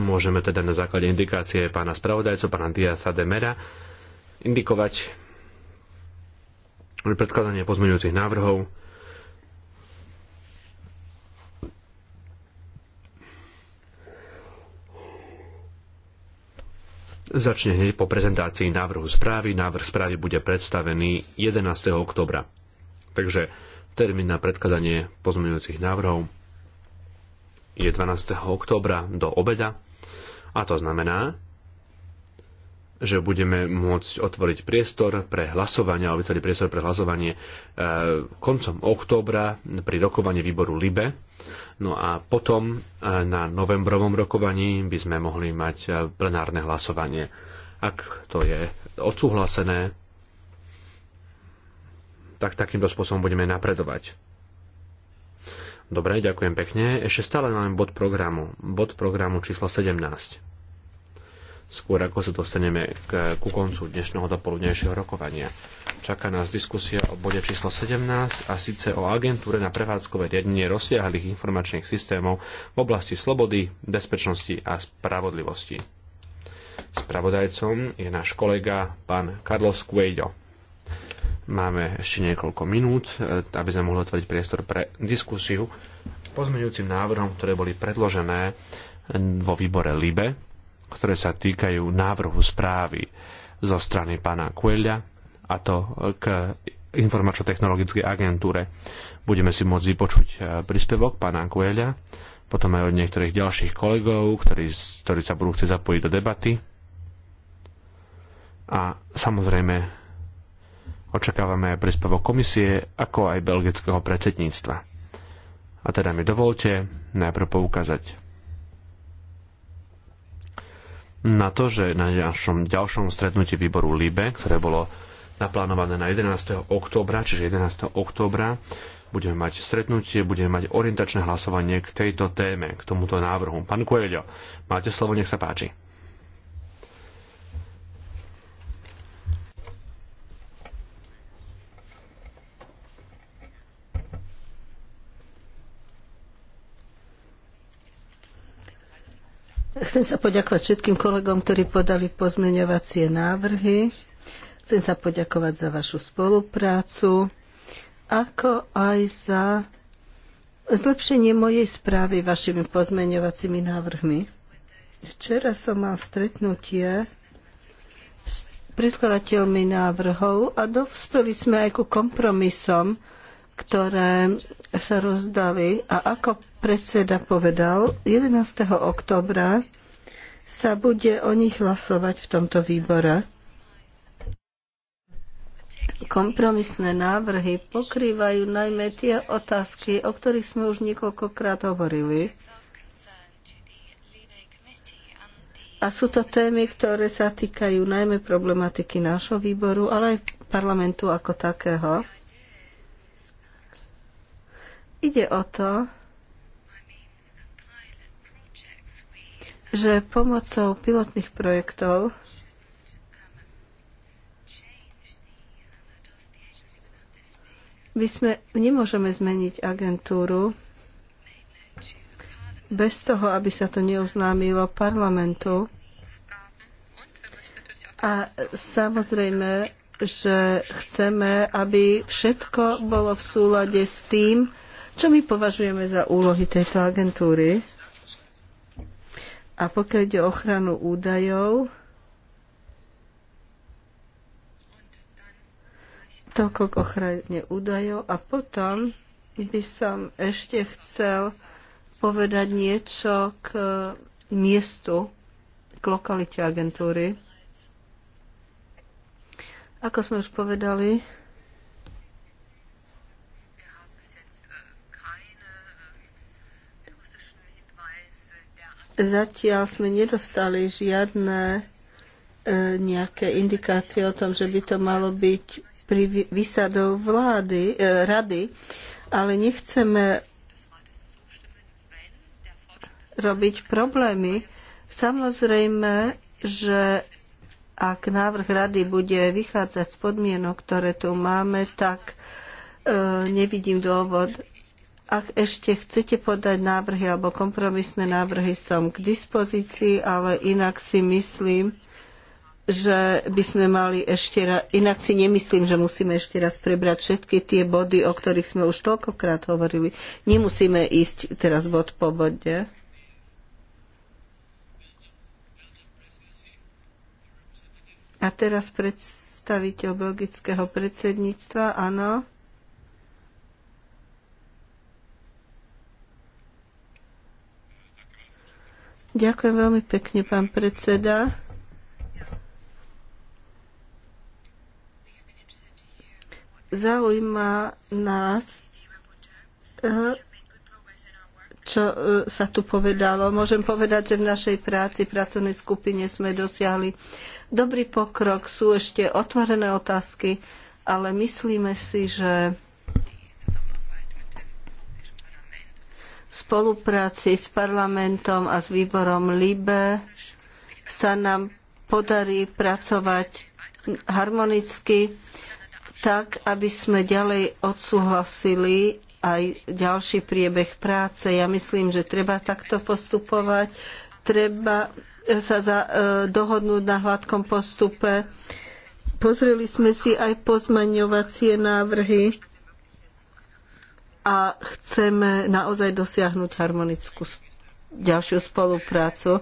môžeme teda na základe indikácie pána spravodajcu, pána Diasa de Mera, indikovať predkladanie pozmeňujúcich návrhov, Začne hneď po prezentácii návrhu správy. Návrh správy bude predstavený 11. oktobra. Takže termín na predkladanie pozmeňujúcich návrhov je 12. oktobra do obeda a to znamená, že budeme môcť otvoriť priestor pre hlasovanie, alebo vytvoriť priestor pre hlasovanie e, koncom októbra pri rokovaní výboru LIBE. No a potom e, na novembrovom rokovaní by sme mohli mať e, plenárne hlasovanie. Ak to je odsúhlasené, tak takýmto spôsobom budeme napredovať. Dobre, ďakujem pekne. Ešte stále máme bod programu. Bod programu číslo 17. Skôr ako sa dostaneme k, ku koncu dnešného dopoludnejšieho rokovania. Čaká nás diskusia o bode číslo 17 a síce o agentúre na prevádzkové riadenie rozsiahlých informačných systémov v oblasti slobody, bezpečnosti a spravodlivosti. Spravodajcom je náš kolega pán Carlos Cuello. Máme ešte niekoľko minút, e, aby sme mohli otvoriť priestor pre diskusiu pozmeňujúcim návrhom, ktoré boli predložené e, vo výbore LIBE, ktoré sa týkajú návrhu správy zo strany pána Kueľa, a to k informačno-technologickej agentúre. Budeme si môcť vypočuť e, príspevok pána Kueľa, potom aj od niektorých ďalších kolegov, ktorí, ktorí sa budú chcieť zapojiť do debaty. A samozrejme Očakávame aj príspevok komisie, ako aj belgického predsedníctva. A teda mi dovolte najprv poukázať na to, že na našom ďalšom stretnutí výboru LIBE, ktoré bolo naplánované na 11. októbra, čiže 11. októbra, budeme mať stretnutie, budeme mať orientačné hlasovanie k tejto téme, k tomuto návrhu. Pán Coelho, máte slovo, nech sa páči. Chcem sa poďakovať všetkým kolegom, ktorí podali pozmeňovacie návrhy. Chcem sa poďakovať za vašu spoluprácu, ako aj za zlepšenie mojej správy vašimi pozmeňovacími návrhmi. Včera som mal stretnutie s predkladateľmi návrhov a dospeli sme aj ku kompromisom, ktoré sa rozdali. A ako predseda povedal, 11. oktobra sa bude o nich hlasovať v tomto výbore. Kompromisné návrhy pokrývajú najmä tie otázky, o ktorých sme už niekoľkokrát hovorili. A sú to témy, ktoré sa týkajú najmä problematiky nášho výboru, ale aj parlamentu ako takého. Ide o to, že pomocou pilotných projektov my sme nemôžeme zmeniť agentúru bez toho, aby sa to neoznámilo parlamentu. A samozrejme, že chceme, aby všetko bolo v súlade s tým, čo my považujeme za úlohy tejto agentúry? A pokiaľ ide o ochranu údajov, toľko k ochrane údajov. A potom by som ešte chcel povedať niečo k miestu, k lokalite agentúry. Ako sme už povedali, Zatiaľ sme nedostali žiadne e, nejaké indikácie o tom, že by to malo byť pri vysadov vlády, e, rady, ale nechceme robiť problémy. Samozrejme, že ak návrh rady bude vychádzať z podmienok, ktoré tu máme, tak e, nevidím dôvod, ak ešte chcete podať návrhy alebo kompromisné návrhy, som k dispozícii, ale inak si myslím, že by sme mali ešte raz, inak si nemyslím, že musíme ešte raz prebrať všetky tie body, o ktorých sme už toľkokrát hovorili. Nemusíme ísť teraz bod po bode. A teraz predstaviteľ belgického predsedníctva, áno. Ďakujem veľmi pekne, pán predseda. Zaujíma nás, eh, čo eh, sa tu povedalo. Môžem povedať, že v našej práci, pracovnej skupine sme dosiahli dobrý pokrok. Sú ešte otvorené otázky, ale myslíme si, že spolupráci s parlamentom a s výborom LIBE sa nám podarí pracovať harmonicky tak, aby sme ďalej odsúhlasili aj ďalší priebeh práce. Ja myslím, že treba takto postupovať, treba sa za, e, dohodnúť na hladkom postupe. Pozreli sme si aj pozmaňovacie návrhy a chceme naozaj dosiahnuť harmonickú ďalšiu spoluprácu.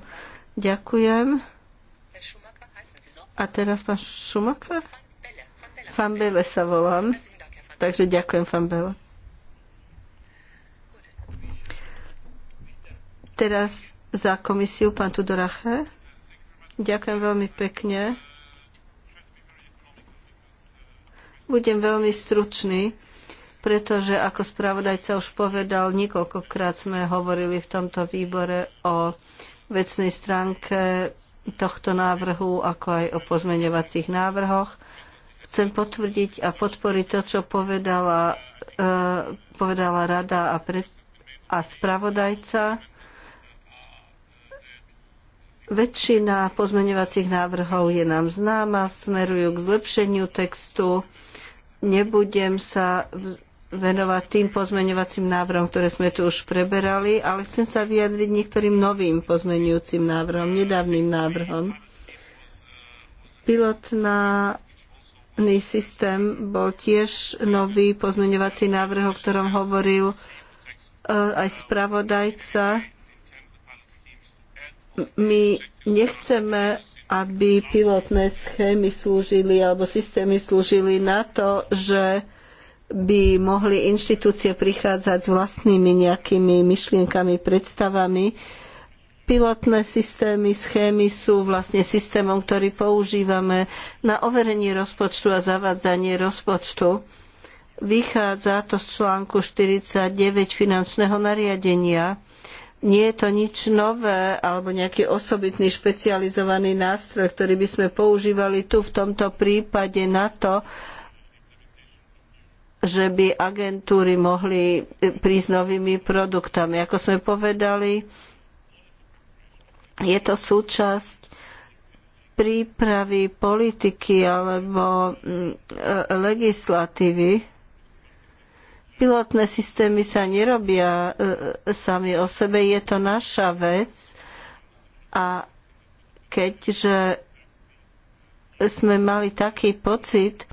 Ďakujem. A teraz pán Šumaka? Fambele sa volám. Takže ďakujem, Fambele. Teraz za komisiu pán Tudorache. Ďakujem veľmi pekne. Budem veľmi stručný, pretože ako spravodajca už povedal, niekoľkokrát sme hovorili v tomto výbore o vecnej stránke tohto návrhu, ako aj o pozmeňovacích návrhoch. Chcem potvrdiť a podporiť to, čo povedala, e, povedala rada a, pred, a spravodajca. Väčšina pozmeňovacích návrhov je nám známa, smerujú k zlepšeniu textu. Nebudem sa venovať tým pozmeňovacím návrhom, ktoré sme tu už preberali, ale chcem sa vyjadriť niektorým novým pozmeňujúcim návrhom, nedávnym návrhom. Pilotný systém bol tiež nový pozmeňovací návrh, o ktorom hovoril eh, aj spravodajca. My nechceme, aby pilotné schémy slúžili alebo systémy slúžili na to, že by mohli inštitúcie prichádzať s vlastnými nejakými myšlienkami, predstavami. Pilotné systémy, schémy sú vlastne systémom, ktorý používame na overenie rozpočtu a zavádzanie rozpočtu. Vychádza to z článku 49 finančného nariadenia. Nie je to nič nové alebo nejaký osobitný špecializovaný nástroj, ktorý by sme používali tu v tomto prípade na to, že by agentúry mohli eh, prísť novými produktami. Ako sme povedali, je to súčasť prípravy politiky alebo mm, eh, legislatívy. Pilotné systémy sa nerobia eh, sami o sebe, je to naša vec a keďže sme mali taký pocit,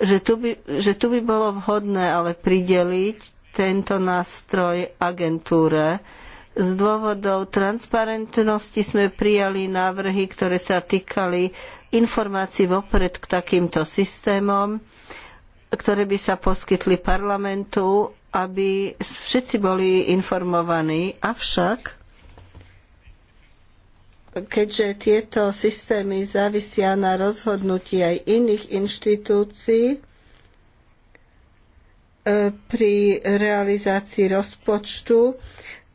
že tu by, že tu by bolo vhodné ale prideliť tento nástroj agentúre. Z dôvodov transparentnosti sme prijali návrhy, ktoré sa týkali informácií vopred k takýmto systémom, ktoré by sa poskytli parlamentu, aby všetci boli informovaní. Avšak keďže tieto systémy závisia na rozhodnutí aj iných inštitúcií e, pri realizácii rozpočtu, e,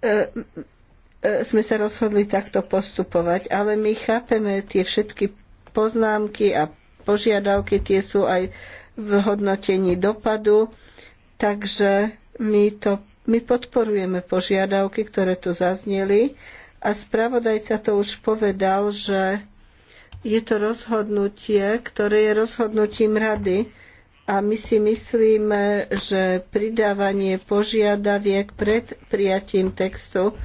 e, sme sa rozhodli takto postupovať. Ale my chápeme tie všetky poznámky a požiadavky, tie sú aj v hodnotení dopadu, takže my, to, my podporujeme požiadavky, ktoré tu zazneli a spravodajca to už povedal, že je to rozhodnutie, ktoré je rozhodnutím rady. A my si myslíme, že pridávanie požiadaviek pred prijatím textu,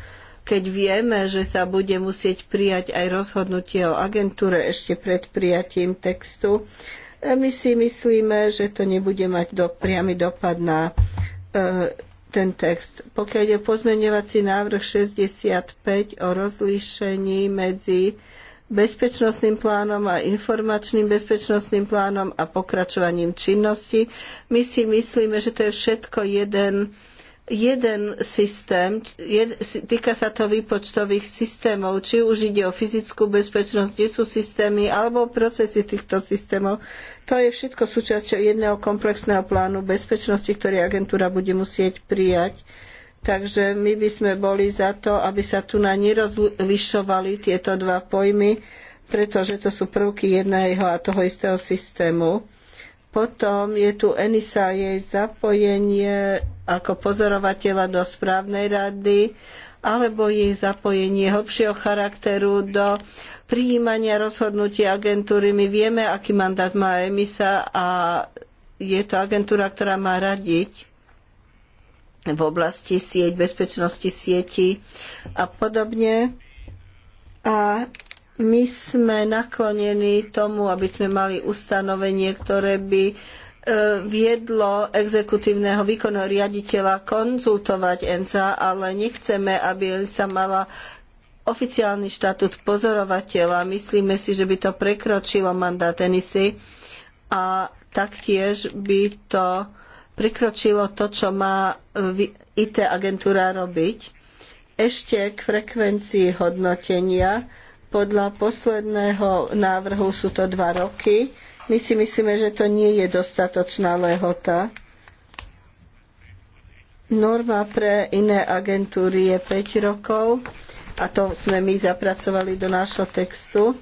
keď vieme, že sa bude musieť prijať aj rozhodnutie o agentúre ešte pred prijatím textu, my si myslíme, že to nebude mať do, priamy dopad na e, ten text. Pokiaľ je pozmeňovací návrh 65 o rozlíšení medzi bezpečnostným plánom a informačným bezpečnostným plánom a pokračovaním činnosti. My si myslíme, že to je všetko jeden jeden systém, týka sa to výpočtových systémov, či už ide o fyzickú bezpečnosť, kde sú systémy, alebo procesy týchto systémov. To je všetko súčasťou jedného komplexného plánu bezpečnosti, ktorý agentúra bude musieť prijať. Takže my by sme boli za to, aby sa tu na nerozlišovali tieto dva pojmy, pretože to sú prvky jedného a toho istého systému potom je tu Enisa jej zapojenie ako pozorovateľa do správnej rady alebo jej zapojenie hlbšieho charakteru do prijímania rozhodnutí agentúry. My vieme, aký mandát má EMISA a je to agentúra, ktorá má radiť v oblasti sieť, bezpečnosti sieti a podobne. A my sme naklonení tomu, aby sme mali ustanovenie, ktoré by e, viedlo exekutívneho výkonného riaditeľa konzultovať ENSA, ale nechceme, aby ENSA mala oficiálny štatút pozorovateľa. Myslíme si, že by to prekročilo mandát ENISY a taktiež by to prekročilo to, čo má e, IT agentúra robiť. Ešte k frekvencii hodnotenia podľa posledného návrhu sú to dva roky. My si myslíme, že to nie je dostatočná lehota. Norma pre iné agentúry je 5 rokov a to sme my zapracovali do nášho textu.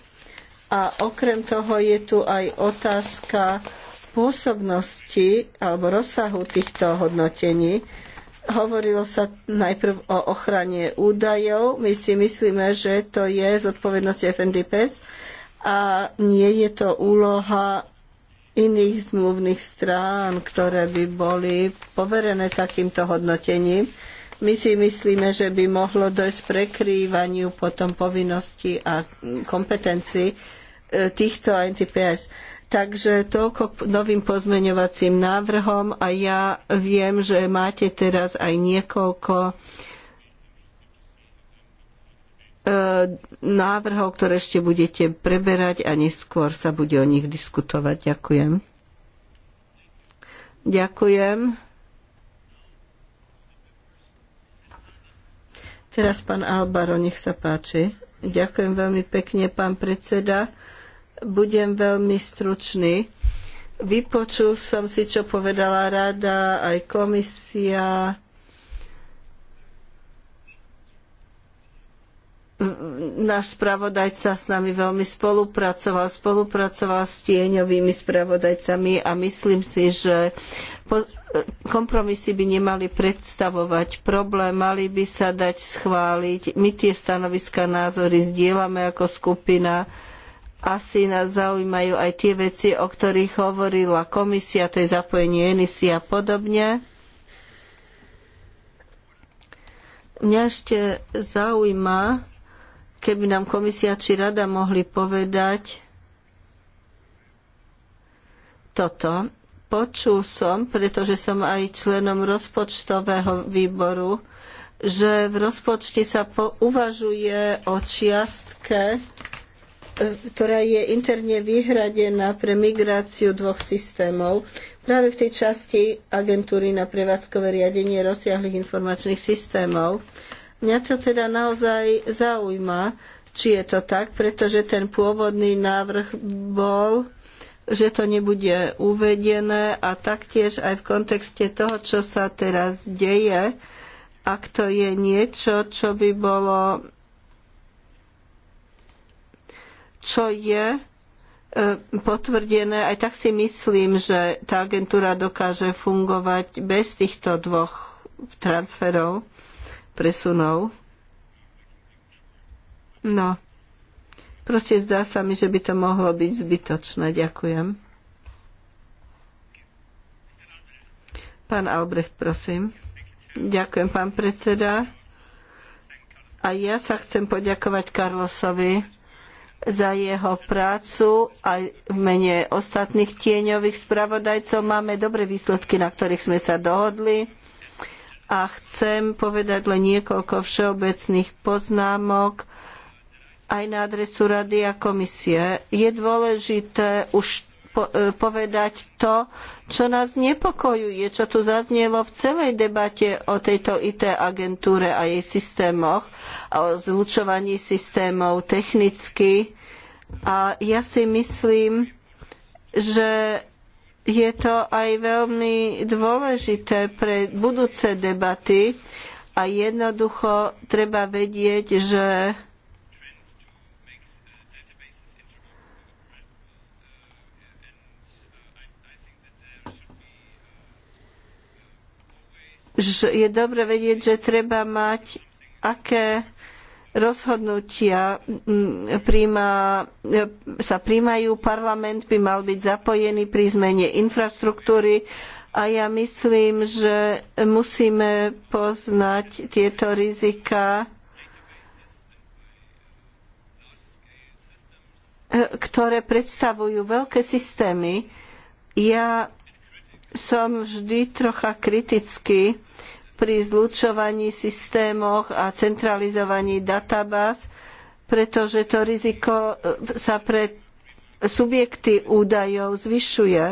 A okrem toho je tu aj otázka pôsobnosti alebo rozsahu týchto hodnotení. Hovorilo sa najprv o ochrane údajov. My si myslíme, že to je zodpovednosť FNDPS e a nie je to úloha iných zmluvných strán, ktoré by boli poverené takýmto hodnotením. My si myslíme, že by mohlo dojsť prekrývaniu potom povinností a kompetencií e, týchto NTPS. Takže toľko k novým pozmeňovacím návrhom a ja viem, že máte teraz aj niekoľko e, návrhov, ktoré ešte budete preberať a neskôr sa bude o nich diskutovať. Ďakujem. Ďakujem. Teraz pán Albaro, nech sa páči. Ďakujem veľmi pekne, pán predseda. Budem veľmi stručný. Vypočul som si, čo povedala rada, aj komisia. Náš spravodajca s nami veľmi spolupracoval, spolupracoval s tieňovými spravodajcami a myslím si, že kompromisy by nemali predstavovať problém, mali by sa dať schváliť. My tie stanoviská názory zdieľame ako skupina asi nás zaujímajú aj tie veci, o ktorých hovorila komisia, to je zapojenie enisy a podobne. Mňa ešte zaujíma, keby nám komisia či rada mohli povedať toto. Počul som, pretože som aj členom rozpočtového výboru, že v rozpočte sa uvažuje o čiastke ktorá je interne vyhradená pre migráciu dvoch systémov. Práve v tej časti agentúry na prevádzkové riadenie rozsiahlých informačných systémov. Mňa to teda naozaj zaujíma, či je to tak, pretože ten pôvodný návrh bol, že to nebude uvedené a taktiež aj v kontexte toho, čo sa teraz deje, ak to je niečo, čo by bolo čo je e, potvrdené. Aj tak si myslím, že tá agentúra dokáže fungovať bez týchto dvoch transferov, presunov. No, proste zdá sa mi, že by to mohlo byť zbytočné. Ďakujem. Pán Albrecht, prosím. Ďakujem, pán predseda. A ja sa chcem poďakovať Karlosovi za jeho prácu. Aj v mene ostatných tieňových spravodajcov máme dobré výsledky, na ktorých sme sa dohodli. A chcem povedať len niekoľko všeobecných poznámok aj na adresu Rady a komisie. Je dôležité už e, povedať to, čo nás nepokojuje, čo tu zaznelo v celej debate o tejto IT agentúre a jej systémoch, a o zlučovaní systémov technicky a ja si myslím, že je to aj veľmi dôležité pre budúce debaty a jednoducho treba vedieť, že je dobre vedieť, že treba mať aké Rozhodnutia mm, príjma, sa príjmajú, parlament by mal byť zapojený pri zmene infraštruktúry a ja myslím, že musíme poznať tieto rizika ktoré predstavujú veľké systémy. Ja som vždy trocha kritický pri zlučovaní systémoch a centralizovaní databáz, pretože to riziko e, sa pre subjekty údajov zvyšuje.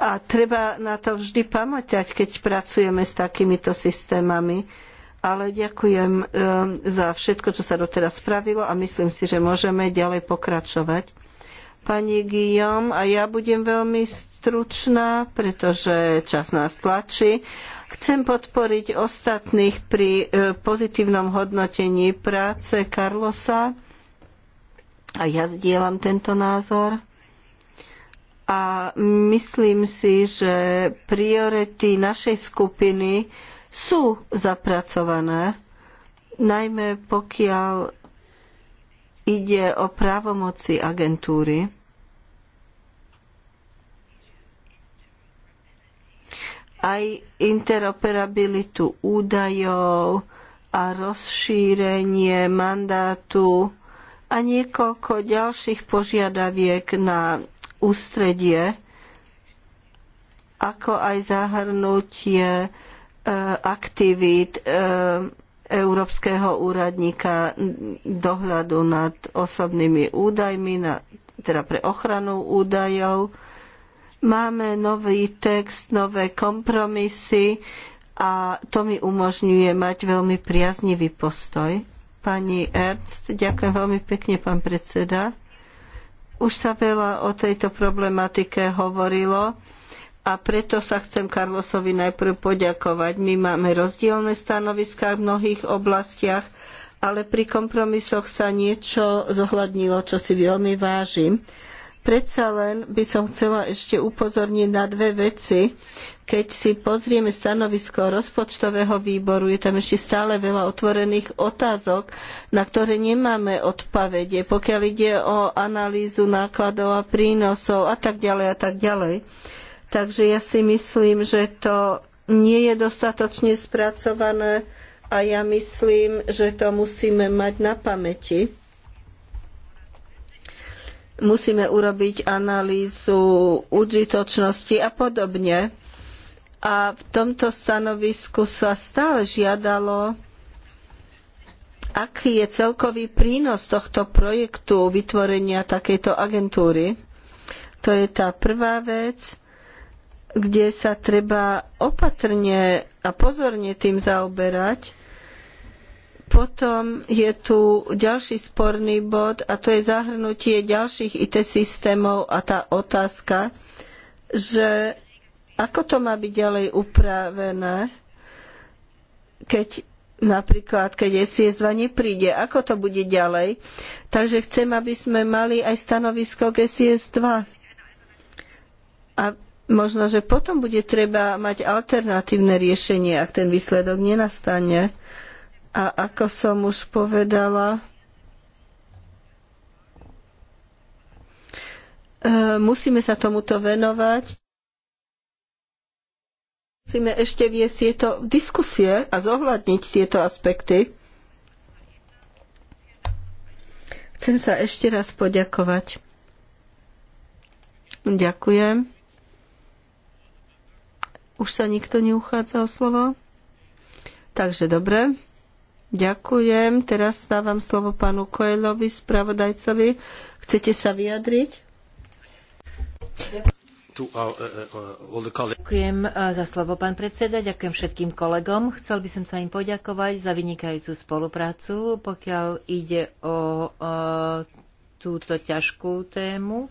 A treba na to vždy pamätať, keď pracujeme s takýmito systémami. Ale ďakujem e, za všetko, čo sa doteraz spravilo a myslím si, že môžeme ďalej pokračovať pani Guillaume a ja budem veľmi stručná, pretože čas nás tlačí. Chcem podporiť ostatných pri e, pozitívnom hodnotení práce Carlosa a ja zdieľam tento názor. A myslím si, že priority našej skupiny sú zapracované, najmä pokiaľ ide o právomoci agentúry. Aj interoperabilitu údajov a rozšírenie mandátu a niekoľko ďalších požiadaviek na ústredie, ako aj zahrnutie e, aktivít e, európskeho úradníka dohľadu nad osobnými údajmi, na, teda pre ochranu údajov. Máme nový text, nové kompromisy a to mi umožňuje mať veľmi priaznivý postoj. Pani Ernst, ďakujem veľmi pekne, pán predseda. Už sa veľa o tejto problematike hovorilo a preto sa chcem Karlosovi najprv poďakovať. My máme rozdielne stanoviská v mnohých oblastiach, ale pri kompromisoch sa niečo zohľadnilo, čo si veľmi vážim. Predsa len by som chcela ešte upozorniť na dve veci. Keď si pozrieme stanovisko rozpočtového výboru, je tam ešte stále veľa otvorených otázok, na ktoré nemáme odpovede, pokiaľ ide o analýzu nákladov a prínosov a tak ďalej a tak ďalej. Takže ja si myslím, že to nie je dostatočne spracované a ja myslím, že to musíme mať na pamäti. Musíme urobiť analýzu užitočnosti a podobne. A v tomto stanovisku sa stále žiadalo, aký je celkový prínos tohto projektu vytvorenia takejto agentúry. To je tá prvá vec kde sa treba opatrne a pozorne tým zaoberať. Potom je tu ďalší sporný bod a to je zahrnutie ďalších IT systémov a tá otázka, že ako to má byť ďalej upravené, keď napríklad, keď SIS-2 nepríde, ako to bude ďalej. Takže chcem, aby sme mali aj stanovisko k SIS-2. A Možno, že potom bude treba mať alternatívne riešenie, ak ten výsledok nenastane. A ako som už povedala, e, musíme sa tomuto venovať. Musíme ešte viesť tieto diskusie a zohľadniť tieto aspekty. Chcem sa ešte raz poďakovať. Ďakujem. Už sa nikto neuchádza o slovo? Takže dobre. Ďakujem. Teraz dávam slovo pánu Koelovi, spravodajcovi. Chcete sa vyjadriť? Uh, uh, uh, Ďakujem za slovo, pán predseda. Ďakujem všetkým kolegom. Chcel by som sa im poďakovať za vynikajúcu spoluprácu, pokiaľ ide o, o túto ťažkú tému.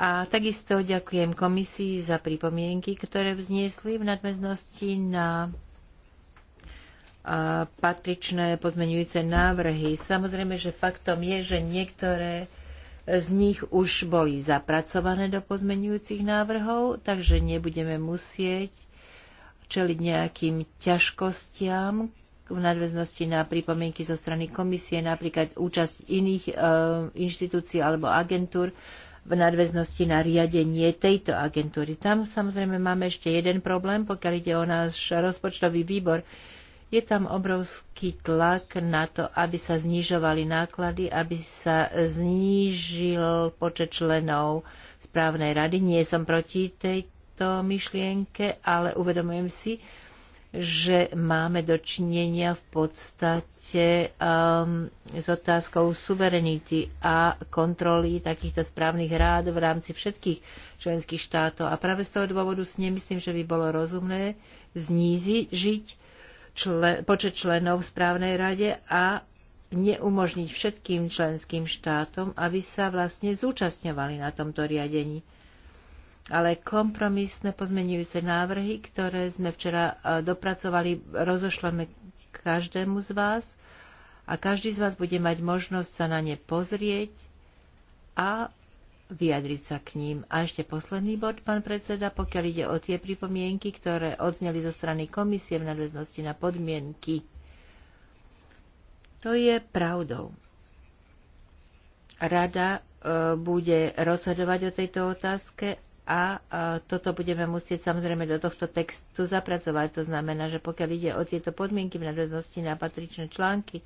A takisto ďakujem komisii za pripomienky, ktoré vzniesli v nadväznosti na patričné pozmenujúce návrhy. Samozrejme, že faktom je, že niektoré z nich už boli zapracované do pozmenujúcich návrhov, takže nebudeme musieť čeliť nejakým ťažkostiam v nadväznosti na pripomienky zo strany komisie, napríklad účasť iných e, inštitúcií alebo agentúr v nadväznosti na riadenie tejto agentúry. Tam samozrejme máme ešte jeden problém, pokiaľ ide o náš rozpočtový výbor. Je tam obrovský tlak na to, aby sa znižovali náklady, aby sa znížil počet členov správnej rady. Nie som proti tejto myšlienke, ale uvedomujem si, že máme dočinenia v podstate um, s otázkou suverenity a kontroly takýchto správnych rád v rámci všetkých členských štátov. A práve z toho dôvodu si nemyslím, že by bolo rozumné znížiť člen, počet členov v správnej rade a neumožniť všetkým členským štátom, aby sa vlastne zúčastňovali na tomto riadení ale kompromisné pozmenujúce návrhy, ktoré sme včera e, dopracovali, rozošleme každému z vás a každý z vás bude mať možnosť sa na ne pozrieť a vyjadriť sa k ním. A ešte posledný bod, pán predseda, pokiaľ ide o tie pripomienky, ktoré odzneli zo strany komisie v nadväznosti na podmienky. To je pravdou. Rada e, bude rozhodovať o tejto otázke a toto budeme musieť samozrejme do tohto textu zapracovať. To znamená, že pokiaľ ide o tieto podmienky v nadväznosti na patričné články,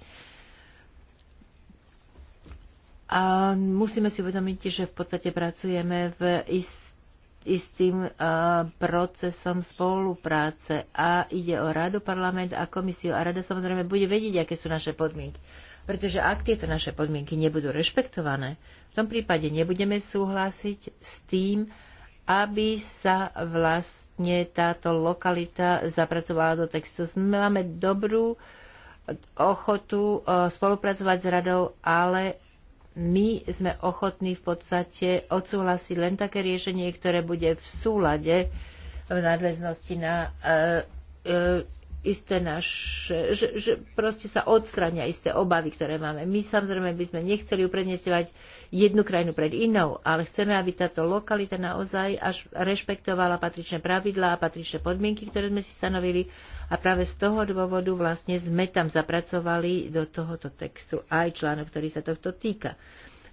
a musíme si uvedomiť, že v podstate pracujeme v istým procesom spolupráce a ide o radu, parlament a komisiu a rada samozrejme bude vedieť, aké sú naše podmienky. Pretože ak tieto naše podmienky nebudú rešpektované, v tom prípade nebudeme súhlasiť s tým, aby sa vlastne táto lokalita zapracovala do textu. Máme dobrú ochotu e, spolupracovať s radou, ale my sme ochotní v podstate odsúhlasiť len také riešenie, ktoré bude v súlade v nadväznosti na e, e, isté naše, že, že proste sa odstrania isté obavy, ktoré máme. My samozrejme by sme nechceli uprednesovať jednu krajinu pred inou, ale chceme, aby táto lokalita naozaj až rešpektovala patričné pravidlá a patričné podmienky, ktoré sme si stanovili a práve z toho dôvodu vlastne sme tam zapracovali do tohoto textu aj článok, ktorý sa tohto týka.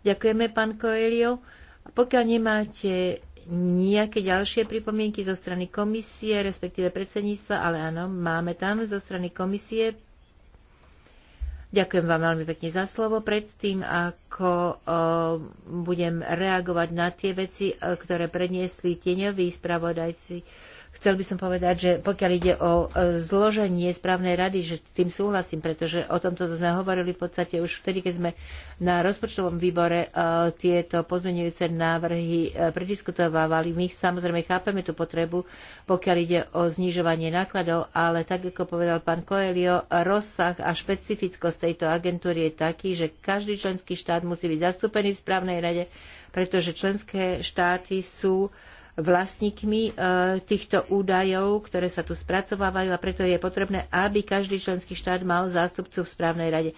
Ďakujeme, pán Koelio. Pokiaľ nemáte nejaké ďalšie pripomienky zo strany komisie, respektíve predsedníctva, ale áno, máme tam zo strany komisie. Ďakujem vám veľmi pekne za slovo. Predtým, ako o, budem reagovať na tie veci, ktoré predniesli tieňoví spravodajci, Chcel by som povedať, že pokiaľ ide o e, zloženie správnej rady, že s tým súhlasím, pretože o tomto sme hovorili v podstate už vtedy, keď sme na rozpočtovom výbore e, tieto pozmenujúce návrhy e, prediskutovávali. My samozrejme chápeme tú potrebu, pokiaľ ide o znižovanie nákladov, ale tak ako povedal pán Coelho, rozsah a špecifickosť tejto agentúry je taký, že každý členský štát musí byť zastúpený v správnej rade, pretože členské štáty sú uh, vlastníkmi e, týchto údajov, ktoré sa tu spracovávajú a preto je potrebné, aby každý členský štát mal zástupcu v správnej rade.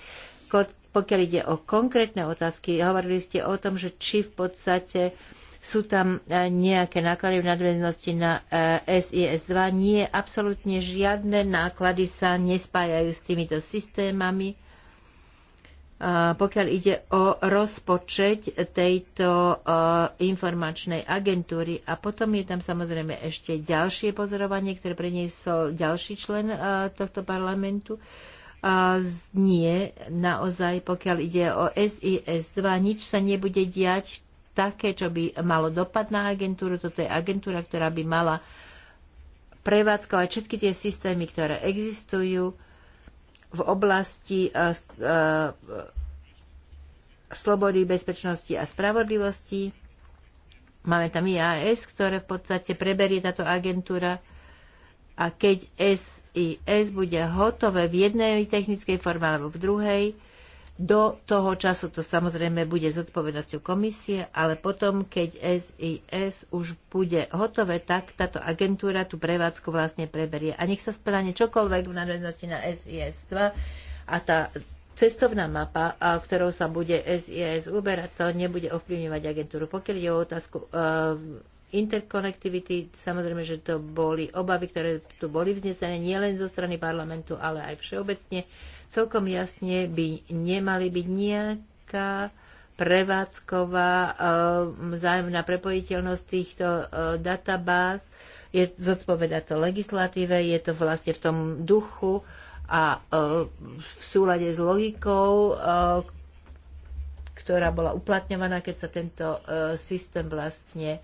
Pokiaľ ide o konkrétne otázky, hovorili ste o tom, že či v podstate sú tam e, nejaké náklady v nadväznosti na e, SIS-2. Nie, absolútne žiadne náklady sa nespájajú s týmito systémami pokiaľ ide o rozpočet tejto e, informačnej agentúry. A potom je tam samozrejme ešte ďalšie pozorovanie, ktoré preniesol ďalší člen e, tohto parlamentu. Nie, naozaj, pokiaľ ide o SIS-2, nič sa nebude diať také, čo by malo dopad na agentúru. Toto je agentúra, ktorá by mala prevádzkovať všetky tie systémy, ktoré existujú v oblasti e, e, slobody, bezpečnosti a spravodlivosti. Máme tam IAS, ktoré v podstate preberie táto agentúra a keď SIS bude hotové v jednej technickej forme alebo v druhej, do toho času to samozrejme bude zodpovednosťou komisie, ale potom, keď SIS už bude hotové, tak táto agentúra tú prevádzku vlastne preberie. A nech sa správne čokoľvek v nadväznosti na SIS 2 a tá cestovná mapa, a ktorou sa bude SIS uberať, to nebude ovplyvňovať agentúru. Pokiaľ je o otázku uh, e, interconnectivity, samozrejme, že to boli obavy, ktoré tu boli vznesené nielen zo strany parlamentu, ale aj všeobecne celkom jasne by nemali byť nejaká prevádzková eh, vzájomná prepojiteľnosť týchto eh, databáz. Je, zodpoveda to legislatíve, je to vlastne v tom duchu a eh, v súlade s logikou, ktorá bola uplatňovaná, keď sa tento systém vlastne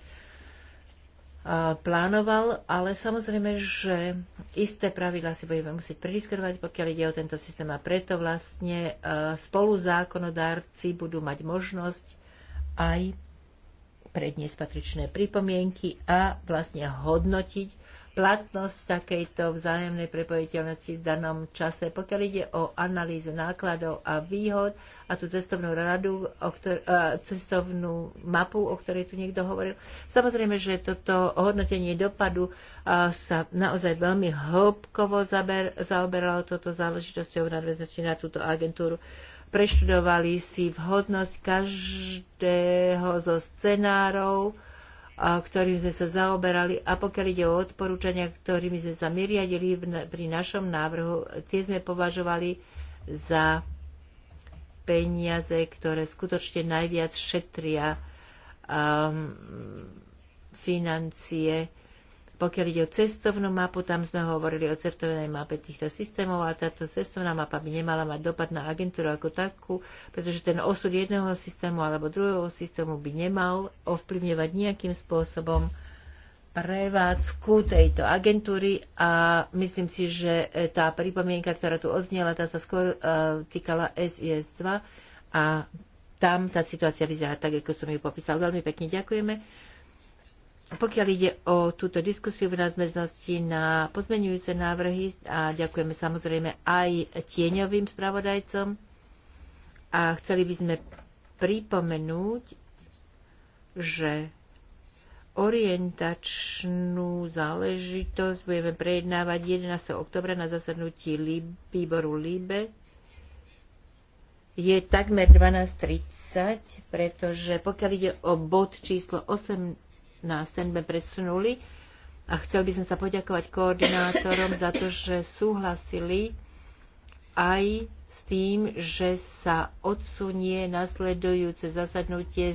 plánoval, ale samozrejme, že isté pravidlá si budeme musieť prediskrovať, pokiaľ ide o tento systém a preto vlastne zákonodárci budú mať možnosť aj predniesť patričné pripomienky a vlastne hodnotiť platnosť takejto vzájomnej prepojiteľnosti v danom čase. Pokiaľ ide o analýzu nákladov a výhod a tú cestovnú radu, o ktor- cestovnú mapu, o ktorej tu niekto hovoril, samozrejme, že toto hodnotenie dopadu sa naozaj veľmi hĺbkovo zaber- zaoberalo toto záležitosťou nadväznačne na túto agentúru. Preštudovali si vhodnosť každého zo scenárov, ktorým sme sa zaoberali a pokiaľ ide o odporúčania, ktorými sme sa my riadili pri našom návrhu, tie sme považovali za peniaze, ktoré skutočne najviac šetria um, financie pokiaľ ide o cestovnú mapu, tam sme hovorili o cestovnej mape týchto systémov a táto cestovná mapa by nemala mať dopad na agentúru ako takú, pretože ten osud jedného systému alebo druhého systému by nemal ovplyvňovať nejakým spôsobom prevádzku tejto agentúry a myslím si, že e, tá pripomienka, ktorá tu odznela, tá sa skôr uh, týkala SIS-2 a tam tá situácia vyzerá tak, ako som ju popísal. Veľmi pekne ďakujeme pokiaľ ide o túto diskusiu v nadväznosti na pozmenujúce návrhy a ďakujeme samozrejme aj tieňovým spravodajcom a chceli by sme pripomenúť, že orientačnú záležitosť budeme prejednávať 11. oktobra na zasadnutí výboru LIBE. Je takmer 12.30, pretože pokiaľ ide o bod číslo 8, nás senbe presunuli. A chcel by som sa poďakovať koordinátorom za to, že súhlasili aj s tým, že sa odsunie nasledujúce zasadnutie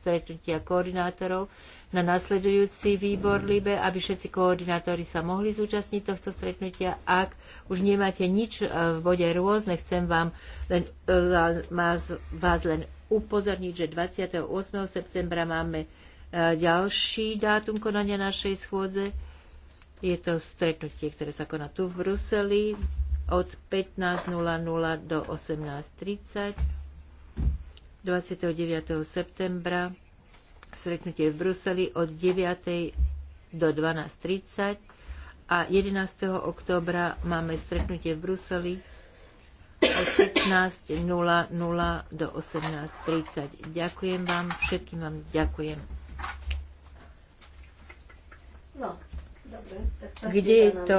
stretnutia koordinátorov na nasledujúci výbor LIBE, aby všetci koordinátori sa mohli zúčastniť tohto stretnutia. Ak už nemáte nič e, v bode rôzne, chcem vám len, e, vás len upozorniť, že 28. septembra máme E, ďalší dátum konania našej schôdze je to stretnutie, ktoré sa koná tu v Bruseli od 15.00 do 18.30 29. septembra stretnutie v Bruseli od 9. do 12.30 a 11. oktobra máme stretnutie v Bruseli od 15.00 do 18.30. Ďakujem vám, všetkým vám ďakujem. No, dobre, tak Kde je to